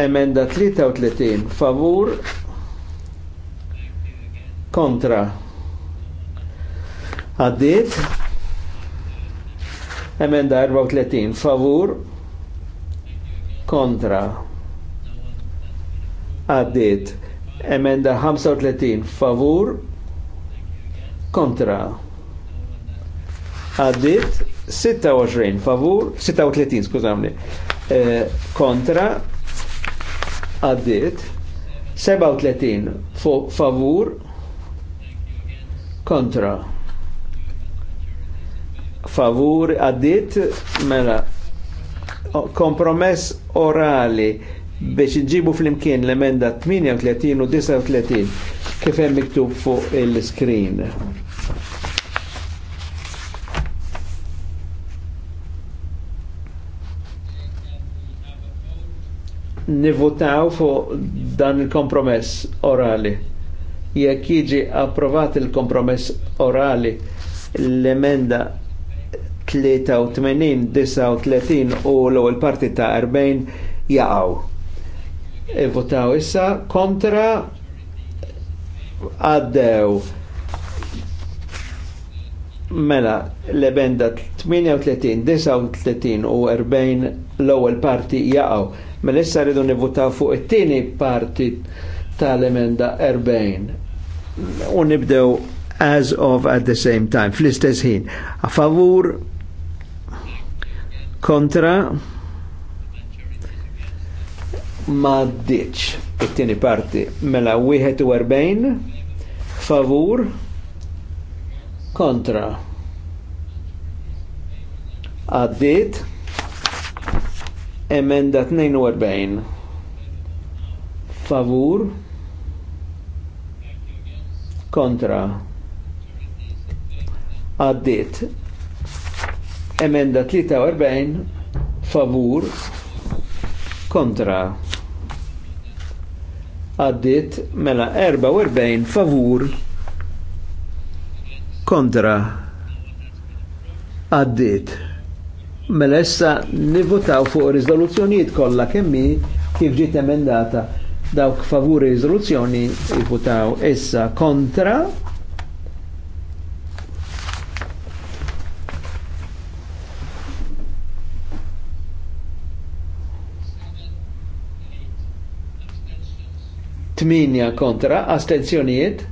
Emenda 33 favur kontra għaddit. Emenda 34 favur kontra għaddit. Emenda 35 favur kontra għaddit 26 favur 36 skużamni Eh, kontra għaddit 37 favur kontra favur għaddit mela kompromess orali biex iġibu fl-imkien l-emenda 38 u 39 kif hemm miktub fuq il-screen. nivutaw fuq dan il-kompromess orali. Jekk jiġi approvat il-kompromess orali l-emenda 83, 39 u l-ewwel parti ta' 40 jaqgħu. Ivvutaw issa kontra għaddew mela l-ebenda 38, 39 u 40 l-ewwel parti jaqgħu Mel-issa rridu nivutaw fuq it-tieni parti tal-emenda 40. U nibdew as of at the same time, fl-istess ħin. A favur kontra ma ditx it-tieni parti mela 41 favur kontra għaddit Emenda 42. Favur. Kontra. Għaddit. Emenda 43. Favur. Kontra. Għaddit mela 44 favur kontra għaddit. Mela issa nivvotaw fuq riżoluzzjonijiet kollha kemm hi kif ġiet emendata dawk favuri riżoluzzjoni jivvotaw issa kontra tminja kontra, astenzjonijiet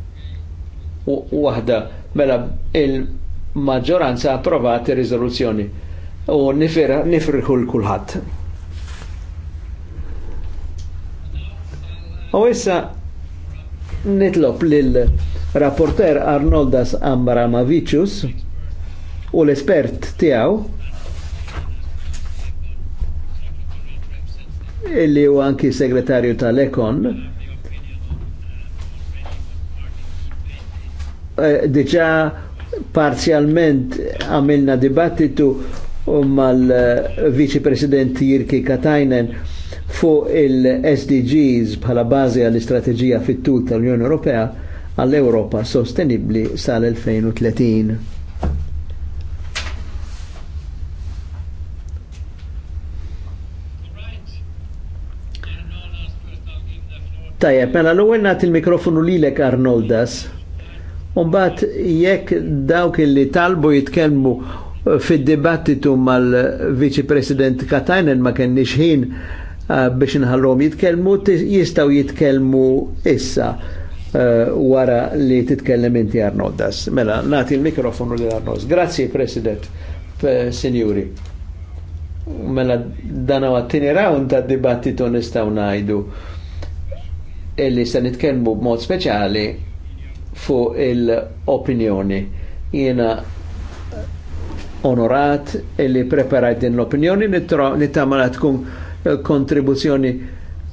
u waħda mela il-maġġoranza approvat ir-riżoluzzjoni u nifirħu nifir l-kulħadd. U issa nitlob lil rapporter Arnoldas Ambramavicius u l-espert tijaw illi u anki segretarju tal-Ekon eh, diġa parzialment għamilna dibattitu u mal-Viċi President Jirki Katajnen fuq il-SDGs bħala bażi għall-istrateġija fit-tul tal-Unjoni Ewropea għall-Ewropa sostenibli sal-2030. Tajja, mela l-ewwel nagħti il-mikrofonu lilek Arnoldas. Umbat jekk dawk illi talbu jitkellmu Fid-dibattitu mal-Viċi President Katajnen ma kenniex ħin eh, biex nħallom jitkellmu, jistgħu jitkellmu issa eh, wara li titkellem inti Arnoldas. Mela, nati l-mikrofonu li Arnoldas. Grazzi, President, eh, signori. Mela, dana għattini t-tieni round ta' dibattitu nistgħu ngħidu illi se nitkellmu b'mod speċali fuq il-opinjoni. Jena onorat illi preparajt din l-opinjoni, nittamana tkun eh, kontribuzzjoni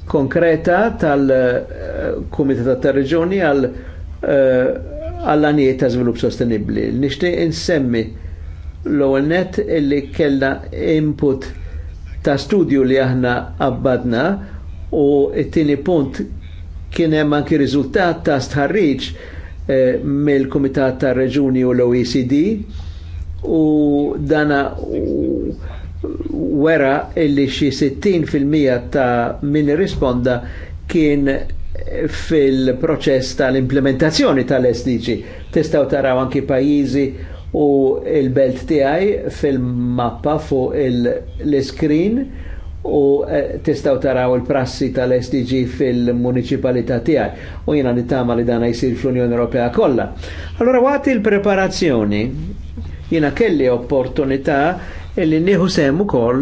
konkreta tal-Kumitat eh, ta' Reġjoni eh, għall għanijiet ta' svilup sostenibli. Nishti insemmi l-ewwel net illi kellna input ta' studju li aħna abbadna u it-tieni punt kien hemm anki riżultat ta' stħarriġ mill-Kumitat tar Reġuni u l-OECD u dana u wera illi xi 60% ta' min risponda kien fil-proċess tal-implementazzjoni tal-SDG. Testaw taraw anki pajjiżi u il-belt tiegħi fil-mappa fuq l-screen u eh, testaw taraw il-prassi tal-SDG fil-municipalità tiegħi u jiena nittama li dana jsir fl-Unjoni Ewropea kollha. Allora waqt il-preparazzjoni jina kelli opportunità illi nieħu sem ukoll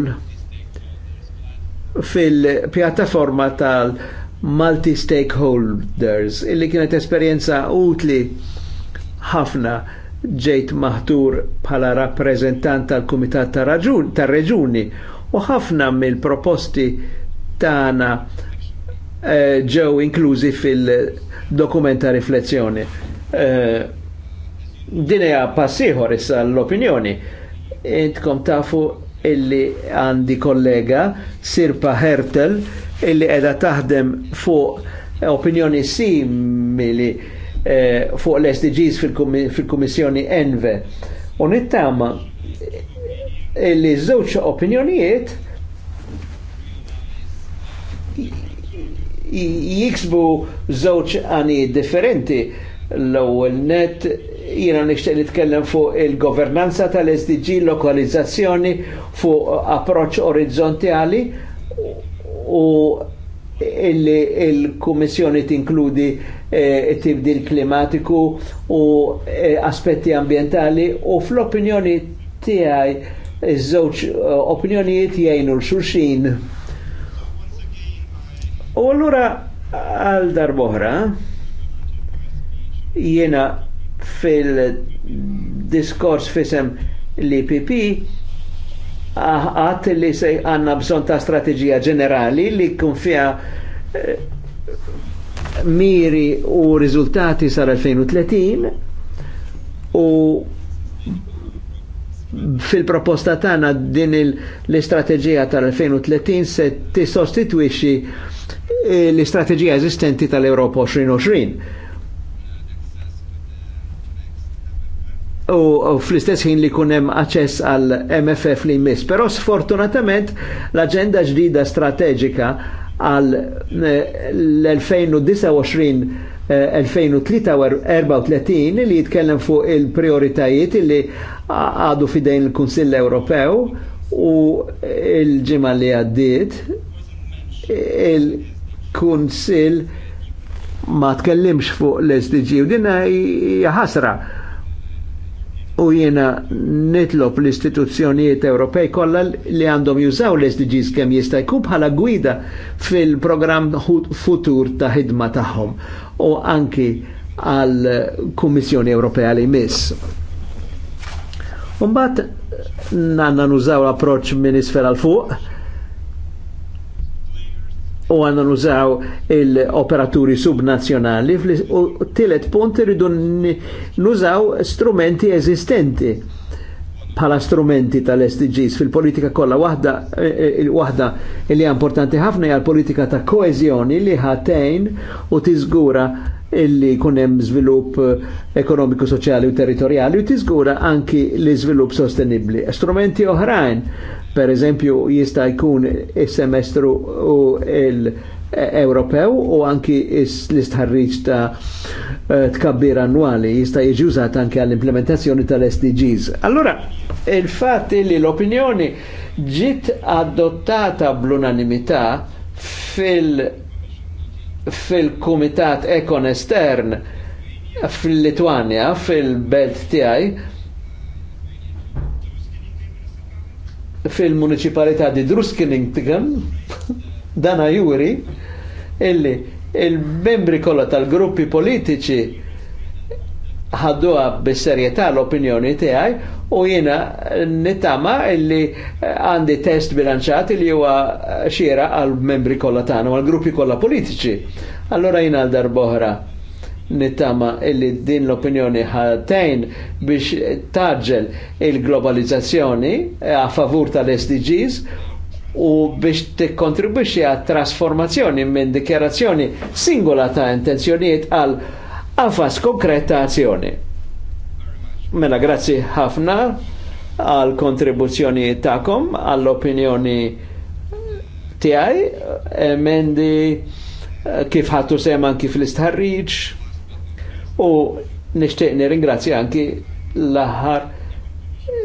fil-pjattaforma tal-Multi Stakeholders illi kienet esperjenza utli ħafna ġejt maħtur bħala rappreżentant tal-Kumitat tar-Reġuni u ħafna mill-proposti tagħna eh, ġew inklużi fil-dokument ta' riflessjoni. Eh, Dinja passiħor issa l-opinjoni. Intkom tafu illi għandi kollega Sirpa Hertel illi edha taħdem fuq opinjoni simili eh, fuq l-SDGs fil-Kummissjoni Enve. U illi żewġ opinjonijiet jiksbu żewġ għani differenti l-ewwel net jiena nixtieq nitkellem fuq il-governanza tal-SDG, lokalizzazzjoni, fuq approċċ orizzontali u illi il-Kummissjoni tinkludi eh, it tibdil klimatiku u eh, aspetti ambientali u fl-opinjoni tiegħi iż-żewġ eh, opinjonijiet jgħinu l-xulxin. U allura għal darboħra jiena fil-diskors fisem l-IPP ah, għat li se għanna bżon ta' strategija ġenerali li kun fija eh, miri u riżultati sar 2030 u fil-proposta tagħna din l istrategija tal-2030 se tissostitwixxi eh, l istrategija eżistenti tal-Europa 2020 u fl-istess ħin li kunem aċess għal MFF li jmiss. Però sfortunatament l-agenda ġdida strateġika għal eh, l-2029 eh, 2034 li jitkellem fuq il-prioritajiet li għadu fidejn il-Kunsill Ewropew u il-ġimma li għaddit il-Kunsill ma tkellimx fuq l-SDG u dinna jħasra. ħasra u jiena nitlob l-istituzzjonijiet Ewropej kollha li għandhom jużaw l-SDGs kemm jista' jkun bħala gwida fil-programm futur ta' ħidma tagħhom u anki għal Kummissjoni Ewropea li miss. Umbat nanna nużaw l-approċ minn isfel għal fuq u għanna nużaw il-operaturi subnazjonali u tillet punt irridu nużaw strumenti eżistenti bħala strumenti tal-SDGs fil-politika kollha waħda eh, eh, waħda li importanti ħafna hija l-politika ta' koeżjoni li ħatejn u tiżgura illi kunem zvilup eh, ekonomiku, soċjali u territoriali u tiżgura anki li zvilup sostenibli. Strumenti oħrajn, per eżempju, jista' jkun is-semestru u il- Ewropew u anki l istħarriċ ta' eh, tkabbir annuali. jista' jiġi użat anke għall-implementazzjoni tal-SDGs. Allora, il-fatt li l-opinjoni ġiet adottata bl-unanimità fil- fil-Kumitat Ekon Estern fil-Litwanja, fil-belt tiegħi, fil-Municipalità di Druskiningtigam, dana juri, illi il-membri kollha tal-gruppi politiċi ħadduha b serjetà l-opinjoni tiegħi u jiena nittama illi eh, għandi test bilanċat li huwa eh, xiera għal membri kollha tagħna u għal gruppi kollha politiċi. Allora jiena għal darboħra nittama illi din l-opinjoni ħatejn biex taġġel il-globalizzazzjoni eh, a favur tal-SDGs u biex tikkontribwixxi għat trasformazzjoni minn dikjarazzjoni singola ta' intenzjonijiet għal għafas konkreta azzjoni. Mela grazzi ħafna għal kontribuzzjoni ta'kom, għall-opinjoni tiegħi, emendi kif ħattu sem anki fl istħarriċ u nishtiq ringrazzi anki l-aħħar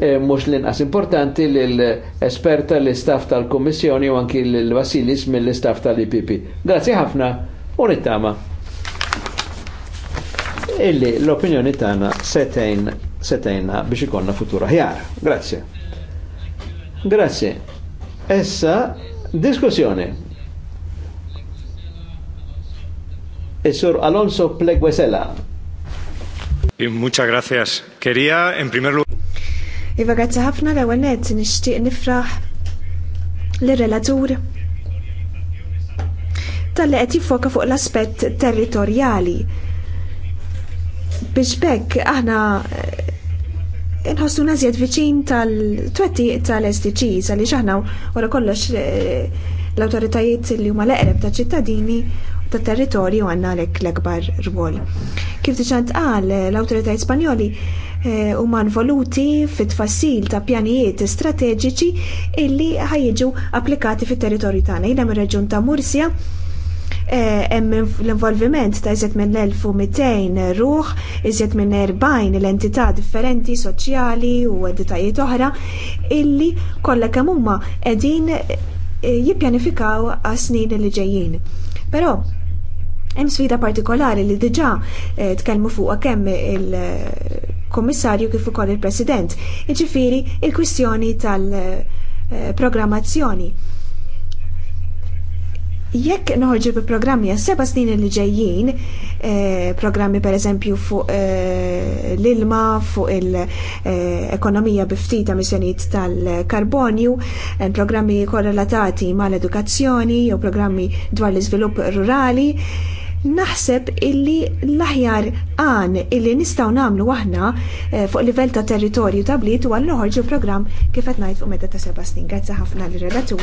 e, mux l-inqas importanti l-esperta l-istaff tal kummissjoni u anki l-Vasilis mill-istaff tal-IPP. Grazzi ħafna u nittama illi l-opinjoni tagħna setejna biex ikonna futura ħjar. Grazie. Grazie. Essa diskussjoni. Isur e Alonso Pleguesela. Eh, muchas gracias. Quería en primer lugar Iva grazzi ħafna l-ewwel nett nixtieq nifraħ lir-relatur tal-li qed jiffoka fuq l-aspett territorjali biex bekk aħna eh, nħossu nażjed viċin tal-twetti tal-SDGs għalli aħna wara kollox eh, l-autoritajiet li huma l-eqreb ta' ċittadini u ta' territorju għanna għalhekk l-akbar rwol. Kif diċant qal eh, l-autoritajiet Spanjoli huma involuti fit-tfassil ta' pjanijiet strateġiċi illi ħajġu applikati fit-territorju tagħna. Jiena mir-reġjun ta' Mursja Eh, hemm l-involviment ta' iżjed minn 1200 ruħ, iżjed minn 40 l-entità differenti soċjali u entitajiet oħra illi kollha kemm huma qegħdin eh, jippjanifikaw għas-snin li ġejjin. Però hemm sfida partikolari li diġà eh, tkellmu fuqha kemm il-Kommissarju kif ukoll il-President. Jiġifieri il-kwistjoni tal- programmazzjoni jekk noħorġu bi programmi għas seba snin li ġejjin, eh, programmi per eżempju fuq eh, l-ilma, fuq l-ekonomija eh, biftita missjoniet tal-karbonju, programmi korrelatati mal edukazzjoni jew programmi dwar l-iżvilupp rurali, Naħseb illi l-aħjar għan illi nistaw namlu aħna eh, fuq livell ta' territorju ta' bliet u għallu ħorġu program kif qed ngħid fuq meta ta' seba' snin. Grazie ħafna l relatu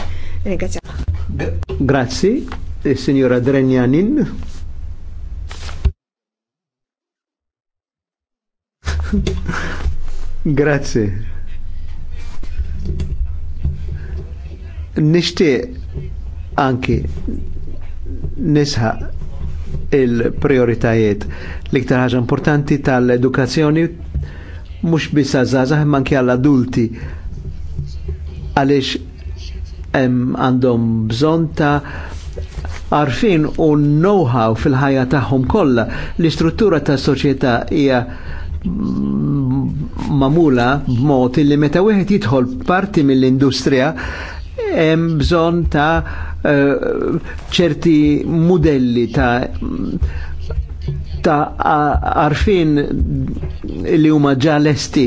Grazzi. Grazie, eh, signora Drenjanin. Grazzi. Nishtiq anki nisħa il-prioritajiet. L-iktar ħaġa importanti tal-edukazzjoni mhux biss għażażaħ manki għall-adulti għaliex għandhom bżonn ta' għarfien u know-how fil-ħajja tagħhom kollha. L-istruttura tas-soċjetà hija mamula b'mod li meta wieħed jidħol parti mill-industrija hemm bżonn ta' Eh, ċerti modelli ta' ta' arfin li huma ġa lesti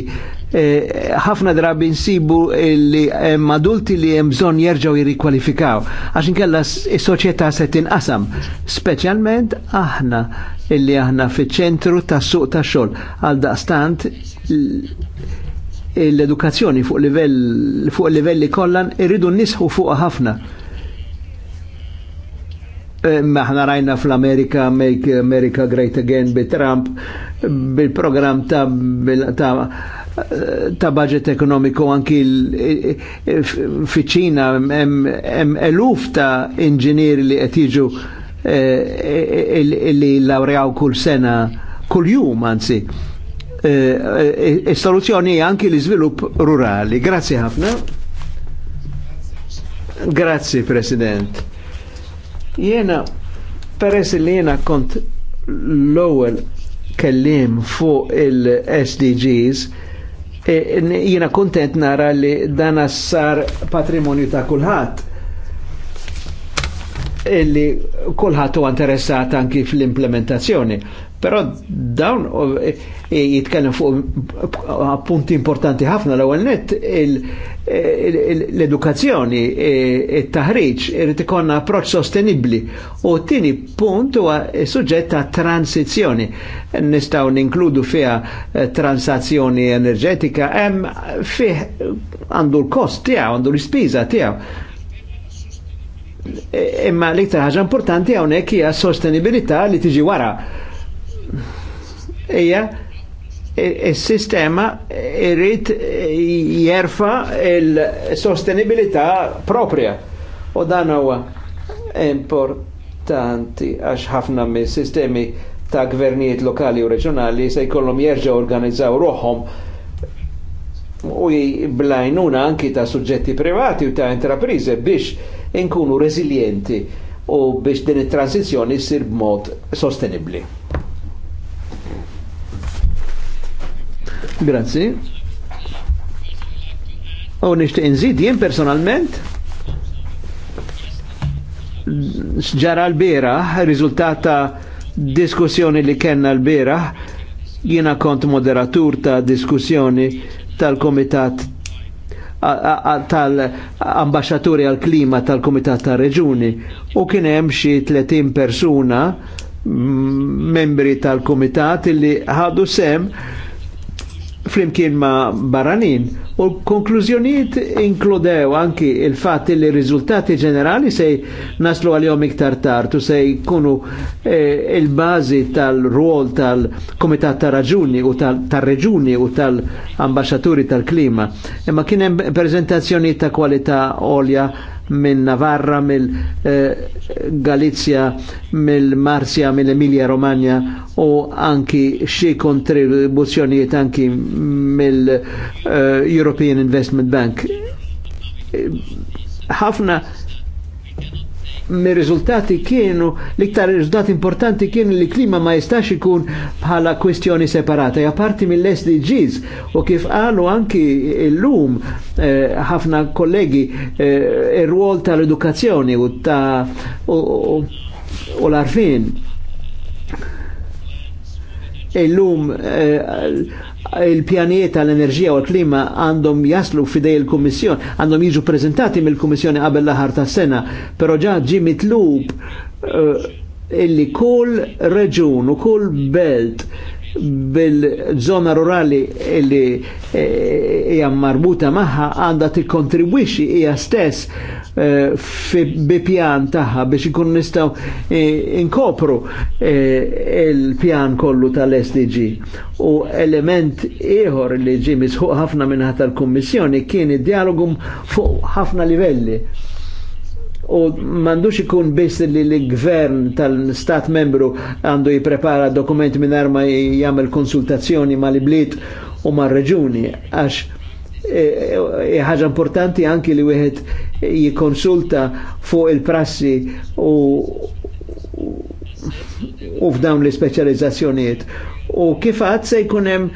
eh, ħafna drabi nsibu li hemm adulti li hemm bżonn jerġgħu jirrikwalifikaw għax inkella s-soċjetà se tinqasam, speċjalment aħna illi aħna fiċ-ċentru tas-suq tax-xogħol għal daqstant l-edukazzjoni fuq livell fuq livelli kollan irridu nisħu fuq ħafna maħna rajna fl-Amerika Make America Great Again bi Trump bil-program ta, ta' ta' budget ekonomiku anki fiċina hemm eluf ta' inġinier li qed jiġu e, e, e, li lawrejaw kull sena kull jum anzi. Is-soluzzjoni anki l-iżvilupp rurali. Grazzi ħafna. Grazzi President. Jena, peress li jena kont l-ewwel kellim fuq il-SDGs, e, jena kontent nara li dan sar patrimonju ta' kulħadd illi kulħadd huwa interessat anki fl-implementazzjoni. Però dawn eh, eh, jitkellem fuq punti importanti ħafna l-ewwel nett l-edukazzjoni, eh, it-taħriġ, irid ikonna approċċ sostenibbli. U tini punt huwa suġġett ta' transizzjoni. Nistgħu ninkludu fiha transazzjoni enerġetika hemm fih għandu l-kost tiegħu, għandu l-ispiża tiegħu imma l-iktar ħaġa importanti hawnhekk hija sostenibilità li tiġi wara hija il-sistema e, e, irrit e, jerfa il-sostenibilità propria. U dan huwa importanti għax ħafna minn sistemi ta' gvernijiet lokali u reġjonali se jkollhom jerġgħu organizzaw ruħhom u blajnuna anki ta' suġġetti privati u ta' intraprize biex inkunu resilienti u biex din it-transizjoni ssir b'mod sostenibbli. Grazzi. U nishtiq nżid jien personalment ġara l-bira, riżultat ta' diskussjoni li kellna l-bira, jiena kont moderatur ta' diskussjoni tal-Komitat tal-ambasċaturi għal klima tal-Komitat ta' Reġuni u kien hemm xi 30 persuna membri tal-Komitat li ħadu sem flimkien ma barranin U konklużjonijiet inkludew anki il-fatt li riżultati ġenerali se naslu għal-jom iktar tartu se jkunu eh, il-bazi tal-ruol tal-Komitat ta' Raġuni u tal-Reġuni u tal-Ambasċaturi tal-Klima. Imma kien hemm prezentazzjoni ta' kwalità olja minn Navarra, mill eh, Galizja, mill Marsja, mill Emilia Romagna u anki xie kontribuzzjonijiet anki mill eh, European Investment Bank. Ħafna mir riżultati kienu, l-iktar riżultati importanti kienu li klima ma jistax ikun bħala kwestjoni separata, ja parti mill-SDGs u kif għalu anki l-lum eh, ħafna eh, kollegi eh, ir-rwol tal-edukazzjoni u ta' u l-arfin. l-lum eh, il-pjanijiet tal-enerġija u l-klima għandhom jaslu fidej il-Kummissjon, għandhom jiġu prezentati mill-Kummissjoni qabel l-aħar ta' sena, però ġa ġi mitlub uh, illi kull reġun u kull belt bil-żona rurali li eh, hija e, marbuta magħha għandha tikkontribwixxi hija stess e, bi pjan tagħha biex ikun nistgħu e, inkopru il-pjan kollu tal-SDG. U element ieħor li ġie misħuq ħafna minn tal-Kummissjoni kien id dialogum fuq ħafna livelli u mandux ikun biss li l-gvern tal-stat membru għandu jiprepara dokument minn arma jgħamil konsultazzjoni ma l-bliet u ma reġuni għax e, e, e, ħaġa importanti anki li wieħed jikonsulta fuq il-prassi u u f'dawn l-ispeċjalizzazzjonijiet u kif għad se jkunem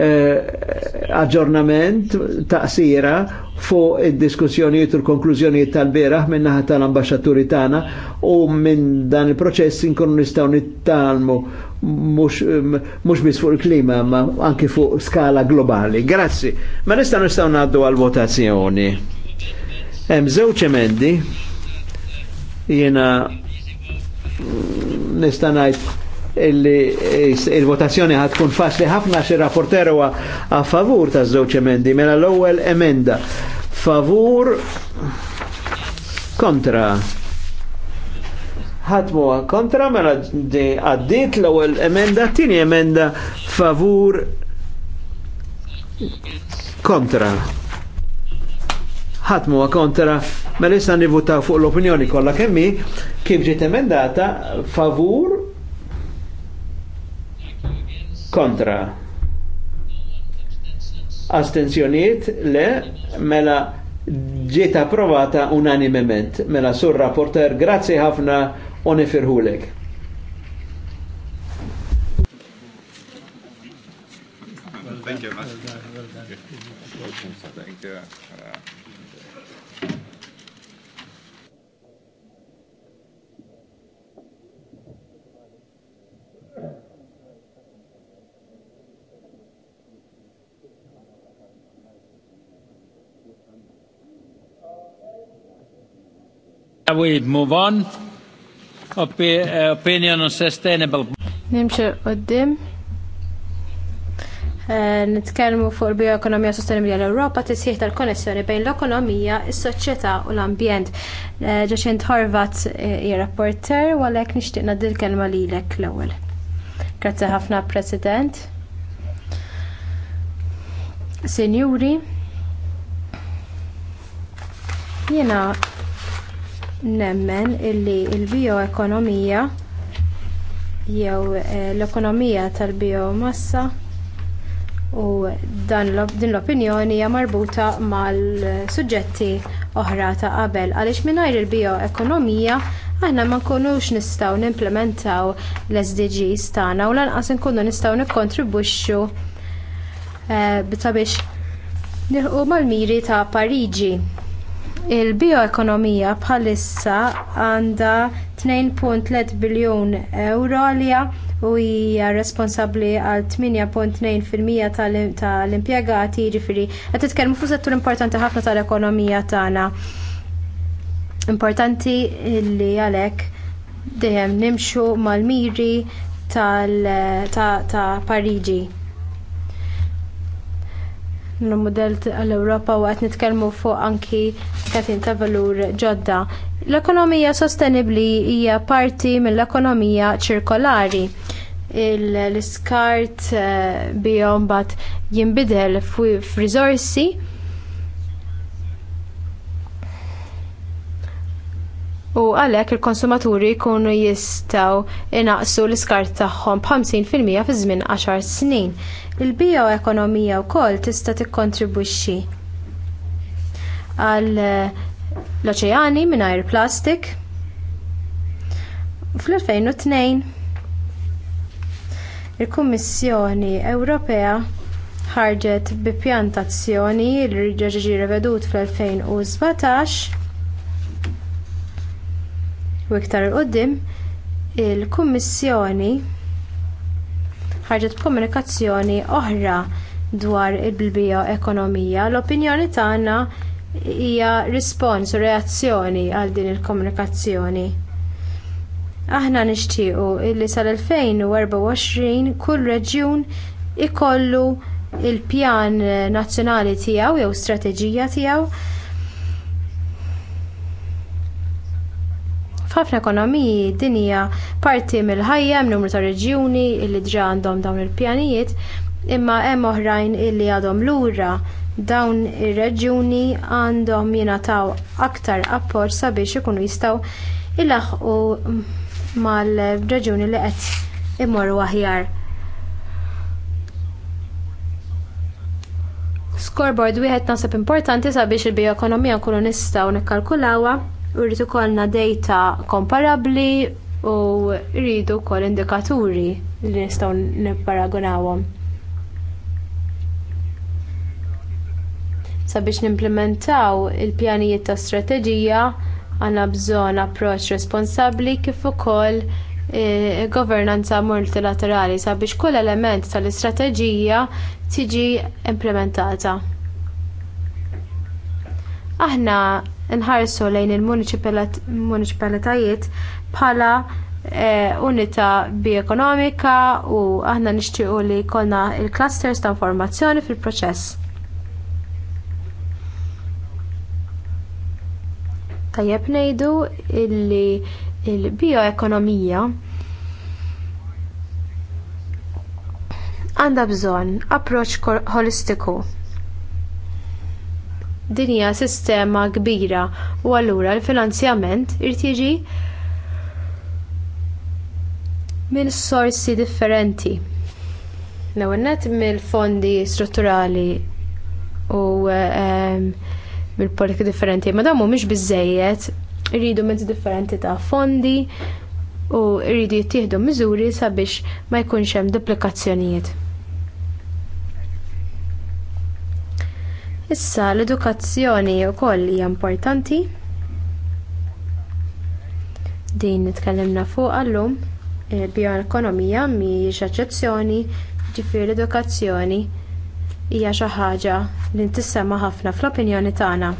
eh, aġġornament taqsira fuq id-diskussjonijiet u l-konklużjonijiet tal-beraħ minnaħa tal-ambasċaturi tagħna u minn dan il-proċess inkunu nistgħu nittalmu mhux eh, biss fuq il-klima ma anke fuq skala globali. Grazzi. Ma nista' nistgħu ngħaddu għal-votazzjoni. Hemm żewġ emendi jiena mm, nista' ngħid il-votazzjoni ħad tkun faċli ħafna xi rapporteru a favur ta' żewġ emendi, mela l-ewwel emenda favur kontra ħatmu kontra mela għaddit l-ewwel emenda, tini emenda favur kontra. Ħatmu kontra mela issa nivutaw fuq l-opinjoni kollha kemmi kif ġiet emendata favur kontra astenzjoniet le mela ġiet approvata unanimement mela sur rapporter grazzi ħafna u nifirħulek. Thank you very much. Thank you. We move on. Eh, opinion on sustainable. Nimxu għoddim. Eh, nitkellmu fuq il-bioekonomija sostenibli għal europa tisħiħ tal-konnessjoni bejn l-ekonomija, is-soċjetà u l-ambjent. Ġaċint eh, Horvat hija rapporter u għalhekk nixtieq ngħaddi l-kelma lilek l-ewwel. Grazzi ħafna President. Senjuri. jiena nemmen illi l bioekonomija jew eh, l-ekonomija tal-biomassa u din l-opinjoni hija marbuta mal-suġġetti oħra ta' qabel għaliex mingħajr il-bioekonomija aħna ma nkunux nistgħu nimplementaw l-SDGs tagħna u lanqas inkunu nistgħu nikkontribwixxu eh, sabiex nilqu mal-miri ta' Pariġi Il-bioekonomija bħalissa għandha 2.3 biljun euro għalija u hija responsabbli għal 8.2% tal-impjegati, jiġifieri qed titkellmu fuq settur importanti ħafna tal-ekonomija tagħna. Importanti li għalhekk dejjem nimxu mal-miri tal ta', ta Pariġi l mudell għall-Ewropa u qed nitkellmu fuq anki katin ta' valur ġodda. L-ekonomija sostenibbli hija parti mill-ekonomija ċirkolari l-iskart eh, bihom bat jinbidel f'risorsi. u għalhekk il-konsumaturi jkunu jistgħu inaqsu l-iskart tagħhom b'50% fi żmien 10 snin. Il-bioekonomija wkoll tista' tikkontribwixxi għal eh, l-oċeani mingħajr plastik. Fl-2002 il-Kummissjoni Ewropea ħarġet bi pjantazzjoni li ġi revedut fl-2017 U iktar il-qoddim, il-Kummissjoni ħarġet komunikazzjoni oħra dwar il-bilbija ekonomija. L-opinjoni tagħna hija rispons u reazzjoni għal din il-komunikazzjoni. Aħna nixtiequ illi sal-2024 kull reġjun ikollu il-pjan nazzjonali tiegħu jew strateġija tiegħu F'ħafna ekonomiji din hija parti mill-ħajja minn numru ta' reġjuni li diġà għandhom dawn il-pjanijiet, imma hemm oħrajn illi għadhom lura dawn ir-reġjuni għandhom jingħataw aktar appoġġ sabiex ikunu jistgħu ilaħqu mal-reġjuni li qed imorru aħjar. scoreboard wieħed naħseb importanti sabiex il-bioekonomija nkunu nistgħu nikkalkulawha Irrid ikollna data komparabbli u rridu wkoll indikaturi li nistgħu nipparagunawhom. Sabiex nimplementaw il-pjanijiet ta' strateġija għandna bżonn approċċ responsabbli kif ukoll eh, governanza multilaterali sabiex kull element tal-istrateġija tiġi implementata. Aħna nħarsu lejn il-municipalitajiet bħala eh, unità bi-ekonomika u aħna nixtiequ li jkollna l clusters ta' informazzjoni fil-proċess. Tajjeb ngħidu li l bioekonomija għandha bżonn approċċ holistiku Din hija sistema kbira u allura l-finanzjament irid jiġi minn sorsi differenti. L-ewwel mill-fondi strutturali u ehm, mill-politika differenti, ma dawn mhumiex biżżejjed irridu mezz differenti ta' fondi u irridu jittieħdu miżuri sabiex ma jkunx hemm duplikazzjonijiet. Issa l-edukazzjoni wkoll hija importanti. Din nitkellimna fuq llum eh, bioekonomija mhijiex eċċezzjoni, ġifier l-edukazzjoni hija xi ħaġa li ntissema ħafna fl-opinjoni tagħna.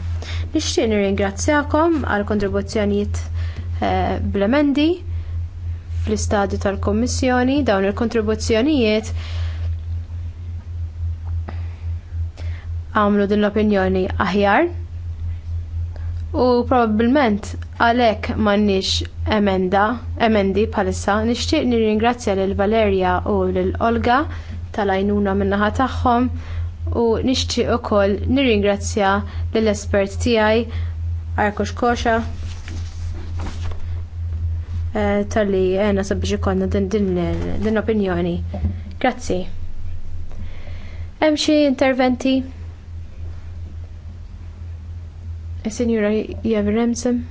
Nixtieq nirringrazzjakom għall kontribuzzjonijiet eh, bl-emendi fl-istadju tal-Kommissjoni dawn il-kontribuzzjonijiet għamlu din l-opinjoni aħjar u probabbilment għalhekk m'għandniex emenda, emendi bħalissa nixtieq nirringrazzja lil Valerja u lil Olga tal-għajnuna min-naħa tagħhom u nixtieq ukoll nirringrazzja lill espert tiegħi Arkux Koxa eh, tal-li għena sabiex ikonna din opinjoni. Grazzi. Hemm xi interventi? Signora Remsen?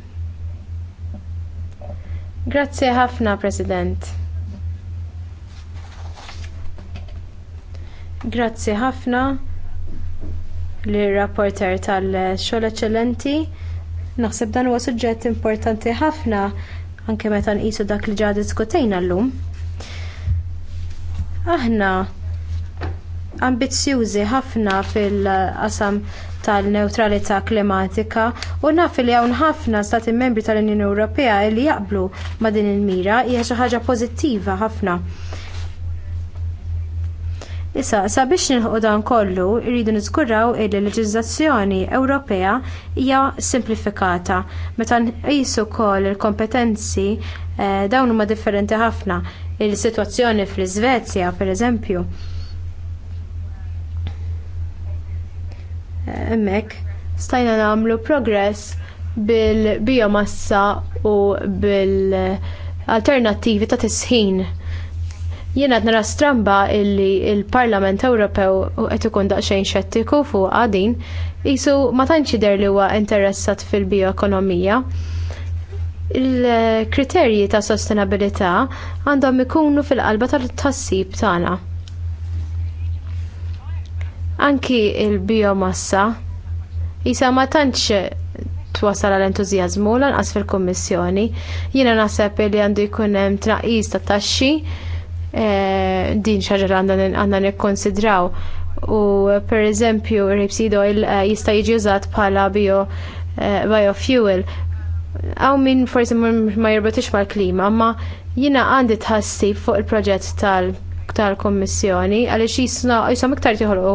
Grazie ħafna, President. Grazie ħafna li rapporter tal-xogħol eccellenti. Naħseb dan huwa suġġett importanti ħafna anke meta nqisu dak li ġa diskutejna llum. Aħna ambizzjużi ħafna fil-qasam tal-neutralità klimatika u naf li hawn ħafna stati membri tal-Unjoni Ewropea li jaqblu ma' din il-mira hija xi ħaġa pożittiva ħafna. Issa, sabiex nilħu dan kollu, rridu niżguraw li l leġiżlazzjoni Ewropea hija simplifikata. Meta nqisu wkoll il-kompetenzi eh, dawn huma differenti ħafna. Il-sitwazzjoni fl-Iżvezja, pereżempju hemmhekk stajna nagħmlu progress bil-biomassa u bil-alternattivi ta' tisħin. Jiena nara stramba illi l parlament Ewropew u qed ikun daqsxejn xettiku fuq għadin qisu ma tantx jidher li huwa interessat fil-bioekonomija il-kriterji ta' sostenabilità għandhom ikunu fil-qalba tal-tassib tagħna. Anki il-biomassa jisa ma tantx twasal għal entużjażmu lanqas fil-Kummissjoni. Jiena naħseb li għandu jkun hemm tnaqqis ta' taxxi eh, din xaġa għandna nikkonsidraw. U pereżempju r-ribsido eh, jista' jiġi użat bħala eh, biofuel. Għaw min forsi ma jirbotix mal-klima, ma jiena għandi tħassib fuq il-proġett tal- tal-Kommissjoni għaliex jisna jisom iktar tiħolqu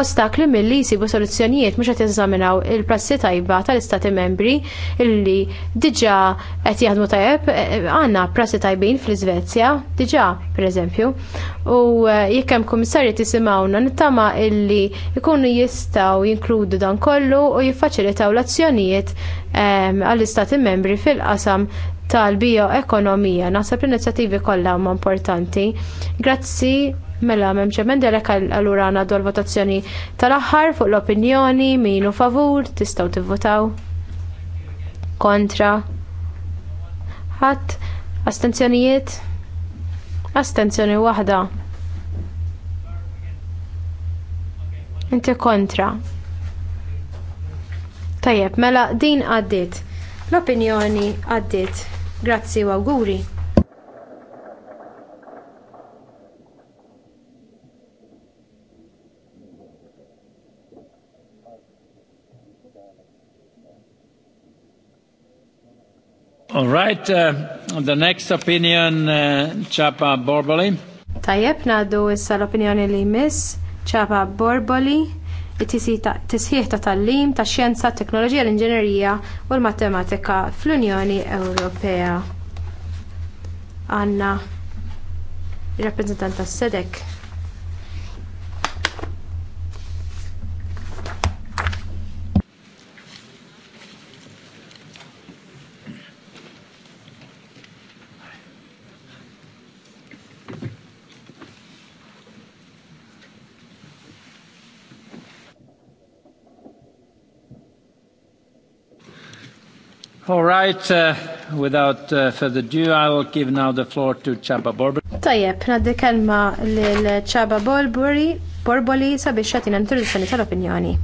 ostakli milli jsibu soluzzjonijiet mhux qed jeżaminaw il-prassi tajba tal-Istati membri illi diġà qed jaħdmu tajjeb e, e, għandna prassi tajbin fl-Iżvezja diġà pereżempju. U e, jekk hemm kummissarji tisimgħuna nittama illi jkunu jistgħu jinkludu dan kollu u jiffaċilitaw l-azzjonijiet għall-Istati membri fil-qasam tal-bioekonomija. Naħseb l-inizjattivi kollha huma importanti. Grazzi mela memċement delek għallura għana dwar votazzjoni tal-aħħar fuq l-opinjoni, minu favur, tistaw tivvotaw. Kontra. Ħadd astenzjonijiet? Astenzjoni waħda. Inti kontra. Tajjeb, mela din għaddiet. L-opinjoni għaddiet. Grazzi u auguri. All right, uh, the next opinion, uh, Chapa Borboli. Tajep, naddu issa l-opinjoni li miss, Chapa Borboli it-tisħiħ ta' tal-lim tax xjenza, t teknoloġija, l-inġinerija u l-matematika fl-Unjoni Ewropea. ir rappresentant tas-Sedek. All right, uh, without uh, further ado, I will give now the floor to Chaba Borbori. Tajjeb, naddi kelma l-Chaba Borbori, Borboli sabiex xatina introduzzjoni tal-opinjoni.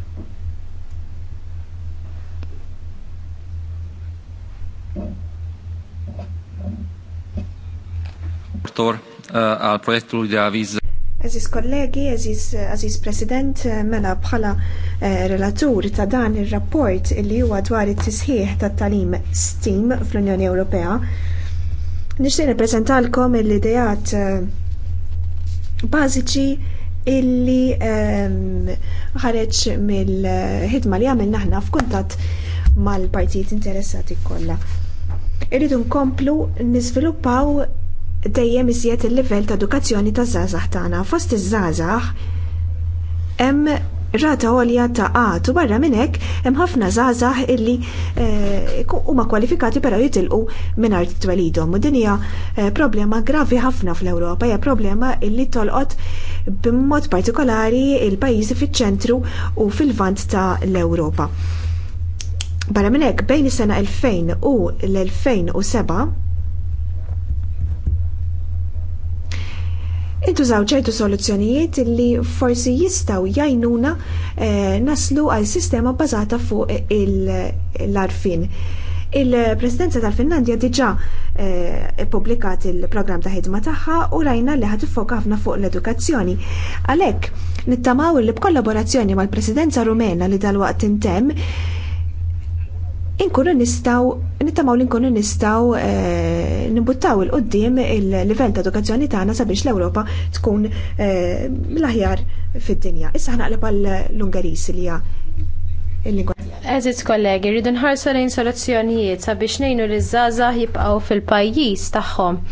għal projektu proiectul de Aziz kollegi, aziz president, mela bħala eh, relatur ta' dan il-rapport li huwa dwar it-tisħiħ ta' talim STEAM fl-Unjoni Ewropea. Nixtieq nippreżentalkom l-idejat eh, bażiċi illi ehm, ħareġ mill-ħidma li għamilna aħna f'kuntatt mal-partijiet interessati kollha. Irridu nkomplu niżviluppaw dejjem iżjed il-livell ta' edukazzjoni ta' żgħażagħ tagħna. Fost iż-żgħażagħ hemm rata għolja ta' għat u barra minn hekk hemm ħafna żgħażagħ illi eh, huma kwalifikati però jitilqu mingħajr twelidhom u din hija eh, problema gravi ħafna fl-Ewropa hija problema illi tolqot b'mod partikolari il-pajjiżi fiċ-ċentru u fil-vant ta' l-Ewropa. Barra minn hekk bejn is-sena 2000 u l-2007 intużaw ċertu soluzzjonijiet li forsi jistaw jajnuna eh, naslu għal sistema bazata fuq l-arfin. Il presidenza tal-Finlandja diġa eh, publikat il-programm ta' ħidma tagħha u rajna li ħad ħafna fuq l-edukazzjoni. Għalhekk nittamaw li b'kollaborazzjoni mal-Presidenza Rumena li dal-waqt intemm inkunu nistaw, nittamaw li nkunu nistaw eh, nibuttaw il-qoddim il-livell ta' edukazzjoni tagħna sabiex l-Ewropa tkun eh, l-aħjar fid-dinja. Issa ħnaqleb għall-Ungaris li hija il-lingwa. Eżiz kollegi, rridu nħarsu lejn soluzzjonijiet sabiex ngħinu li żgħażagħ jibqgħu fil-pajjiż tagħhom.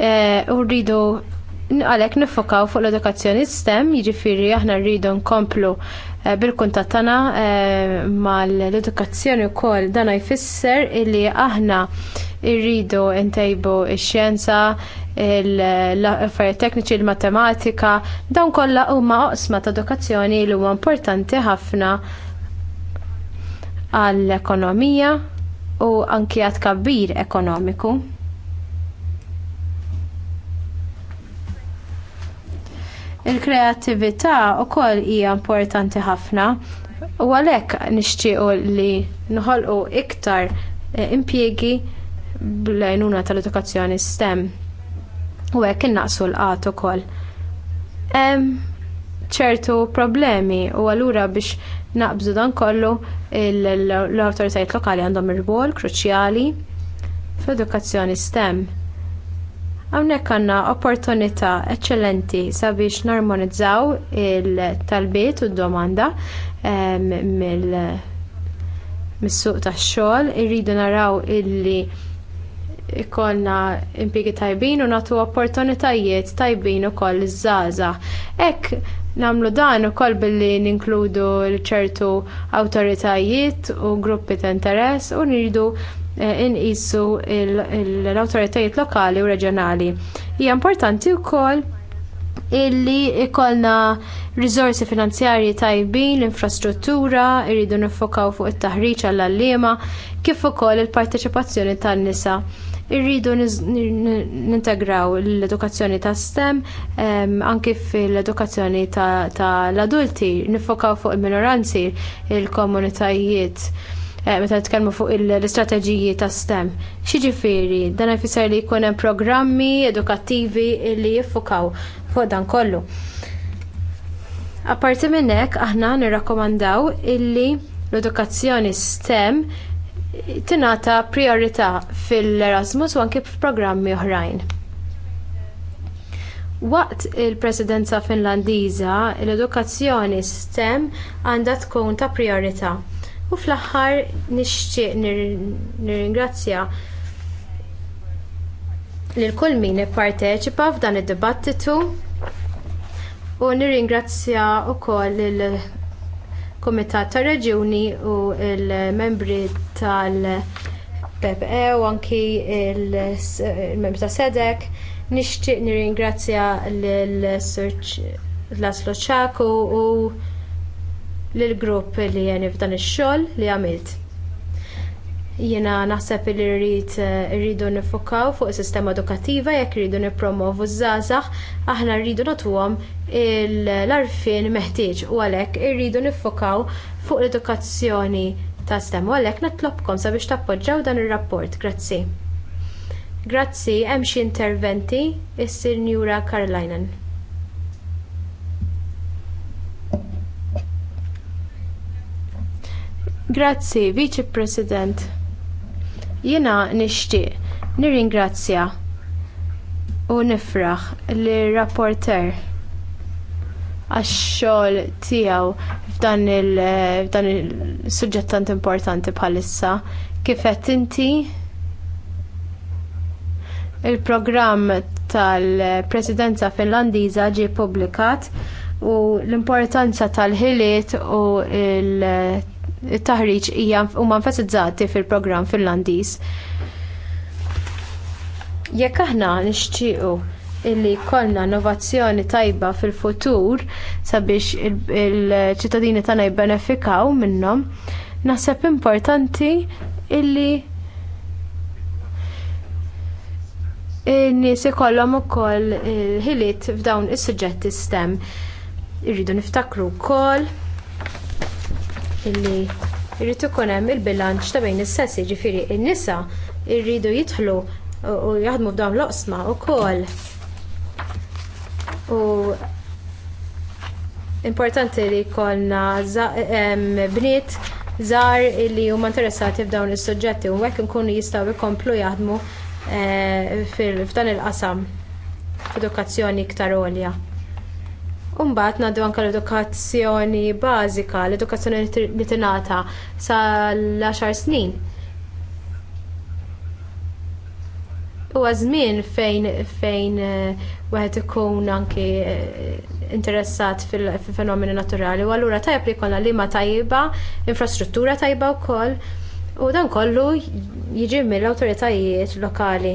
Eh, u rridu għalhekk nifokaw fuq l-edukazzjoni STEM, jiġifieri aħna rridu nkomplu eh, bil-kuntat tagħna eh, mal-edukazzjoni wkoll dan jfisser illi aħna rridu ntejbu x-xjenza, l-affarijiet tekniċi, il-matematika, dawn kollha huma oqsma ta' edukazzjoni li huma importanti ħafna għall-ekonomija u anki għad kabbir ekonomiku. Il-kreattività wkoll hija importanti ħafna u għalhekk nixtiequ li nħolqu iktar eh, impjiegi bl-għajnuna tal-edukazzjoni STEM u hekk innaqsu l-qat ukoll. Hemm ċertu problemi u allura biex naqbżu dan kollu l-awtoritajiet lokali għandhom ir-rwol kruċjali fl-edukazzjoni STEM Hawnhekk għandna opportunità eċċellenti sabiex narmonizzaw il-talbiet u d-domanda ehm, mis-suq tax-xogħol, irridu naraw illi ikollna impjiegi tajbin u nagħtu opportunitajiet tajbin ukoll iż-żgħażagħ. Hekk nagħmlu dan ukoll billi ninkludu ċertu awtoritajiet u gruppi ta' interess u nridu Eh, inqisu l-awtoritajiet lokali u reġjonali. Hija importanti wkoll illi ikollna riżorsi finanzjarji tajbin, l-infrastruttura, irridu nifokaw fuq it-taħriġ għall-allima, kif ukoll il-parteċipazzjoni tan-nisa. Irridu nintegraw l-edukazzjoni ta' STEM anki fil-edukazzjoni tal-adulti, nifokaw fuq il-minoranzi, il-komunitajiet Eh, meta nitkellmu fuq l-istrateġiji ta' STEM. Xiġifieri, dan ifisser li jkun hemm programmi edukattivi li jiffukaw fuq dan kollu. Apparti minn hekk aħna nirrakkomandaw illi l-edukazzjoni STEM tingħata priorità fil-Erasmus u anke f'programmi oħrajn. Waqt il-presidenza Finlandiża, l-edukazzjoni STEM għandha tkun ta' priorità U fl-aħħar nixtieq nirringrazzja lil kull min ipparteċipa f'dan id-dibattitu u nirringrazzja wkoll il kumitat tar Reġjuni u l membri tal-PPE u anki il-membri ta' Sedek. Nixtieq nirringrazzja l-Sur Laslo Ċaku u lill-grupp li jeni f'dan ix-xogħol li għamilt. Jiena naħseb li rrid eh, rridu nifokaw fuq is sistema edukattiva jekk rridu nippromovu żgħażagħ, aħna rridu nagħtuhom l-arfin meħtieġ u għalhekk irridu nifokaw fuq l-edukazzjoni ta' stem u għalhekk nitlobkom sabiex tappoġġaw dan ir-rapport. Grazzi. Grazzi, hemm xi interventi is-Sinjura Karlajnen. Grazzi, Vice President. Jiena nixtieq nirringrazzja u nifraħ lir rapporter għax-xogħol tiegħu f'dan il-suġġett tant importanti bħalissa. Kif qed inti il-programm tal-Presidenza Finlandiża ġie ppubblikat u l-importanza tal-ħiliet u l it-taħriġ hija huma enfasizzati fil-programm Finlandiż. Jekk aħna nixtiequ illi jkollna innovazzjoni tajba fil-futur sabiex il-ċittadini tagħna jibbenefikaw minnhom, naħseb importanti illi n-nies ikollhom ukoll ħiliet f'dawn is-suġġetti STEM. Irridu niftakru wkoll illi jrid ikun hemm il-bilanċ ta' bejn is sess ġifieri n-nisa jridu jidħlu u jaħdmu f'dawn l-oqsma wkoll. U importanti li jkollna bniet żgħar li huma interessati f'dawn is-suġġetti u hekk inkunu jistgħu jkomplu jaħdmu eh, f'dan il-qasam f'edukazzjoni iktar għolja. Umbat naddu anka l-edukazzjoni bażika, l-edukazzjoni li tingħata sal-10 snin. Huwa żmien fejn fejn eh, wieħed ikun anki eh, interessat fil-fenomeni naturali u allura tajb li jkollna liema tajba, infrastruttura tajba wkoll u dan kollu jiġi mill-awtoritajiet lokali.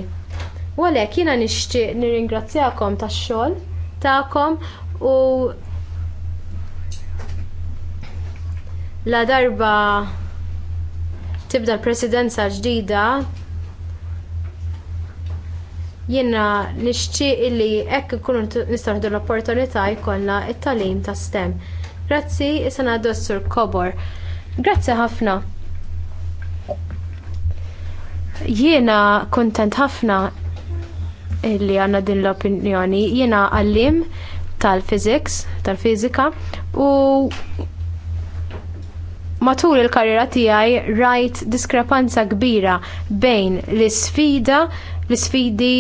U għalhekk jiena nixtieq nirringrazzjakom tax-xogħol tagħkom u la darba tibda l-presidenza ġdida jiena nixċi illi hekk ikunu nistgħu nħdu l-opportunità jkollna it tagħlim ta' STEM. Grazzi, jisana d-dossur Kobor. Grazzi ħafna. Jiena kuntent ħafna illi għandna din l-opinjoni. Jiena għallim tal-physics, tal-fizika u matul il-karriera tiegħi rajt diskrepanza kbira bejn l-isfida, l-isfidi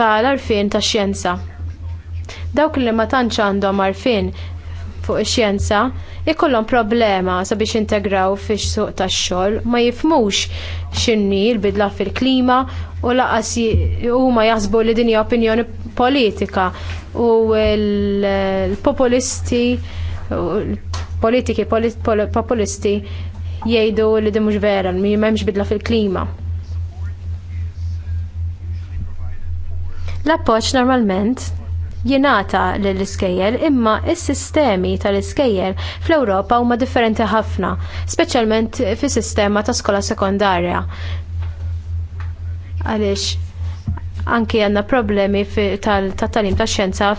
tal-arfin tax xjenza. Dawk li ma tantx għandhom arfin fuq ix-xjenza ikollhom problema sabiex integraw fix-suq tax-xogħol, ma jifhmux x'inhi l-bidla fil-klima u laqas huma jaħsbu li din hija opinjoni politika u l-populisti politiki populisti jgħidu li din mhux vera, li m'hemmx bidla fil-klima. L-appoġġ normalment jingħata lill-iskejjel imma s-sistemi tal-iskejjel fl-Ewropa huma differenti ħafna, speċjalment fis-sistema ta' skola sekondarja. Għaliex anki għandna problemi ta' tallim tax xjenza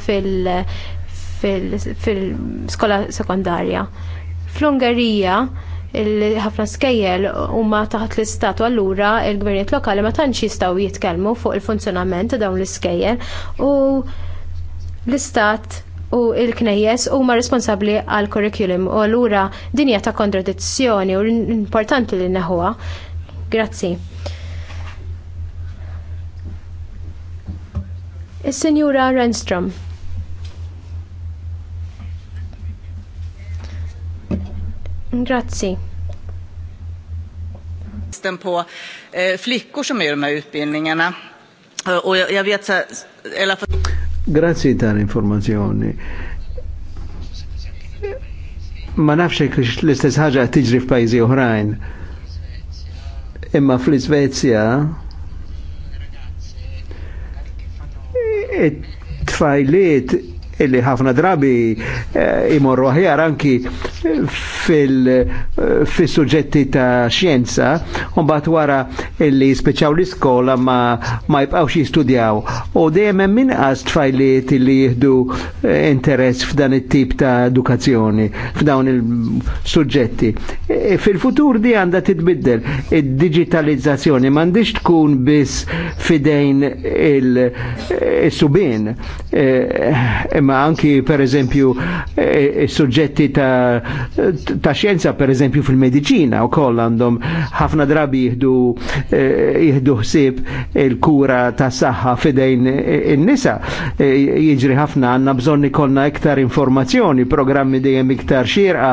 fil-skola sekondarja. Fl-Ungerija, ħafna skejjel huma taħt l-istat u allura l gvernijiet lokali ma tantx jistgħu jitkellmu fuq il-funzjonament ta' dawn l-iskejjel u L-istat u l knejjes huma responsabbli għall kurrikulum u allura din hija ta' kontradizzjoni u importanti li neħuha. Grazzi. Is-Sinjura Renstrom. Grazzi. På eh, flickor som gör de här utbildningarna. Eh, och jag vet, så eller Grazzi tal-informazzjoni. Ma nafxek l-istess ħaġa tiġri f'pajjiżi oħrajn. Imma fl it tfajliet illi ħafna drabi eh, imorru aħjar anki fil-suġġetti eh, ta' xjenza, un bat wara illi speċaw l-iskola ma, ma jibqawx jistudjaw. U dejjem hemm inqas tfajliet illi jihdu eh, interess f'dan it-tip ta' edukazzjoni, f'dawn il-suġġetti. E Fil-futur di għandha titbiddel id-digitalizzazzjoni m'għandix tkun biss fidejn il-subin. E, ma anki per eżempju e, e, suġġetti ta', ta xjenza per eżempju fil-medicina u koll għandhom ħafna drabi jihdu e, jihdu ħsib il-kura ta' saħħa fidejn in-nisa e, jiġri ħafna għanna bżonni konna iktar informazzjoni programmi dejjem iktar xirqa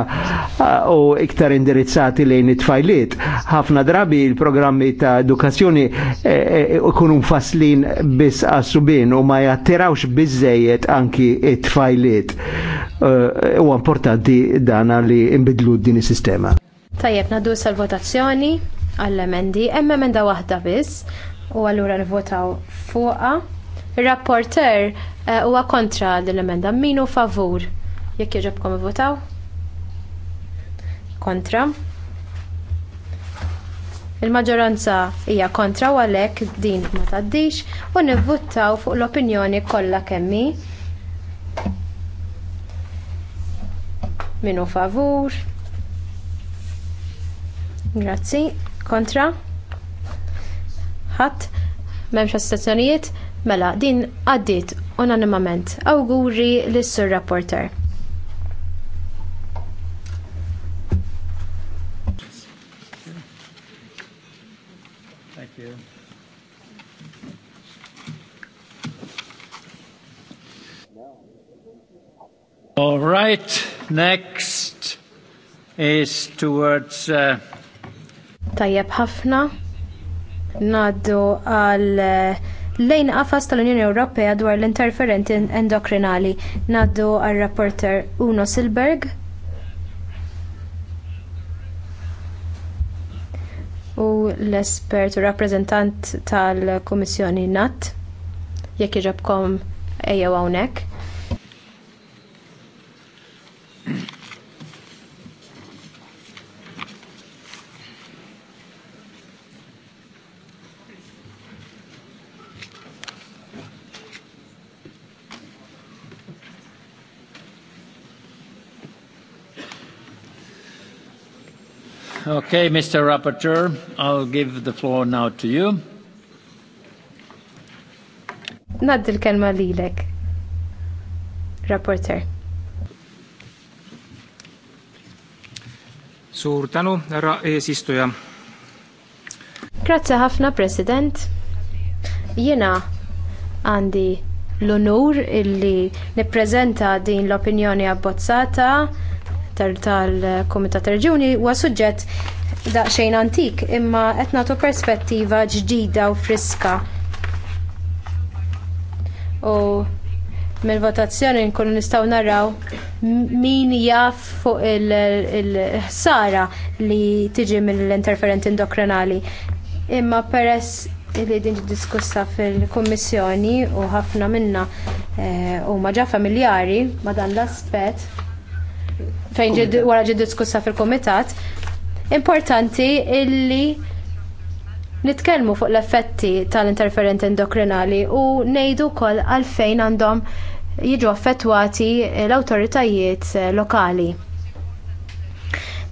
u iktar indirizzati lejn it-tfajliet ħafna drabi il-programmi ta' edukazzjoni e, e, ikunu faslin biss għas-subin u ma jattirawx bizzejiet anki it-tfajliet. Eh, u importanti dana li imbidlu din is-sistema. Tajjeb, naddu sal-votazzjoni għall-emendi, emma emenda waħda biss, u allura nivvotaw fuqa. rapporter eh, huwa kontra l-emenda, minu favur. Jekk jġabkom votaw? Kontra. Il-maġġoranza hija kontra u għalhekk din ma tgħaddix u nivvutaw fuq l-opinjoni kollha kemm hi. Minu favur. Grazzi. Kontra. Ħadd. Memx astazzjonijiet. Mela, din għaddiet unanimament. Awguri lis-sur rapporter. All right. Next is towards uh, Tajjeb ħafna naddu għal uh, lejn qafas tal-Unjoni Ewropea dwar l-interferenti endokrinali. Naddu għal rapporter Uno Silberg. U l-espert u rappresentant tal-Komissjoni NAT. Jekk iġabkom ejjew hawnhekk. Okay, Mr. Rapporteur, I'll give the floor now to you. Naddi kelma lilek, Rapporteur. Sur tanu, ra eesistuja. Grazzi ħafna, President. Jena għandi l-onur illi nipprezenta din l-opinjoni abbozzata tal-Komitat Reġuni huwa suġġett daqsxejn antik imma qed nagħtu perspettiva ġdida u friska. U mill-votazzjoni nkunu nistgħu naraw min jaf fuq il-ħsara li tiġi mill-interferenti endokrinali. Imma peress li din diskussa fil-Kummissjoni u ħafna minna eh, huma ġa familjari ma dan l-aspett fejn wara ġi diskussa fil-Kumitat, importanti illi nitkellmu fuq l-effetti tal-interferenti endokrinali u ngħidu wkoll għalfejn għandhom jiġu affettwati l awtoritajiet lokali.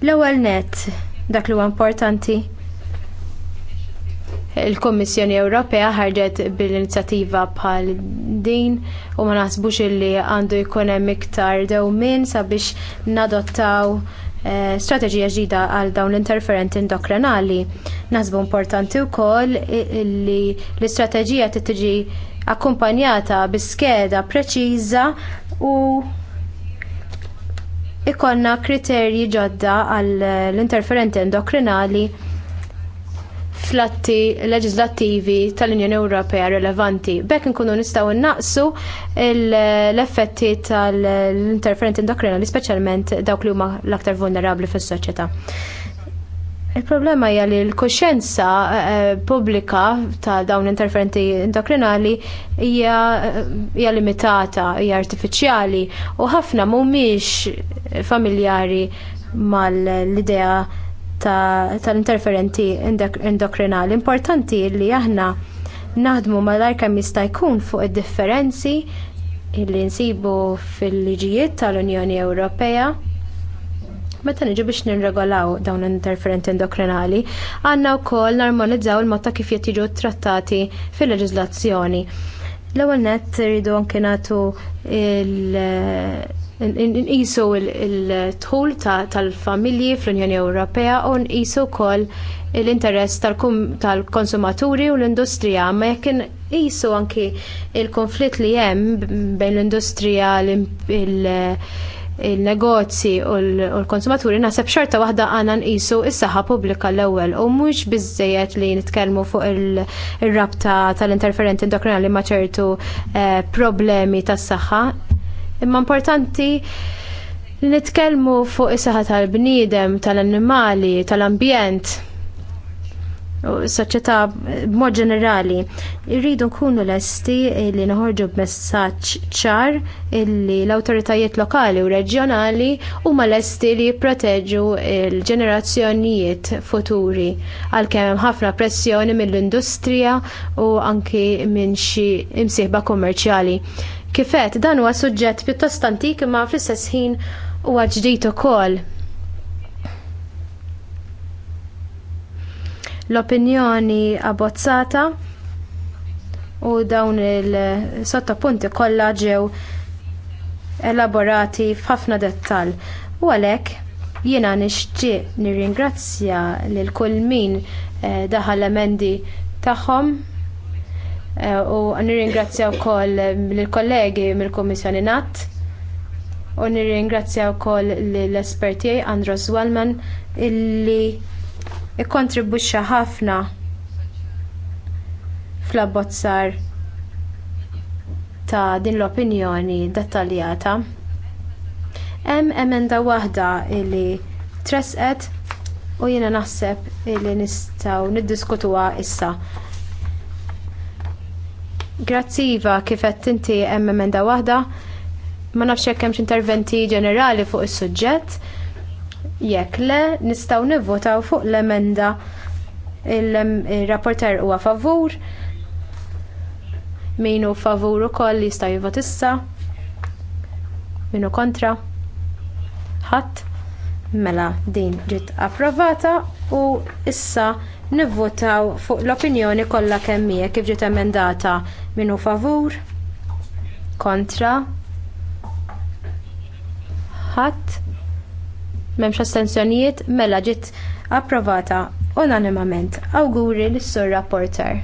L-ewwel nett, dak li huwa importanti il kummissjoni Ewropea ħarġet bil-inizjattiva bħal din u ma naħsbux illi għandu jkun hemm iktar dewmien sabiex nadottaw Eh, strateġija ġdida għal dawn l-interferenti endokrinali. Nasbu importanti wkoll li l-istrateġija tiġi akkumpanjata bi skeda preċiża u ikollna kriterji ġodda għall interferenti endokrinali flatti leġislattivi tal-Unjoni Ewropea rilevanti. Bekk nkunu nistgħu innaqsu l-effetti tal-interferenti endokrinali, speċjalment dawk li huma l-aktar vulnerabbli fis-soċjetà. Il-problema hija li l kuxjenza eh, pubblika ta' dawn interferenti endokrinali eh, hija limitata, hija artifiċjali u ħafna mhumiex familjari mal-idea tal-interferenti endokrinali. Importanti li aħna naħdmu mal kemm jista' jkun fuq id-differenzi li nsibu fil-liġijiet tal-Unjoni Ewropea meta niġu biex nirregolaw dawn l-interferenti endokrinali, għandna wkoll narmonizzaw il-mod kif jittiġu trattati fil-leġiżlazzjoni. L-ewwel nett iridu anke nagħtu nqisu l-tħul tal-familji fl-Unjoni Ewropea u nqisu wkoll l-interess tal-konsumaturi u l-industrija, ma jekk nqisu anki l konflitt li hemm bejn l-industrija il-negozji u l-konsumaturi naħseb xorta waħda għandna nqisu is-saħħa pubblika l-ewwel u mhux biżżejjed li nitkellmu fuq il rabta tal-interferenti endokrinali ma' ċertu eh, problemi tas-saħħa Imma importanti li nitkellmu fuq is-saħħa tal-bniedem, tal-annimali, tal-ambjent u s-soċjetà b'mod ġenerali. Irridu nkunu lesti li noħorġu b'messaġġ ċar illi l-awtoritajiet lokali u reġjonali huma lesti li jipproteġu l-ġenerazzjonijiet futuri għalkemm ħafna pressjoni mill-industrija u anki minn xi imsieħba kummerċjali. Kifet, dan huwa suġġett pjuttost antik imma fl-istess ħin huwa ġdid ukoll. L-opinjoni abbozzata u dawn il-sottopunti kollha ġew elaborati f'ħafna dettall. U għalhekk jiena nixtieq nirringrazzja lil kull min eh, daħal emendi tagħhom Eh, u nirringrazzja wkoll eh, l kollegi mill-Kummissjoni NAT u nirringrazzja koll l-esperti Andros Wellman illi ikkontribwixxa ħafna fl-abbozzar ta' din l-opinjoni dettaljata. Hemm emenda waħda li tresqet u jiena naħseb li nistgħu niddiskutuha issa. Grazzi Iva, kif qed inti hemm emenda waħda, ma nafx hekk hemmx interventi ġenerali fuq is-suġġett. Jekk le, nistgħu nivvotaw fuq l-emenda il-rapporter huwa favur. Min hu favur ukoll jista' jivvot issa. Min hu kontra. Ħadd. Mela din ġiet approvata u issa nivvotaw fuq l-opinjoni kollha kemm hija kif ġiet emendata minnu favur kontra ħadd m'hemmx astensjonijiet mela ġiet approvata unanimament. Awguri lis-sur rapporter.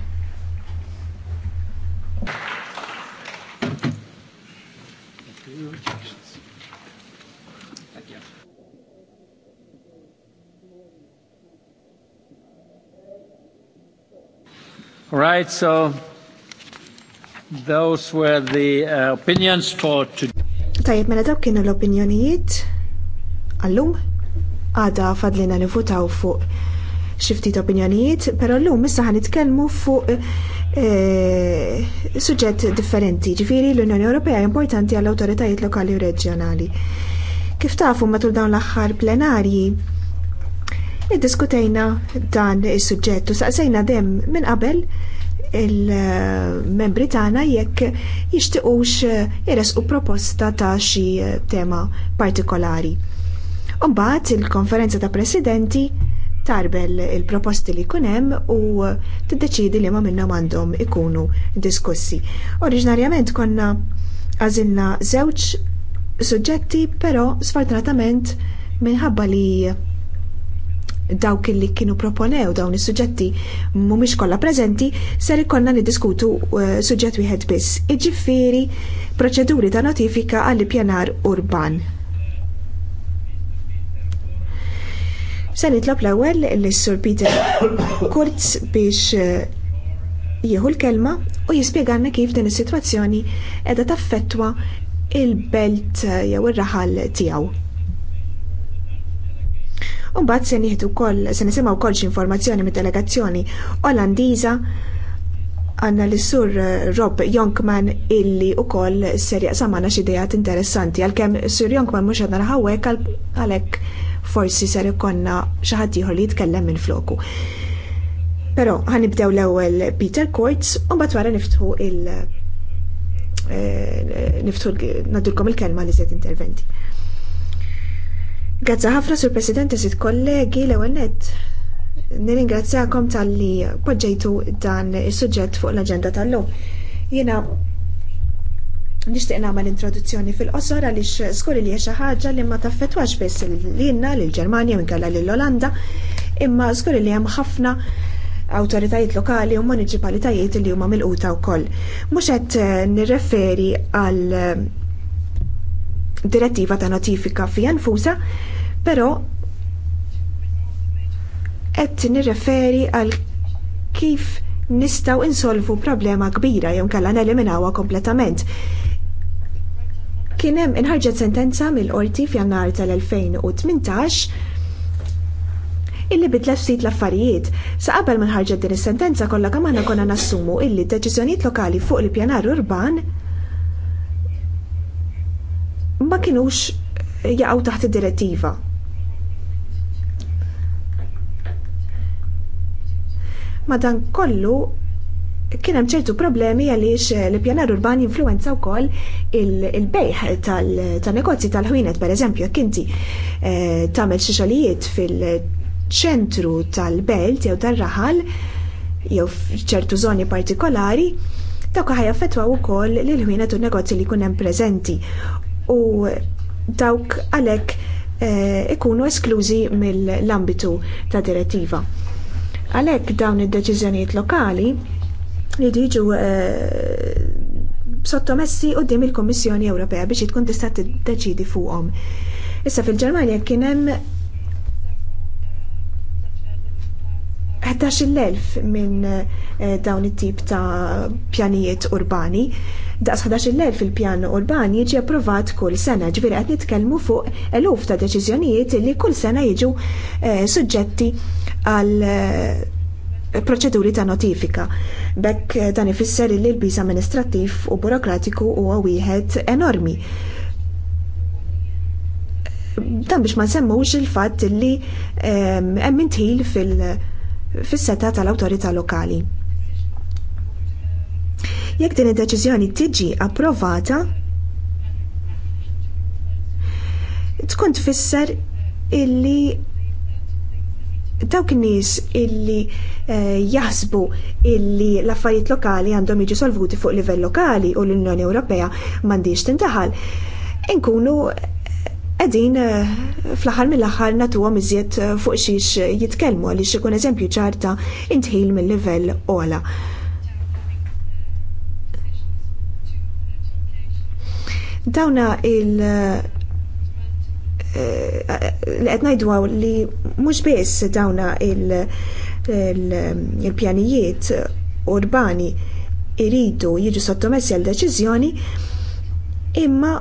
right, so those were the uh, opinions for today. Tajjeb, mela dawk kienu l-opinjonijiet għallum għada fadlina nifutaw fuq xiftit opinjonijiet, pero l-lum issa ħanitkellmu fuq eh, suġġett differenti, ġifiri l-Unjoni Ewropea importanti għall-autoritajiet lokali u reġjonali. Kif tafu matul dawn l-aħħar plenarji, Niddiskutejna dan is-suġġett u saqsejna dem minn qabel il-membri tagħna jekk jixtiequx jeresqu eh, proposta ta' xi eh, tema partikolari. Umbagħad il-konferenza ta' presidenti tarbel il-proposti li jkun hemm u tiddeċidi li ma minnhom għandhom ikunu diskussi. Oriġinarjament konna għażilna żewġ suġġetti, però sfortunatament minħabba li dawk li kienu proponew dawn is-suġġetti mhumiex kollha preżenti ser ikollna niddiskutu eh, suġġett wieħed biss. Iġifieri proċeduri ta' notifika għall pjanar urban. Se nitlob l-ewwel lis-Sur Peter Kurz biex eh, jieħu l-kelma u jispjegalna kif din is-sitwazzjoni qiegħda taffettwa il-belt eh, jew ir-raħal tiegħu. Umbat se nieħdu wkoll se nisimgħu wkoll xi informazzjoni mit delegazzjoni Olandiża għanna li sur eh, Rob Jonkman illi u koll ser jaqsamana xidejat interessanti għal-kem sur Jonkman mux għadna ħawek għalek forsi ser ikonna xaħat jħor li jitkellem minn floku. Pero ħanibdew l-ewel Peter Kurtz un bat wara niftħu il- eh, niftħu naddurkom il-kelma li zed interventi. Grazzi ħafna sur President eżit kollegi l-ewwel nett. Nirringrazzjakom tal-li poġġejtu dan is-suġġett fuq l-aġenda tal-lum. Jiena nixtieq nagħmel introduzzjoni fil-qosor għaliex skur li xi ħaġa li ma taffettwax biss lilna lill-Ġermanja minkella lill-Olanda, imma skur li hemm ħafna awtoritajiet lokali u municipalitajiet li huma milquta wkoll. Mhux qed nirreferi għal direttiva ta' notifika fi nfusa, però qed nirreferi għal kif nistaw insolvu problema kbira jew kellha neliminawha kompletament. Kien hemm inħarġet sentenza mill-qorti f'Jannar tal-2018 illi bidlet ftit l-affarijiet. Sa qabel ma nħarġet din is-sentenza kollha kemm aħna konna nassumu illi d deċiżjonijiet lokali fuq il-pjanar urban ma kinux jaqgħu taħt id-direttiva. Madan kollu kien hemm ċertu problemi għaliex eh, l-pjanar urban influenza wkoll il-bejħ tan-negozji tal-ħwienet pereżempju jekk inti eh, tagħmel xi xogħlijiet fil-ċentru tal-belt jew tar-raħal jew f'ċertu żoni partikolari dawk ħaj jaffettwaw ukoll lil ħwienet u negozji li jkun hemm preżenti u dawk għalhekk eh, ikunu esklużi mill-ambitu ta' direttiva. Għalhekk dawn id-deċiżjonijiet lokali li jiġu eh, sottomessi u il kummissjoni Ewropea biex tkun tista' tiddeċidi fuqhom. Issa fil-Ġermanja kien hemm 11.000 minn eh, dawn it-tip ta' pjanijiet urbani. Daqs 11.000 il-pjan urbani jiġi approvat kull sena, ġviri għed nitkellmu fuq eluf ta' deċiżjonijiet li kull sena jiġu eh, suġġetti għal eh, proċeduri ta' notifika. Bekk dan ifisser li l biz amministrattiv u burokratiku huwa wieħed enormi. Dan biex ma nsemmux il-fatt li ehm, hemm intħil fil- fis-seta tal-awtorità lokali. Jekk din id-deċiżjoni tiġi approvata, tkun tfisser illi dawk nies illi eh, jaħsbu illi l-affarijiet lokali għandhom jiġu solvuti fuq livell lokali u l-Unjoni Ewropea m'għandix tintaħal. Inkunu Edin, eh, fl ħar mill ħar natu għom iżjed eh, fuq xiex jitkelmu għalli xikun eżempju ċarta intħil mill-level ola. Dawna il- l eh, qed għaw li mhux biss dawna il-pjanijiet urbani iridu jiġu sottomessi għal deċiżjoni imma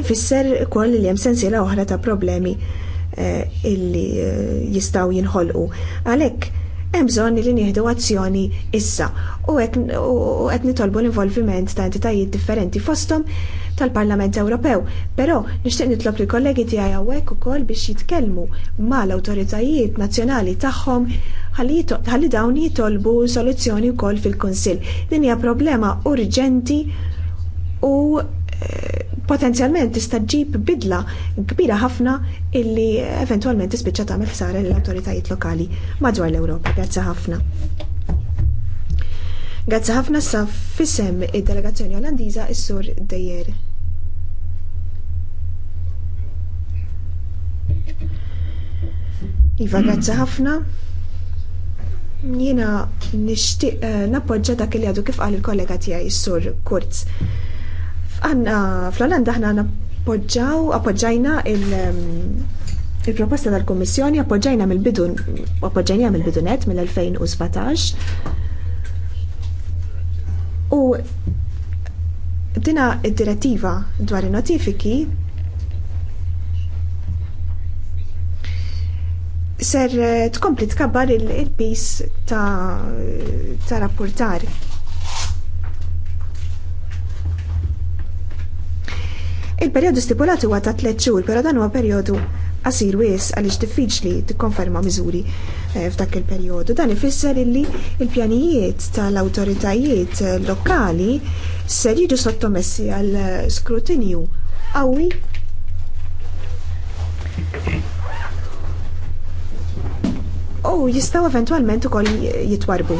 ifisser ukoll li hemm sensiela oħra ta' problemi eh, illi eh, jistgħu jinħolqu. Għalhekk hemm bżonn li nieħdu azzjoni issa u qed nitolbu l-involviment ta' entitajiet differenti fosthom tal-Parlament Ewropew. Però nixtieq nitlob li kollegi tiegħi hawnhekk ukoll biex jitkellmu mal-awtoritajiet nazzjonali tagħhom ħalli dawn jitolbu soluzzjoni wkoll fil-Kunsill. Din hija problema urġenti u potenzjalment tista' ġib bidla kbira ħafna illi eventwalment tispiċċa tagħmel ħsara lill awtoritajiet lokali madwar l-Ewropa. Grazzi ħafna. Grazzi ħafna sa fisem id-delegazzjoni Olandiża is-Sur Dejjer. Iva, grazzi ħafna. Jiena nixtieq eh, nappoġġa dak li għadu kif qal il-kollega tiegħi is-Sur Kurz Għanna fl-Olanda ħna nappoġġaw, appoġġajna um, il-proposta il proposta tal kommissjoni appoġġajna mill-bidun, appoġġajna mill-bidunet mill-2017. U dina id-direttiva dwar il-notifiki ser eh, tkompli tkabbar il-pis ta', ta rapportar. Il-perjodu stipulati huwa ta' tliet xhur, però dan huwa perjodu qasir wies għaliex diffiċli tikkonferma miżuri eh, f'dak il-perjodu. Dan ifisser illi il-pjanijiet tal-awtoritajiet lokali ser jiġu sottomessi għal skrutinju qawwi u jistaw eventualment ukoll jitwarbu.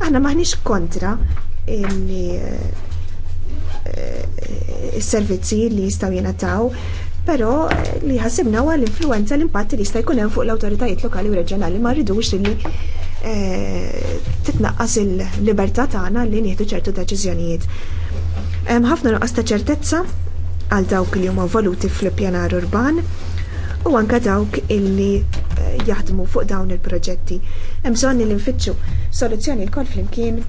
Aħna maħniex kontra illi eh, servizzi li jistaw jenataw, pero li ħasibna għal l-influenza l-impatt li jista' jkun hemm fuq l-awtoritajiet lokali u reġjonali ma rridux li eh, titnaqqas il-libertà tagħna li nieħdu ċertu deċiżjonijiet. Hemm ħafna nuqqas ta' ċertezza għal dawk li huma voluti fl-ippjanar urban u anke dawk illi eh, jaħdmu fuq dawn il-proġetti. Hemm bżonn li nfittxu soluzzjoni l-kol flimkien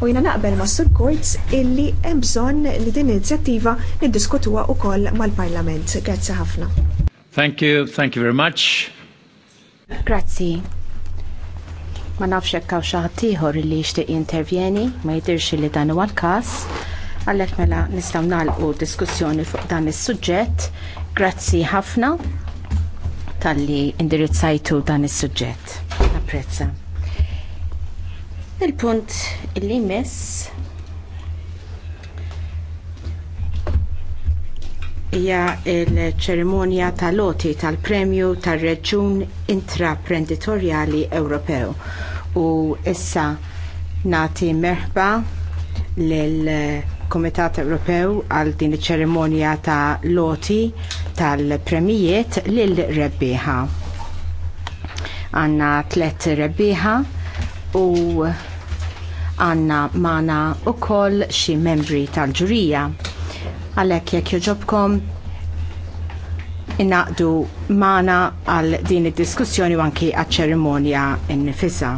u jina naqbel ma' Sur Kurz illi hemm bżonn li din inizjattiva niddiskutuha wkoll mal-Parlament. Grazzi ħafna. Thank you, thank you very much. Grazzi. Ma nafx hekk għaw xi ieħor li jixtieq intervjeni, ma jidirx li dan huwa l-każ. Għalhekk mela nistgħu nagħlqu diskussjoni fuq dan is-suġġett. Grazzi ħafna talli indirizzajtu dan is-suġġett. Apprezza. Il-punt li mess hija l-ċerimonja tal-loti tal-Premju tar-Reġjun Intraprenditorjali Ewropew. U issa nagħti merħba lil Komitat Ewropew għal din iċ-ċerimonja ta' loti tal-premijiet lil rebbieħa. Għanna tlet rebbieħa u għanna mana u koll xi membri tal-ġurija. Għalek jek joġobkom innaqdu mana għal din id-diskussjoni u anki għal-ċerimonja innifisa.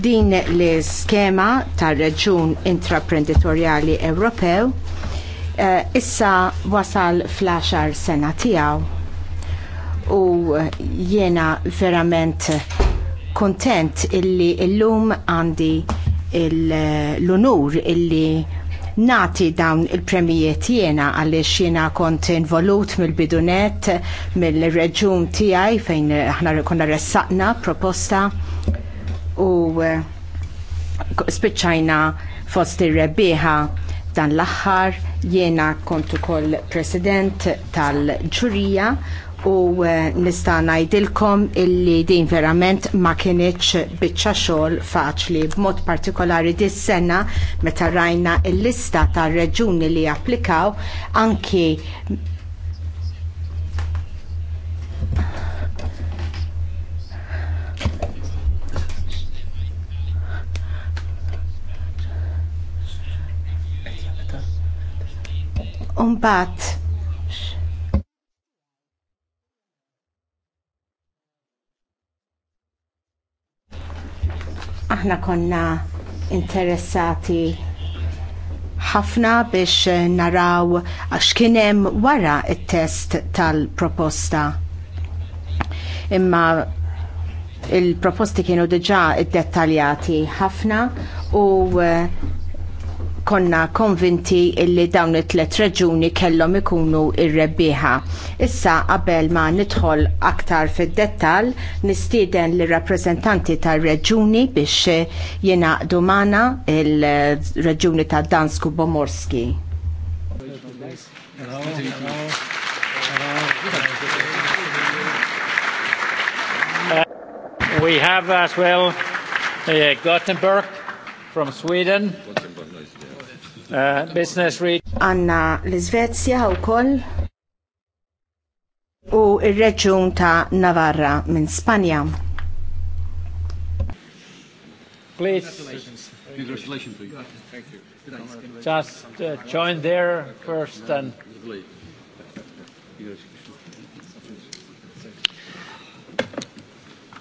Din l-skema tar-Reġun Intraprenditorjali Ewropew eh, issa wasal fl-10 sena tiegħu u jiena verament kontent illi illum għandi eh, l-onur illi nati dawn il-premijiet jiena għalix jiena kont involut mill-bidunet mill-reġun tiegħi fejn aħna konna ressaqna proposta u eh, spiċċajna fost ir-rebbieħa dan l-aħħar jiena kont ukoll president tal-ġurija u eh, nista' ngħidilkom illi din verament ma kienitx biċċa xogħol faċli b'mod partikolari dis sena meta rajna l-lista tar reġuni li applikaw anki Umbat, aħna konna interessati ħafna biex naraw għax kien hemm wara t test tal-proposta. Imma il-proposti kienu diġà iddettaljati ħafna u konna konvinti illi dawn it-tlet reġuni kellhom ikunu ir-rebbieħa. Issa qabel ma nidħol aktar fid-dettall nistieden lir rappreżentanti tar-reġuni biex jingħaqdu magħna il-reġuni ta' Dansku Bomorski. We have as well uh, Gothenburg from Sweden. Gothenburg. Għanna uh, l-Svezja u koll u il-reġun ta' Navarra minn Spanja. Please. Congratulations. Congratulations. Just uh, join there first and.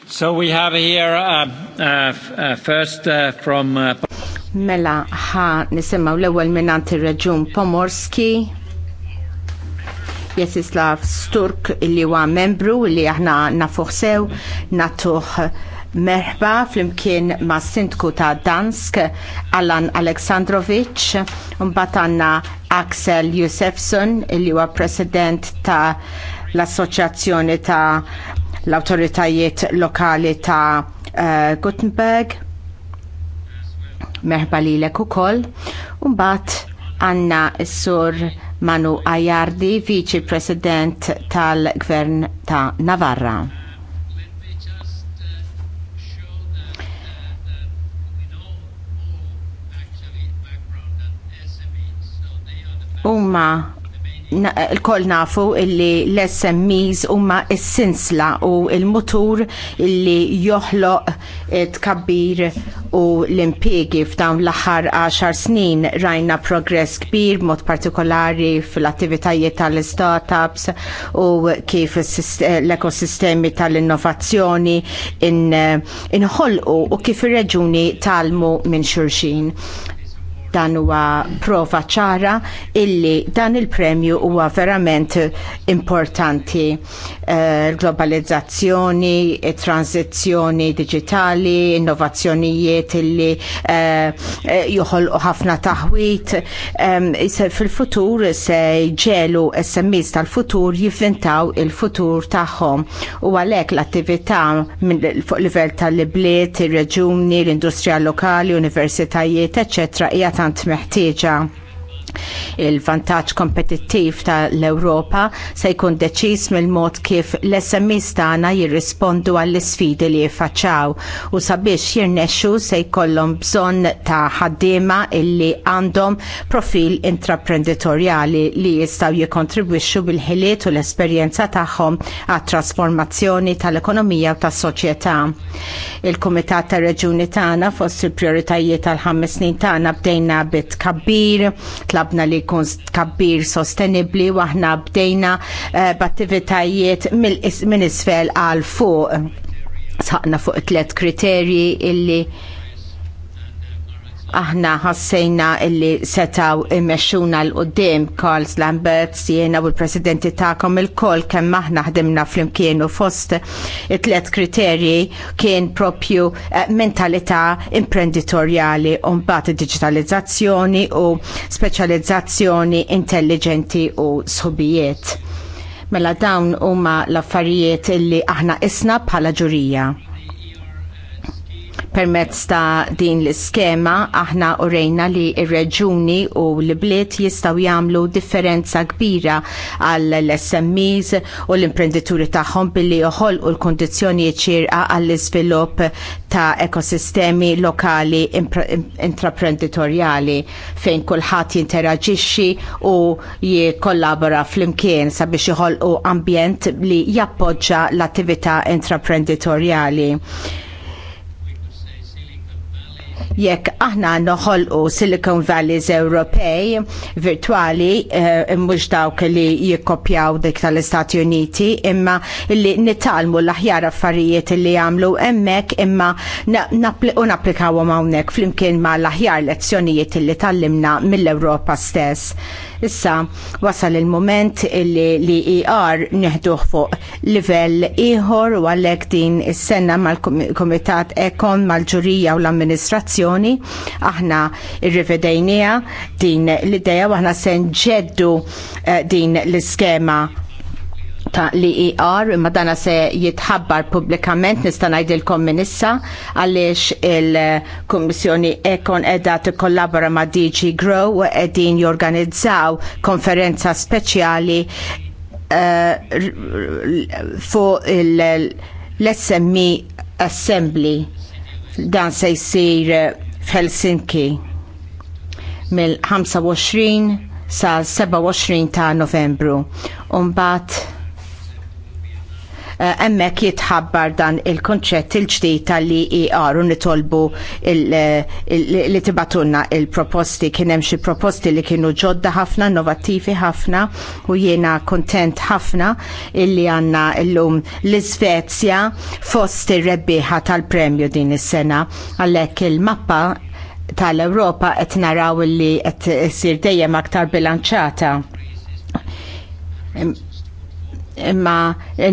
So we have here uh, uh, uh first uh, from. Uh, Mela ħa nisimgħu l-ewwel minanti reġun Pomorski Jesislav Sturk li huwa membru li aħna nafuħ sew natuħ merħba flimkien ma' sindku ta' Dansk Alan Aleksandrovic mbagħad għandna Axel Jusefson li huwa president ta' l-Assoċjazzjoni ta' l-Awtoritajiet Lokali ta' uh, eh, Gutenberg merħba lilek ukoll. U mbagħad għanna s-sur Manu Ajardi, Vici President tal-Gvern ta' Navarra. Umma il-koll nafu illi l-SMEs huma s-sinsla u il-mutur illi joħloq tkabbir u l-impiegi f'dawn l-aħħar 10 snin rajna progress kbir mod partikolari fl-attivitajiet tal-startups u kif l-ekosistemi tal-innovazzjoni inħolqu in u kif ir-reġuni talmu minn xulxin. Dan huwa prova ċara illi dan il-premju huwa verament importanti. Uh, globalizzazzjoni, eh, tranzizzjoni digitali, innovazzjonijiet illi uh, joħolqu ħafna taħwit. Um, Fil-futur se ġelu SMS tal-futur jivvintaw il-futur tagħhom u għalhekk l-attività fuq livell tal libliet ir-reġuni, l-industrija lokali, universitajiet, eċċetera, tant meħtieġa. Il-vantaġġ kompetittiv tal-Ewropa se jkun deċiż mill-mod kif l-SMIs tagħna jirrispondu għall-isfidi li jiffaċċaw u sabiex jirnexxu se jkollhom bżonn ta' ħaddiema illi għandhom profil intraprenditorjali li jistgħu jikkontribwixxu bil-ħiliet u l-esperjenza tagħhom għat-trasformazzjoni tal-ekonomija u tas-soċjetà. Il-Kumitat tar-Reġjuni tagħna fost il-prijoritajiet tal-ħames snin tagħna bdejna bit kabbir, tlabna li jkun kabbir sostenibli u aħna bdejna eh, b'attivitajiet minn isfel għal fuq. Saqna fuq tliet kriterji illi aħna ħassejna illi setaw immexxuna l qudiem Karls Lambert, jiena u l-presidenti tagħkom il-koll kemm aħna ħdimna flimkien u fost it-tlet kriterji kien propju eh, mentalità imprenditorjali u mbagħad digitalizzazzjoni u speċjalizzazzjoni intelligenti u sħubijiet. Mela dawn huma l-affarijiet illi aħna isna bħala ġurija Permezz ta' din l-iskema aħna urejna li ir-reġuni u l-bliet jistgħu jagħmlu differenza kbira għall l-SMEs u l-imprenditori tagħhom billi joħolqu l-kondizzjonijiet ċirqa għall-iżvilupp ta' ekosistemi lokali intraprenditorjali fejn kulħadd jinteraġixxi u jikkollabora flimkien sabiex iħolqu ambjent li jappoġġa l-attività intraprenditorjali Jekk aħna noħolqu Silicon Valleys Ewropej virtuali eh, mhux dawk li jikkopjaw dik tal-Istati Uniti imma li nitalmu l-aħjar affarijiet li jagħmlu hemmhekk imma u napplikawhom hawnhekk flimkien ma l-aħjar lezzjonijiet li tallimna mill-Ewropa stess Issa wasal il-moment li IR e neħduh fuq livell ieħor u għalhekk din is-sena mal-Kumitat Ekon mal-Ġurija u l-Amministrazzjoni aħna rrivedejnija din l-idea u aħna se nġeddu eh, din l-iskema ta' li IR e imma dana se jitħabbar publikament nista' ngħidilkom minn issa għaliex il-Kummissjoni Ekon qiegħda tikkollabora ma' DG Grow qegħdin jorganizzaw konferenza speċjali eh, fuq l-SME Assembly dan se jsir f'Helsinki mill-25 sa 27 ta' Novembru. Umbat hemmhekk eh, jitħabbar dan il-konċett il-ġdid tal-li iqar u nitolbu eh, li tibatunna il-proposti kien hemm xi proposti li kienu ġodda ħafna, innovattivi ħafna u jiena kontent ħafna illi għandna llum l-Iżvezja fost ir-rebbieħa tal-premju din is-sena għalhekk il-mappa tal-Ewropa qed naraw li qed issir dejjem aktar bilanċata imma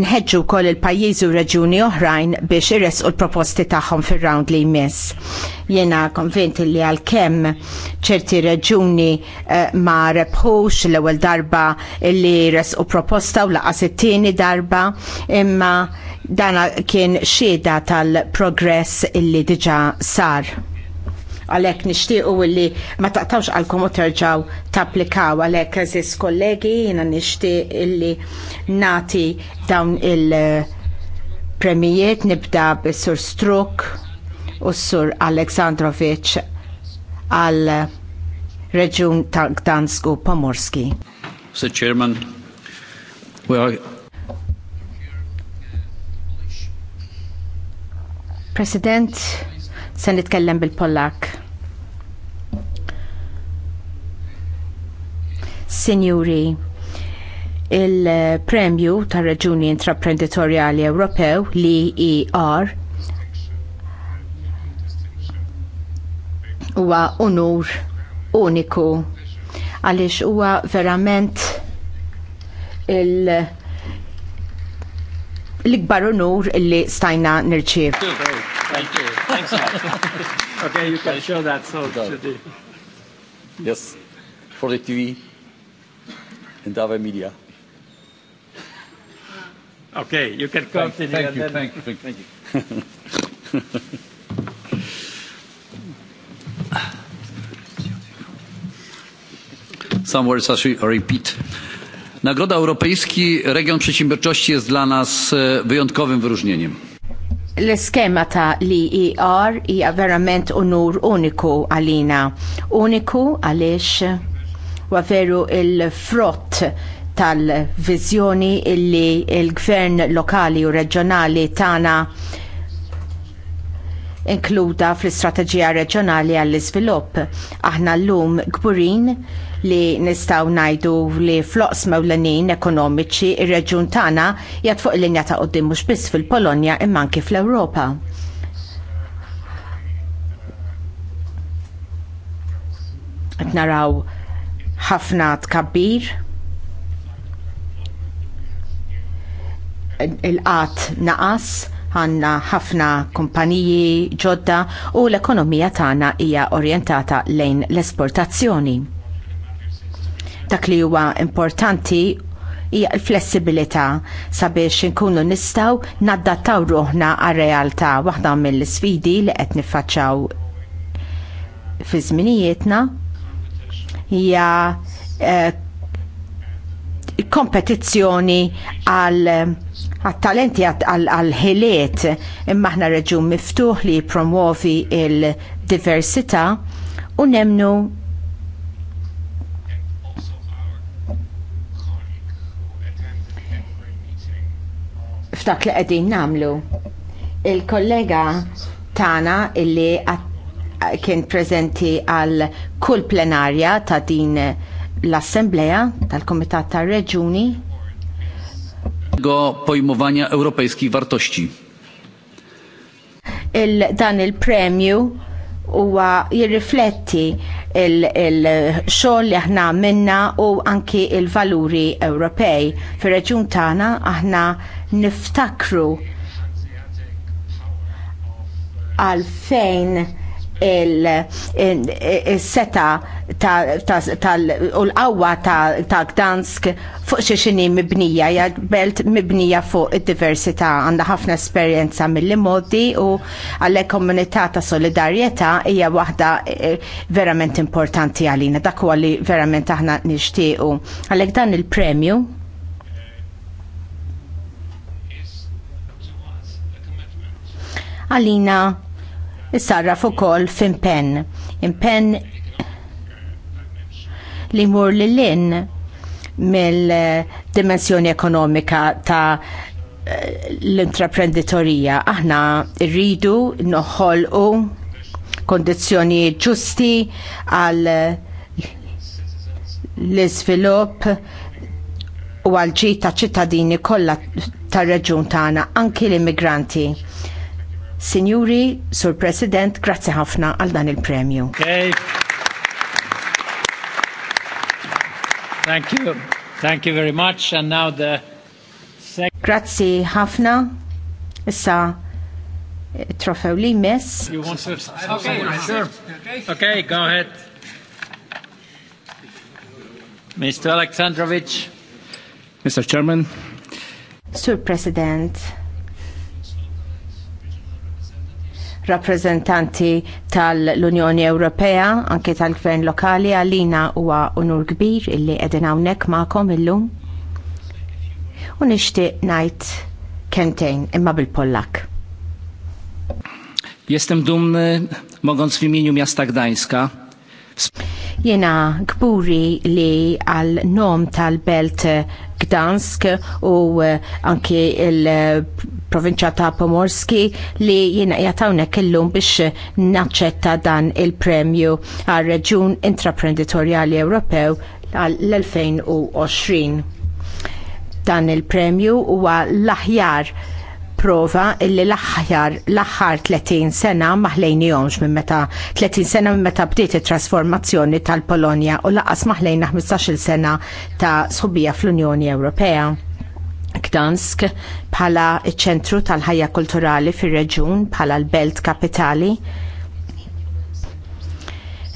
nħeġġu wkoll il pajjiż u reġuni oħrajn biex u l-proposti tagħhom fir-round li jmiss. Jiena konvinti li għalkemm ċerti reġuni eh, ma rebħux l-ewwel darba li u proposta u laqas it-tieni darba imma dana kien xieda tal-progress illi diġa' sar għalhekk nixtiequ li ma taqtawx għalkom u terġaw tapplikaw għalhekk eżis kollegi jina nixtieq illi nati dawn il-premijiet nibda bis-sur Struk u sur Aleksandrovic għal reġun ta' Gdansk u Pomorski. Mr. Chairman, we are... President, Se nitkellem bil-Pollak. Signori, il-premju tar reġuni intraprenditorjali Ewropew li IR e e huwa unur uniku għaliex huwa verament il l-ikbar unur li stajna nirċiev. okay, you can show that so to the... Yes, for the TV and other media. Okay, you can continue. Thank, you, thank you, then... thank you, thank you. Thank you. Some words I repeat. Nagroda Europejski Region Przedsiębiorczości jest dla nas e, wyjątkowym wyróżnieniem l-iskema ta' li ER hija verament unur uniku għalina. Uniku għaliex wa veru il-frott tal-vizjoni illi il-gvern lokali u reġjonali tagħna inkluda fl-istrateġija reġjonali għall-iżvilupp. Aħna llum kburin li nistgħu ngħidu li floqs mewlenin ekonomiċi ir-reġjun tagħna jgħat fuq il-linja ta' qoddim mhux biss fil-Polonja imma anki fl-Ewropa. Qed naraw ħafna tkabbir, il-qat naqas, għanna ħafna kumpaniji ġodda u l-ekonomija tagħna hija orjentata lejn l-esportazzjoni. Dak li huwa importanti hija l-flessibilità sabiex inkunu nistgħu naddattaw ruħna għar-realtà waħda mill-isfidi li qed niffaċċaw fi żminijietna hija eh, kompetizzjoni għal għat-talenti għal-ħiliet imma aħna reġun miftuħ li promuovi il-diversità u nemnu f'dak li qegħdin nagħmlu. Il-kollega tagħna illi kien preżenti għal kull plenarja ta' din l-Assembleja tal-Komitat tar-Reġuni go pojmowania europejskich wartości. Il, dan il-premju huwa jirrifletti il-xogħol il li aħna minna u anki il-valuri Ewropej. Fir-reġjun tagħna aħna niftakru għalfejn il-seta u l-qawwa ta' Gdansk fuq xi xini mibnija, ja belt mibnija fuq id-diversità għandha ħafna esperjenza mill-modi u għalhekk komunità ta' solidarjetà hija waħda eh, verament importanti għalina, dak huwa li verament aħna nixtiequ. Għalhekk dan il-premju għalina sarraf ukoll f'impenn. Impenn li mur lil-lin mill-dimensjoni ekonomika ta' l-intraprenditorija. Aħna rridu noħolqu kondizjoni ġusti għal l-izvilupp u għal ġid taċ ċittadini kollha tar-reġjun tagħna anki l-immigranti. Sinjuri, Sur President, grazie ħafna għal dan il-premju. Okay. Thank you. Thank you very much. And now the Grazie ħafna. Issa eh, trofew li mess. You want to... Okay, sure. Okay, go ahead. Mr. Aleksandrovich. Mr. Chairman. Sir President. rappresentanti tal-Unjoni Ewropea, anke tal-Gvern Lokali, għalina huwa unur kbir illi qegħdin hawnhekk magħkom illum. U nixtieq ngħid kentejn imma bil-Pollak. Jestem dumny mogon w imieniu miasta Gdańska. Jena gburi li għal nom tal-belt Gdansk u eh, anki il-provinċja ta' Pomorski li jina jatawnek illum biex naċċetta dan il-premju għal reġjun intraprenditorjali Ewropew għal-2020. Dan il-premju huwa l-aħjar prova illi l-aħħar l-aħħar 30 sena ħlejniehomx minn meta 30 sena minn meta bdiet it-trasformazzjoni tal-Polonja u laqas maħlejna 15-il sena ta' sħubija fl-Unjoni Ewropea. Gdansk bħala ċ ċentru tal-ħajja kulturali fir-reġjun bħala l-belt kapitali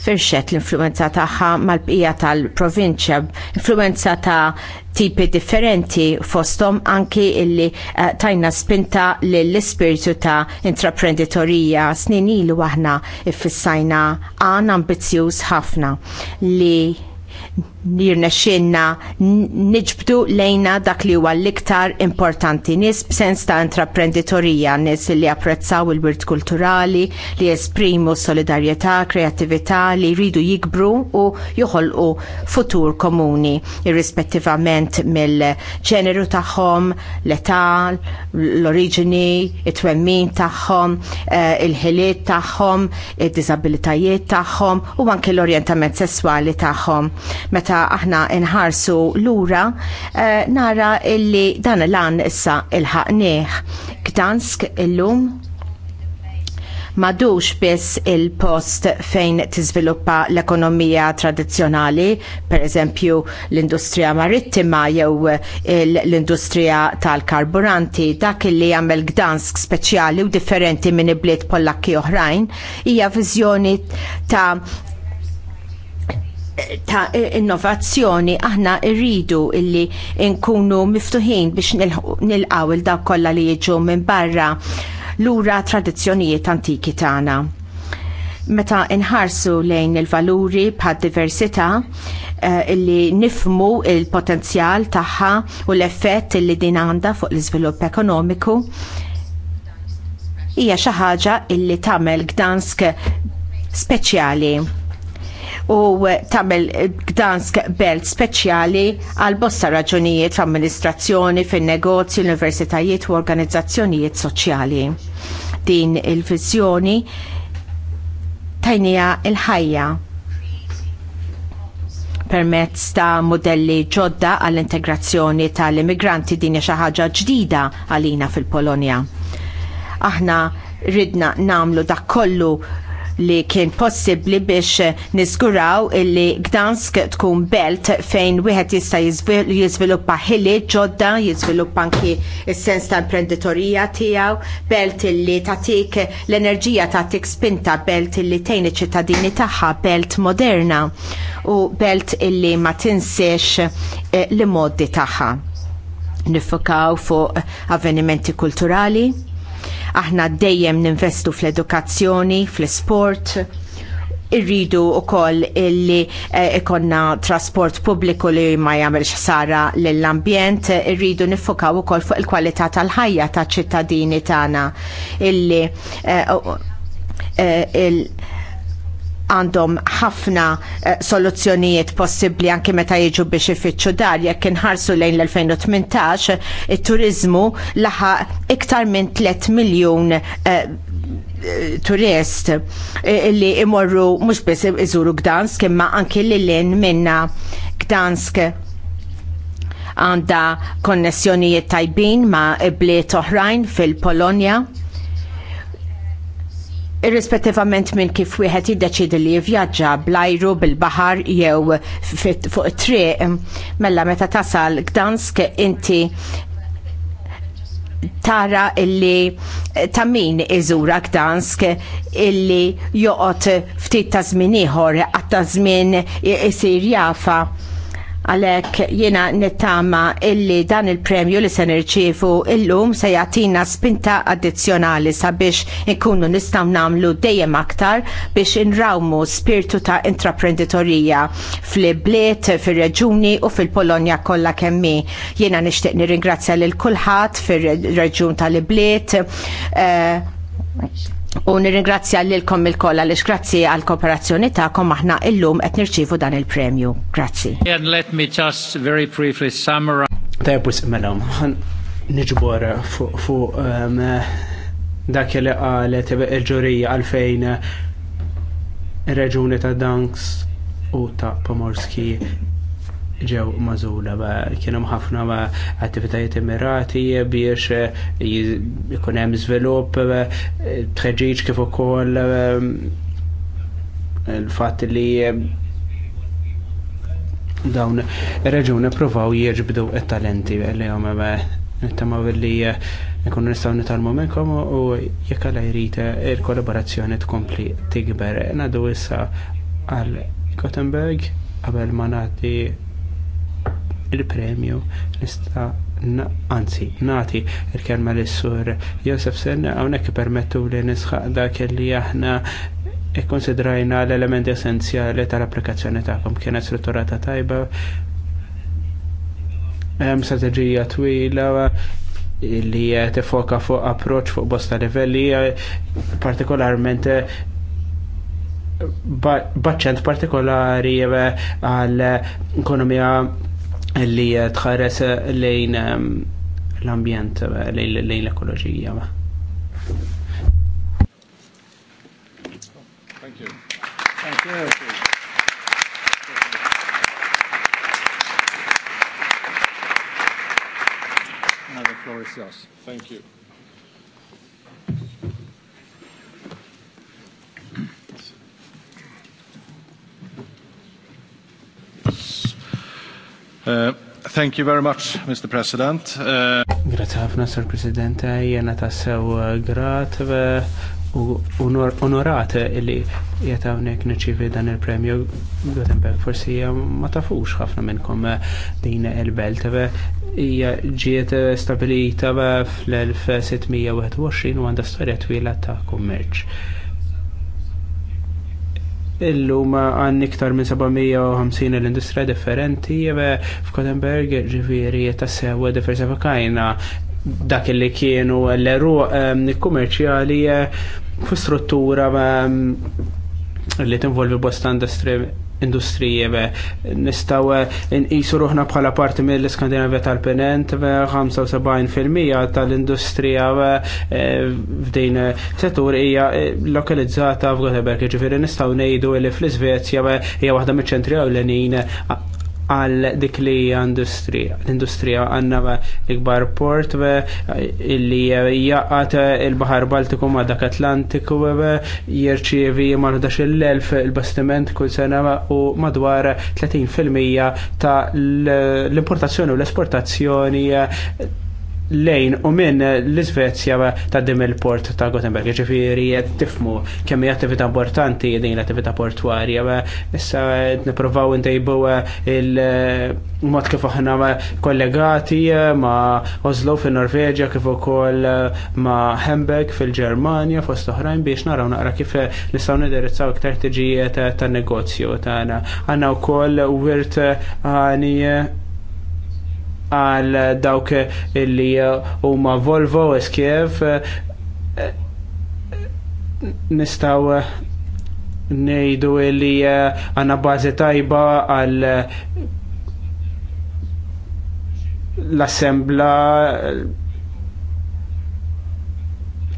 firxet l-influenza tagħha mal-bqija tal-provinċja, influenza ta' tipi differenti fosthom anki illi uh, tajna spinta l ispirtu ta' intraprenditorija snin ilu aħna iffissajna għan ambizzjuż ħafna li nirnexxinna niġbdu lejna dak li huwa l-iktar importanti nies b'sens ta' intraprenditorija, nis li japprezzaw il-wirt kulturali, li esprimu solidarjetà, kreattività, li jridu jikbru u joħolqu futur komuni, irrispettivament mill-ġeneru tagħhom, l-età, l-oriġini, it-twemmin tagħhom, eh, il-ħiliet tagħhom, id-diżabilitajiet tagħhom u anke l-orjentament sesswali tagħhom Meta aħna nħarsu lura eh, nara illi dan l-an issa il-ħaqnieh. Gdansk illum madux biss il-post fejn tiżviluppa l-ekonomija tradizzjonali, pereżempju l-industrija marittima jew l-industrija tal-karburanti, dak li jagħmel Gdansk speċjali u differenti minn ibliet pollakki oħrajn, hija viżjoni ta' ta' innovazzjoni aħna rridu illi nkunu miftuħin biex nilqaw il dawk kollha li jiġu minn barra lura tradizzjonijiet antiki tagħna. Meta nħarsu lejn il-valuri bħad diversità eh, illi nifmu il-potenzjal tagħha u l-effett illi din għandha fuq l-iżvilupp ekonomiku hija xi ħaġa illi tagħmel Gdansk speċjali u tamel Gdansk Belt speċjali għal bosta raġunijiet f'amministrazzjoni, fin-negozju, universitajiet u organizzazzjonijiet soċjali. Din il vizjoni tajnija il-ħajja permezz ta' modelli ġodda għall-integrazzjoni tal-immigranti din xi ħaġa ġdida għalina fil-Polonja. Aħna ridna namlu dak kollu li kien possibbli biex niskuraw illi Gdansk tkun belt fejn wieħed jista' jiżviluppa ħili ġodda, jiżviluppa anki is-sens ta' imprenditorija tiegħu, belt illi tagħtik l-enerġija tagħtik spinta, belt illi tgħin iċ-ċittadini tagħha, belt moderna u belt illi ma tinsiex eh, l-modi tagħha Nifukaw fuq avvenimenti kulturali, Aħna dejjem ninvestu fl-edukazzjoni, fl-sport, irridu wkoll illi eh, ikonna trasport pubbliku li ma jagħmilx ħsara lill ambjent irridu niffokaw ukoll fuq il-kwalità tal-ħajja taċ ċittadini tagħna illi eh, eh, għandhom ħafna eh, soluzzjonijiet possibbli anke meta jiġu biex ifittxu dar jekk inħarsu lejn l-2018 it-turizmu laħaq iktar minn 3 miljun eh, turist eh, li imorru mhux biss iżuru Gdansk imma anke lilin minna Gdansk għandha konnessjonijiet tajbin ma' bliet oħrajn fil-Polonja irrispettivament minn kif wieħed jiddeċidi li jivvjaġġa bl-ajru bil-baħar jew fuq it-triq mela meta tasal Gdansk inti tara illi ta' min iżura Gdansk illi joqgħod ftit ta' żmien ieħor ta' żmien isir jafa' Għalhekk jiena nittama illi dan il-premju li se nirċievu illum se jagħtina spinta addizzjonali sabiex inkunu nistgħu nagħmlu dejjem aktar biex inrawmu spirtu ta' intraprenditorija fl-bliet, fir-reġuni u fil-Polonja kollha kemm hi. Jiena nixtieq nirringrazzja lil kulħadd fir-reġjun tal-bliet. Uh, eh, U nirringrazzja lilkom il-kolla li grazzi għal kooperazzjoni ta'kom aħna illum qed nirċievu dan il-premju. Grazzi. And let me just very briefly summarize. Tajb wis melhom, niġbor fuq um, dak li qalet il-ġurija għalfejn ir-reġuni ta' Danks u ta' Pomorski ġew mażula kienu ħafna attivitajiet immirati biex eh, jkun hemm żvilupp eh, tħeġġiġ kif ukoll eh, il-fatt li dawn ir-reġuni provaw jiġbdu it-talenti li huma nittama billi nkunu nistaw nitalmu minnkom u jekk għala jrita il-kollaborazzjoni tkompli tikber. Nadu issa għal Gothenburg qabel ma nagħti il-premju nista' anzi, nati il-kelma l-sur Josef Sen, għonek permettu li nisħaq dak li aħna ikkonsidrajna l-element essenzjali tal-applikazzjoni ta'kom kienet strutturata tajba, strategija twila li tifoka fuq approċċ fuq bosta livelli, partikolarment baċċent partikolari għal ekonomija li eh, tħares eh, lejn ehm, l-ambjent, eh, lejn l-ekoloġija. Thank you. Uh, thank you very much, Mr. President. Uh, Grazie ħafna, Sir President, jena tassew uh, grat uh, u onorat li jeta unek neċivi dan il-premju Gutenberg forsi ma tafux ħafna minnkom din il-belt Ija ġiet stabilita fl-1621 u għanda storja twila ta' kummerċ Illum għan iktar minn 750 l-industrija differenti f'Kodenberg ġiviri tassew diversifikajna dak li kienu l-eru ehm, kummerċjali eh, fu struttura ehm, li tinvolvi bosta industri industriji nistaw eh, nqisu ruħna bħala parti mill-Skandinavja tal-Penent 75% tal-industrija eh, f'din eh, settur hija lokalizzata f'Gothenburg, ġifieri nistgħu ngħidu li fl-Iżvezja hija waħda miċ-ċentri ewlenin għal dik li industrija. L-industrija għanna l-ikbar port illi jaqat il-Bahar Baltiku ma dak Atlantiku jirċievi ma il il-bastiment kull sena u madwar 30% ta' l-importazzjoni u l-esportazzjoni lejn u minn l-Svezja ta' dim il-port ta' Gothenburg, ġifiri jed tifmu kemm attività importanti din l-attività portwarja. Issa niprofaw intejbu eh, il-mod kif aħna kollegati eh, ma' Oslo fin norveġja kif ukoll eh, ma' Hamburg fil-Ġermanja fost oħrajn biex naraw naqra kif nistgħu nidirizzaw iktar tiġijiet tan negozju tagħna. Għandna wkoll wirt għani għal dawk illi huma Volvo, SKF, nistaw nejdu illi eh, għanna bazi tajba għal l-assembla eh,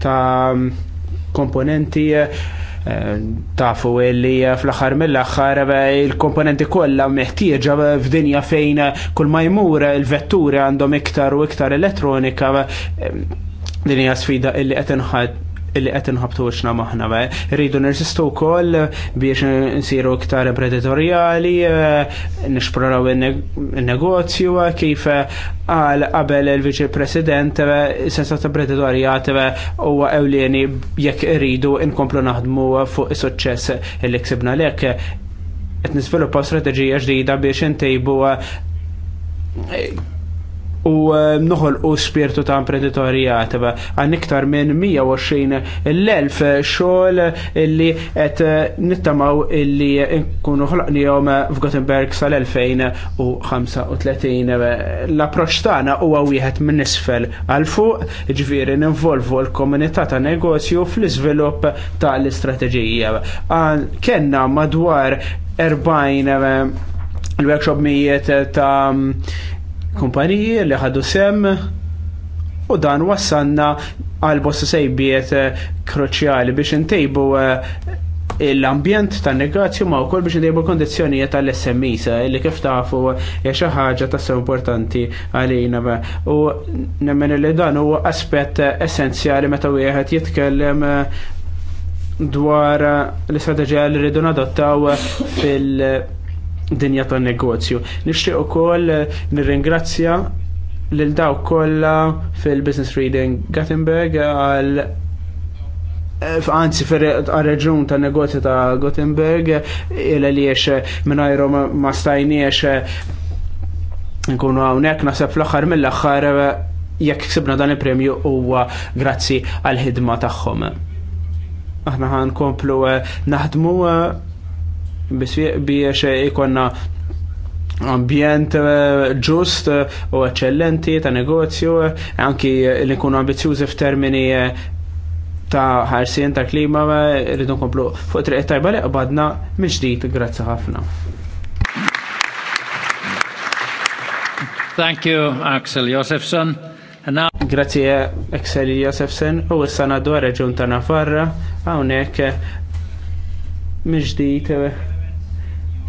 ta' komponenti eh, Eh, tafu li eh, fl-axar mill-axar eh, il-komponenti kollha meħtieġa f'dinja fejn kull ma jmur il-vetturi għandhom iktar u iktar elettronika din hija sfida illi qed inħadd illi qed inħabtu wiċċna maħna. Rridu nirsistu wkoll biex nsiru iktar imprenditorjali, eh, nixproraw in-negozju eh, kif eh, għal qabel il-Viċi President sensa ta' imprenditorjat huwa ewlieni jekk irridu nkomplu naħdmu fuq is-suċċess illi ksibna lek qed nisviluppa strateġija ġdida biex intejbu u ehm, noħol u spirtu ta' imprenditorija għan iktar minn 120 l-elf xogħol illi qed eh, nittamaw illi nkunu ħloqnihom f'Gothenburg sal-2035. L-approċċ tagħna huwa wieħed minn isfel għal fuq, ġifieri ninvolvu l-komunità ta' negozju fl-iżvilupp tal-istrateġija. Kenna madwar 40 eh, l workshop mijiet ta' kumpaniji li ħadu sem u dan wassanna għal bossa sejbiet eh, kruċjali biex intejbu eh, l-ambjent tan negozju ma' wkoll biex ndejbu kondizzjonijiet tal smis illi eh, kif tafu jaxa xi ħaġa tassew importanti għalina u nemmen li dan huwa aspett essenzjali meta wieħed jitkellem dwar l-istrateġija li rridu nadottaw fil- dinja tan negozju. Nixtieq ukoll eh, nirringrazzja lil daw kolla fil-Business Reading Gothenburg għal għanzi eh, fil-reġun ta' negozju ta' Gothenburg, il-għaliex eh, minnajru ma stajniex nkunu għawnek nasab fl-axar mill-axar jekk ksibna dan il-premju huwa grazzi għal-ħidma tagħhom. Aħna ħan komplu naħdmu biex ikonna ambjent eh, ġust eh, u eccellenti ta' negozju, eh, anki li kunu ambizjuzi f'termini ta' ħarsien ta' klima, rridu nkomplu fuq triq tajba li qbadna minn ġdid, grazzi ħafna. Thank you, Axel Josefson. Now... Grazie, Axel Josefson. U s sanadu reġun ta' Navarra, għawnek minn ġdid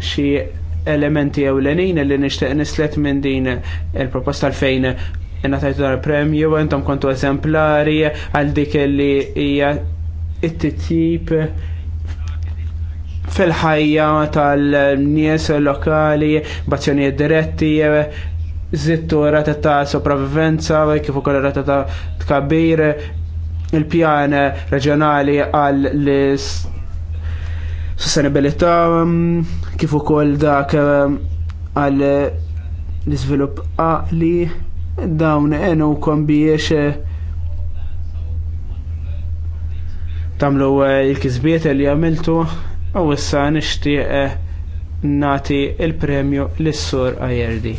xi elementi ewlenin li nixtieq nislet minn din il-proposta fejn jenna tajtu dar premju, jentom kontu eżemplari għal dik li hija it-tip fil-ħajja tal-nies lokali, bazzjonijiet diretti, zittu rata ta' sopravvivenza, kif ukoll rata ta' tkabbir, il-pjan reġjonali għal l sostenibilità um, kif ukoll dak um, għal l-iżvilupp għaqli dawn enu kom biex eh, tamlu eh, l-kizbiet li għamiltu u issa nixtieq eh, nati il-premju l-sur IRD.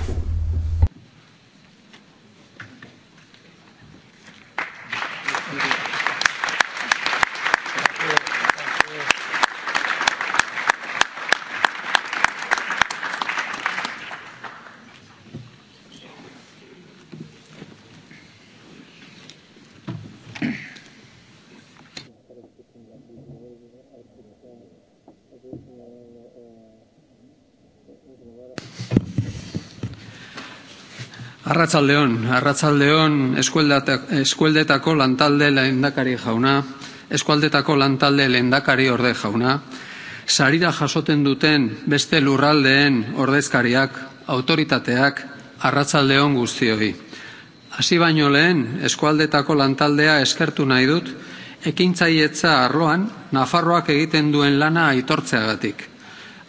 Arratzaldeon, Arratzaldeon eskualdetako lantalde lehendakari jauna, eskualdetako lantalde lehendakari orde jauna, sarira jasoten duten beste lurraldeen ordezkariak, autoritateak, arratzaldeon guztioi. Hasi baino lehen, eskualdetako lantaldea eskertu nahi dut, ekintzaietza arloan, Nafarroak egiten duen lana aitortzeagatik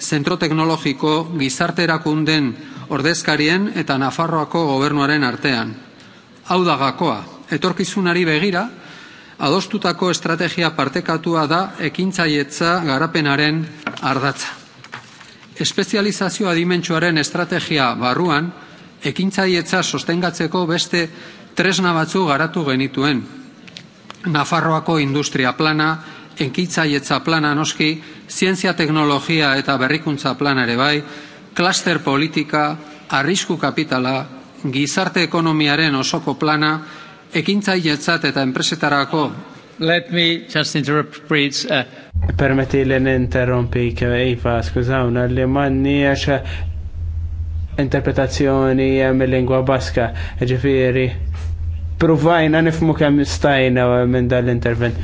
zentro teknologiko gizarte erakunden ordezkarien eta Nafarroako gobernuaren artean. Hau da gakoa, etorkizunari begira, adostutako estrategia partekatua da ekintzaietza garapenaren ardatza. Espezializazio adimentsuaren estrategia barruan, ekintzaietza sostengatzeko beste tresna batzu garatu genituen. Nafarroako industria plana, enkitzajetza plana noski, zientzia teknologia eta berrikuntza plana ere bai, klaster politika, arrisku kapitala, gizarte ekonomiaren osoko plana, ekintzaietzat eta enpresetarako Let me just interrupt please. Uh... Permetti li ninterrompi Iva, skużawna li manniex interpretazzjoni mill lingua baska, ġifiri. Provajna nifmu kemm stajna minn dal-intervent.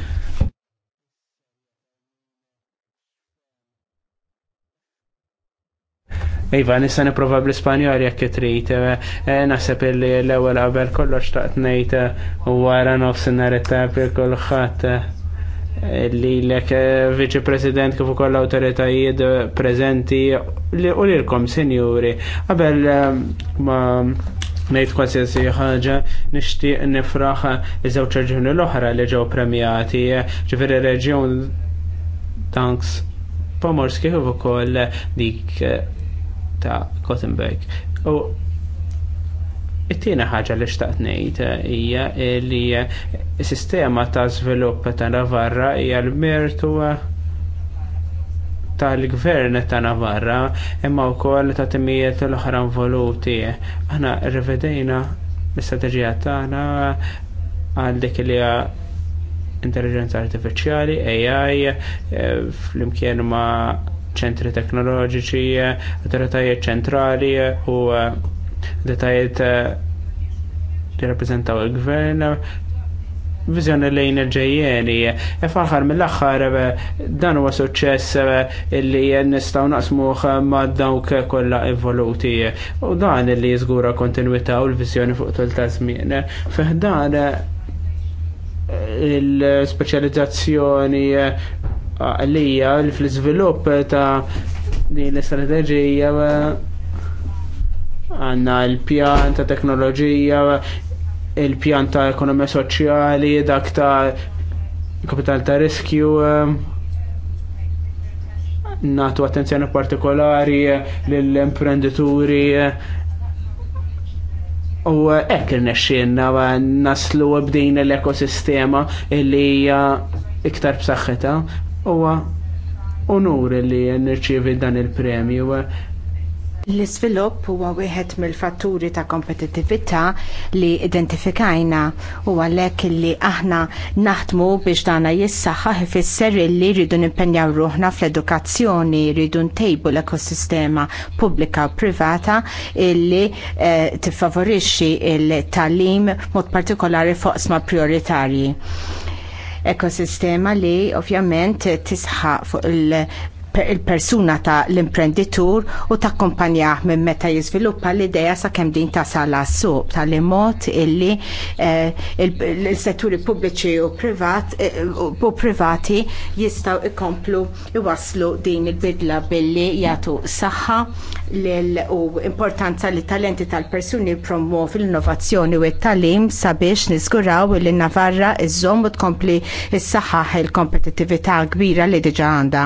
Iva, nissa niprofa bl-Ispanjol jekk trid. Eh, eh, naħseb illi l-ewwel qabel kollox taqt ngħid eh, wara nofsi it-tab kulħadd li l-ek viċi president kif ukoll autoritajiet prezenti li u lilkom sinjuri. Qabel ma ngħid qualsiasi ħaġa nixtieq nifraħ iż-żewġ l-oħra li ġew premjati, ġifieri reġjun Tanks Pomorski kif ukoll dik ta' Gothenburg. U it-tiena ħaġa li xtaqt ngħid eh, hija li eh, s-sistema ta' żvilupp ta' Navarra hija l-mertu eh, tal-gvern ta' Navarra imma wkoll ta' timijiet l-oħra involuti. Aħna rivedejna l-istrateġija tagħna għal dik li intelligenza artificiali, AI, flimkien ma' ċentri teknoloġiċi, autoritajiet ċentrali u detajiet eh, eh, li rappresentaw il-gvern viżjoni li il-ġejjeni. E fl-aħħar mill-aħħar eh, dan huwa suċċess illi nistgħu naqsmuh ma' dawk kollha evoluti. U dan illi jiżgura kontinwità u l-viżjoni fuq tul ta' żmien. Fih dan il-speċjalizzazzjoni għalija li fl-izvilupp ta' din l-istrateġija għanna l-pjan ta' teknoloġija, il-pjan ta' ekonomija soċjali, dak ta' kapital ta' riskju, natu attenzjoni partikolari l-imprenditori u ekk nesċinna naslu b'din l-ekosistema illi hija iktar b'saħħitha huwa onur li nirċievi dan il-premju. L-isvilupp huwa wieħed mill-fatturi ta' kompetittività li identifikajna u għalhekk li aħna naħdmu biex dana jissaħħaħ ifisser li rridu nimpenjaw ruħna fl-edukazzjoni, rridu ntejbu l-ekosistema pubblika u privata illi eh, tiffavorixxi il-talim mod partikolari fuq sma prioritarji ekosistema li ovvjament tisħaq fuq il il-persuna ta' l-imprenditur u ta' kompanjaħ minn meta jiżviluppa l-ideja sa' kem din ta' sala s ta' tal mot illi eh, l-setturi pubbliċi eh, u privati jistaw ikomplu iwaslu din il-bidla billi jagħtu saħħa u importanza li talenti tal-persuni promuv l-innovazzjoni u t-talim sabiex nizguraw li Navarra iż żom u tkompli s-saħħaħ il-kompetitività kbira li diġa għandha.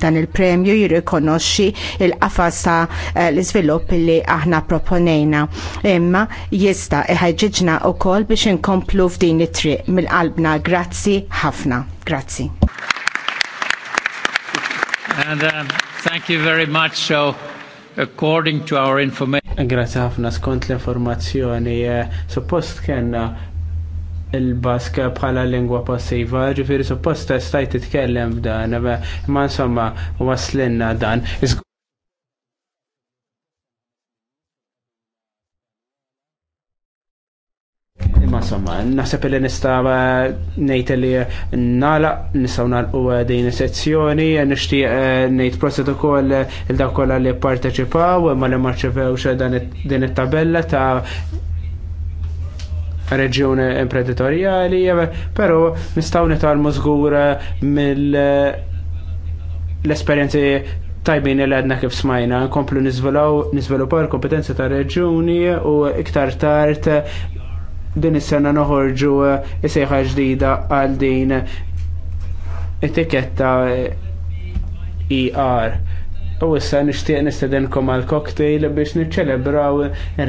Dan il il-premju jirrikonoxxi il-qafas ta' eh, l-iżvilupp li aħna proponejna. Imma jista' iħeġġiġna wkoll biex inkomplu f'din it-triq mill-qalbna. Grazzi ħafna. Grazzi. And uh, thank you very much. So according to our information. Grazie ħafna skont l-informazzjoni. Eh, suppost kena il-Bask bħala lingwa passiva, ġifiri supposta stajt titkellem f'dan, ma insomma waslinna dan. Ma insomma, naħseb li nista ngħid li nala, nistgħu nagħlqu din is-sezzjoni, nixtieq eh, ngħid prosed ukoll il-dak kollha li pparteċipaw, ma li marċevewx din it-tabella ta' reġjun imprenditorjali, però nistgħu nitalmu żgur eh, mill eh, l-esperjenzi tajbin li għadna kif smajna, nkomplu nizvelupaw il kompetenzi ta' reġjuni u iktar tard din is-sena noħorġu eh, isejħa ġdida għal din etiketta ER. E U issa nixtieq nistedilkom għal cocktail biex niċċelebraw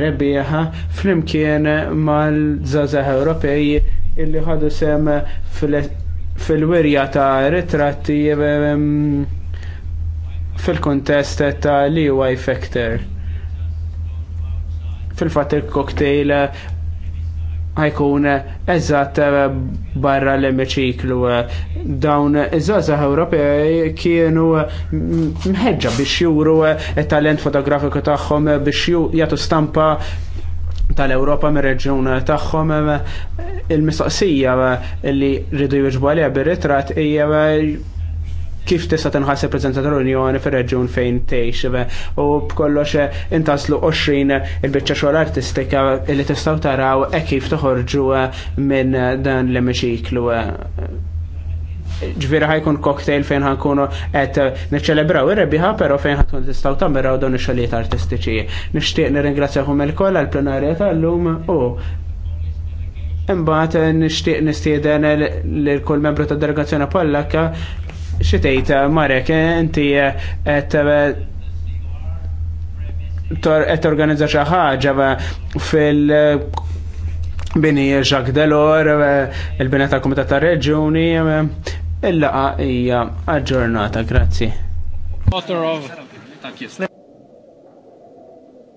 rebbieħa flimkien mal-żazah Ewropej illi ħadu sem fil-wirja ta' ritratti fil-kontest ta' li huwa Factor. Fil-fatt il-cocktail għajkun eżat eh, barra l-emiċiklu. Dawn iż-żaza Ewropej kienu mm, mħeġġa biex juru eh, talent fotografiku tagħhom eh, biex jatu stampa tal-Ewropa me reġjun tagħhom il-mistoqsija li rridu jiġbu għalija bir-ritratt hija kif tista' tinħass reprezentat l-Unjoni fir-reġjun fejn tgħix. U b'kollox intaslu 20 il-biċċa xogħol artistika li tistgħu taraw e kif toħorġu e, minn dan l-emiċiklu e. ġviri ħajkun koktejl fejn ħankunu qed niċċelebraw ir-rebiħa, pero fejn ħankun tistaw tammiraw dawn ix-xogħlijiet artistiċi. Nixtieq nirringrazzjahom il-koll għall-plenarja tal-lum u imbagħad nixtieq nistieden lil kull membru tad-delegazzjoni Pollakka Xitejt, eh, Marek, eh, inti qed eh, organizza xi ħaġa fil- bini Jacques Delor, il-bini tal Komitat ta' Reġuni, il-laqa hija aġġornata, grazzi.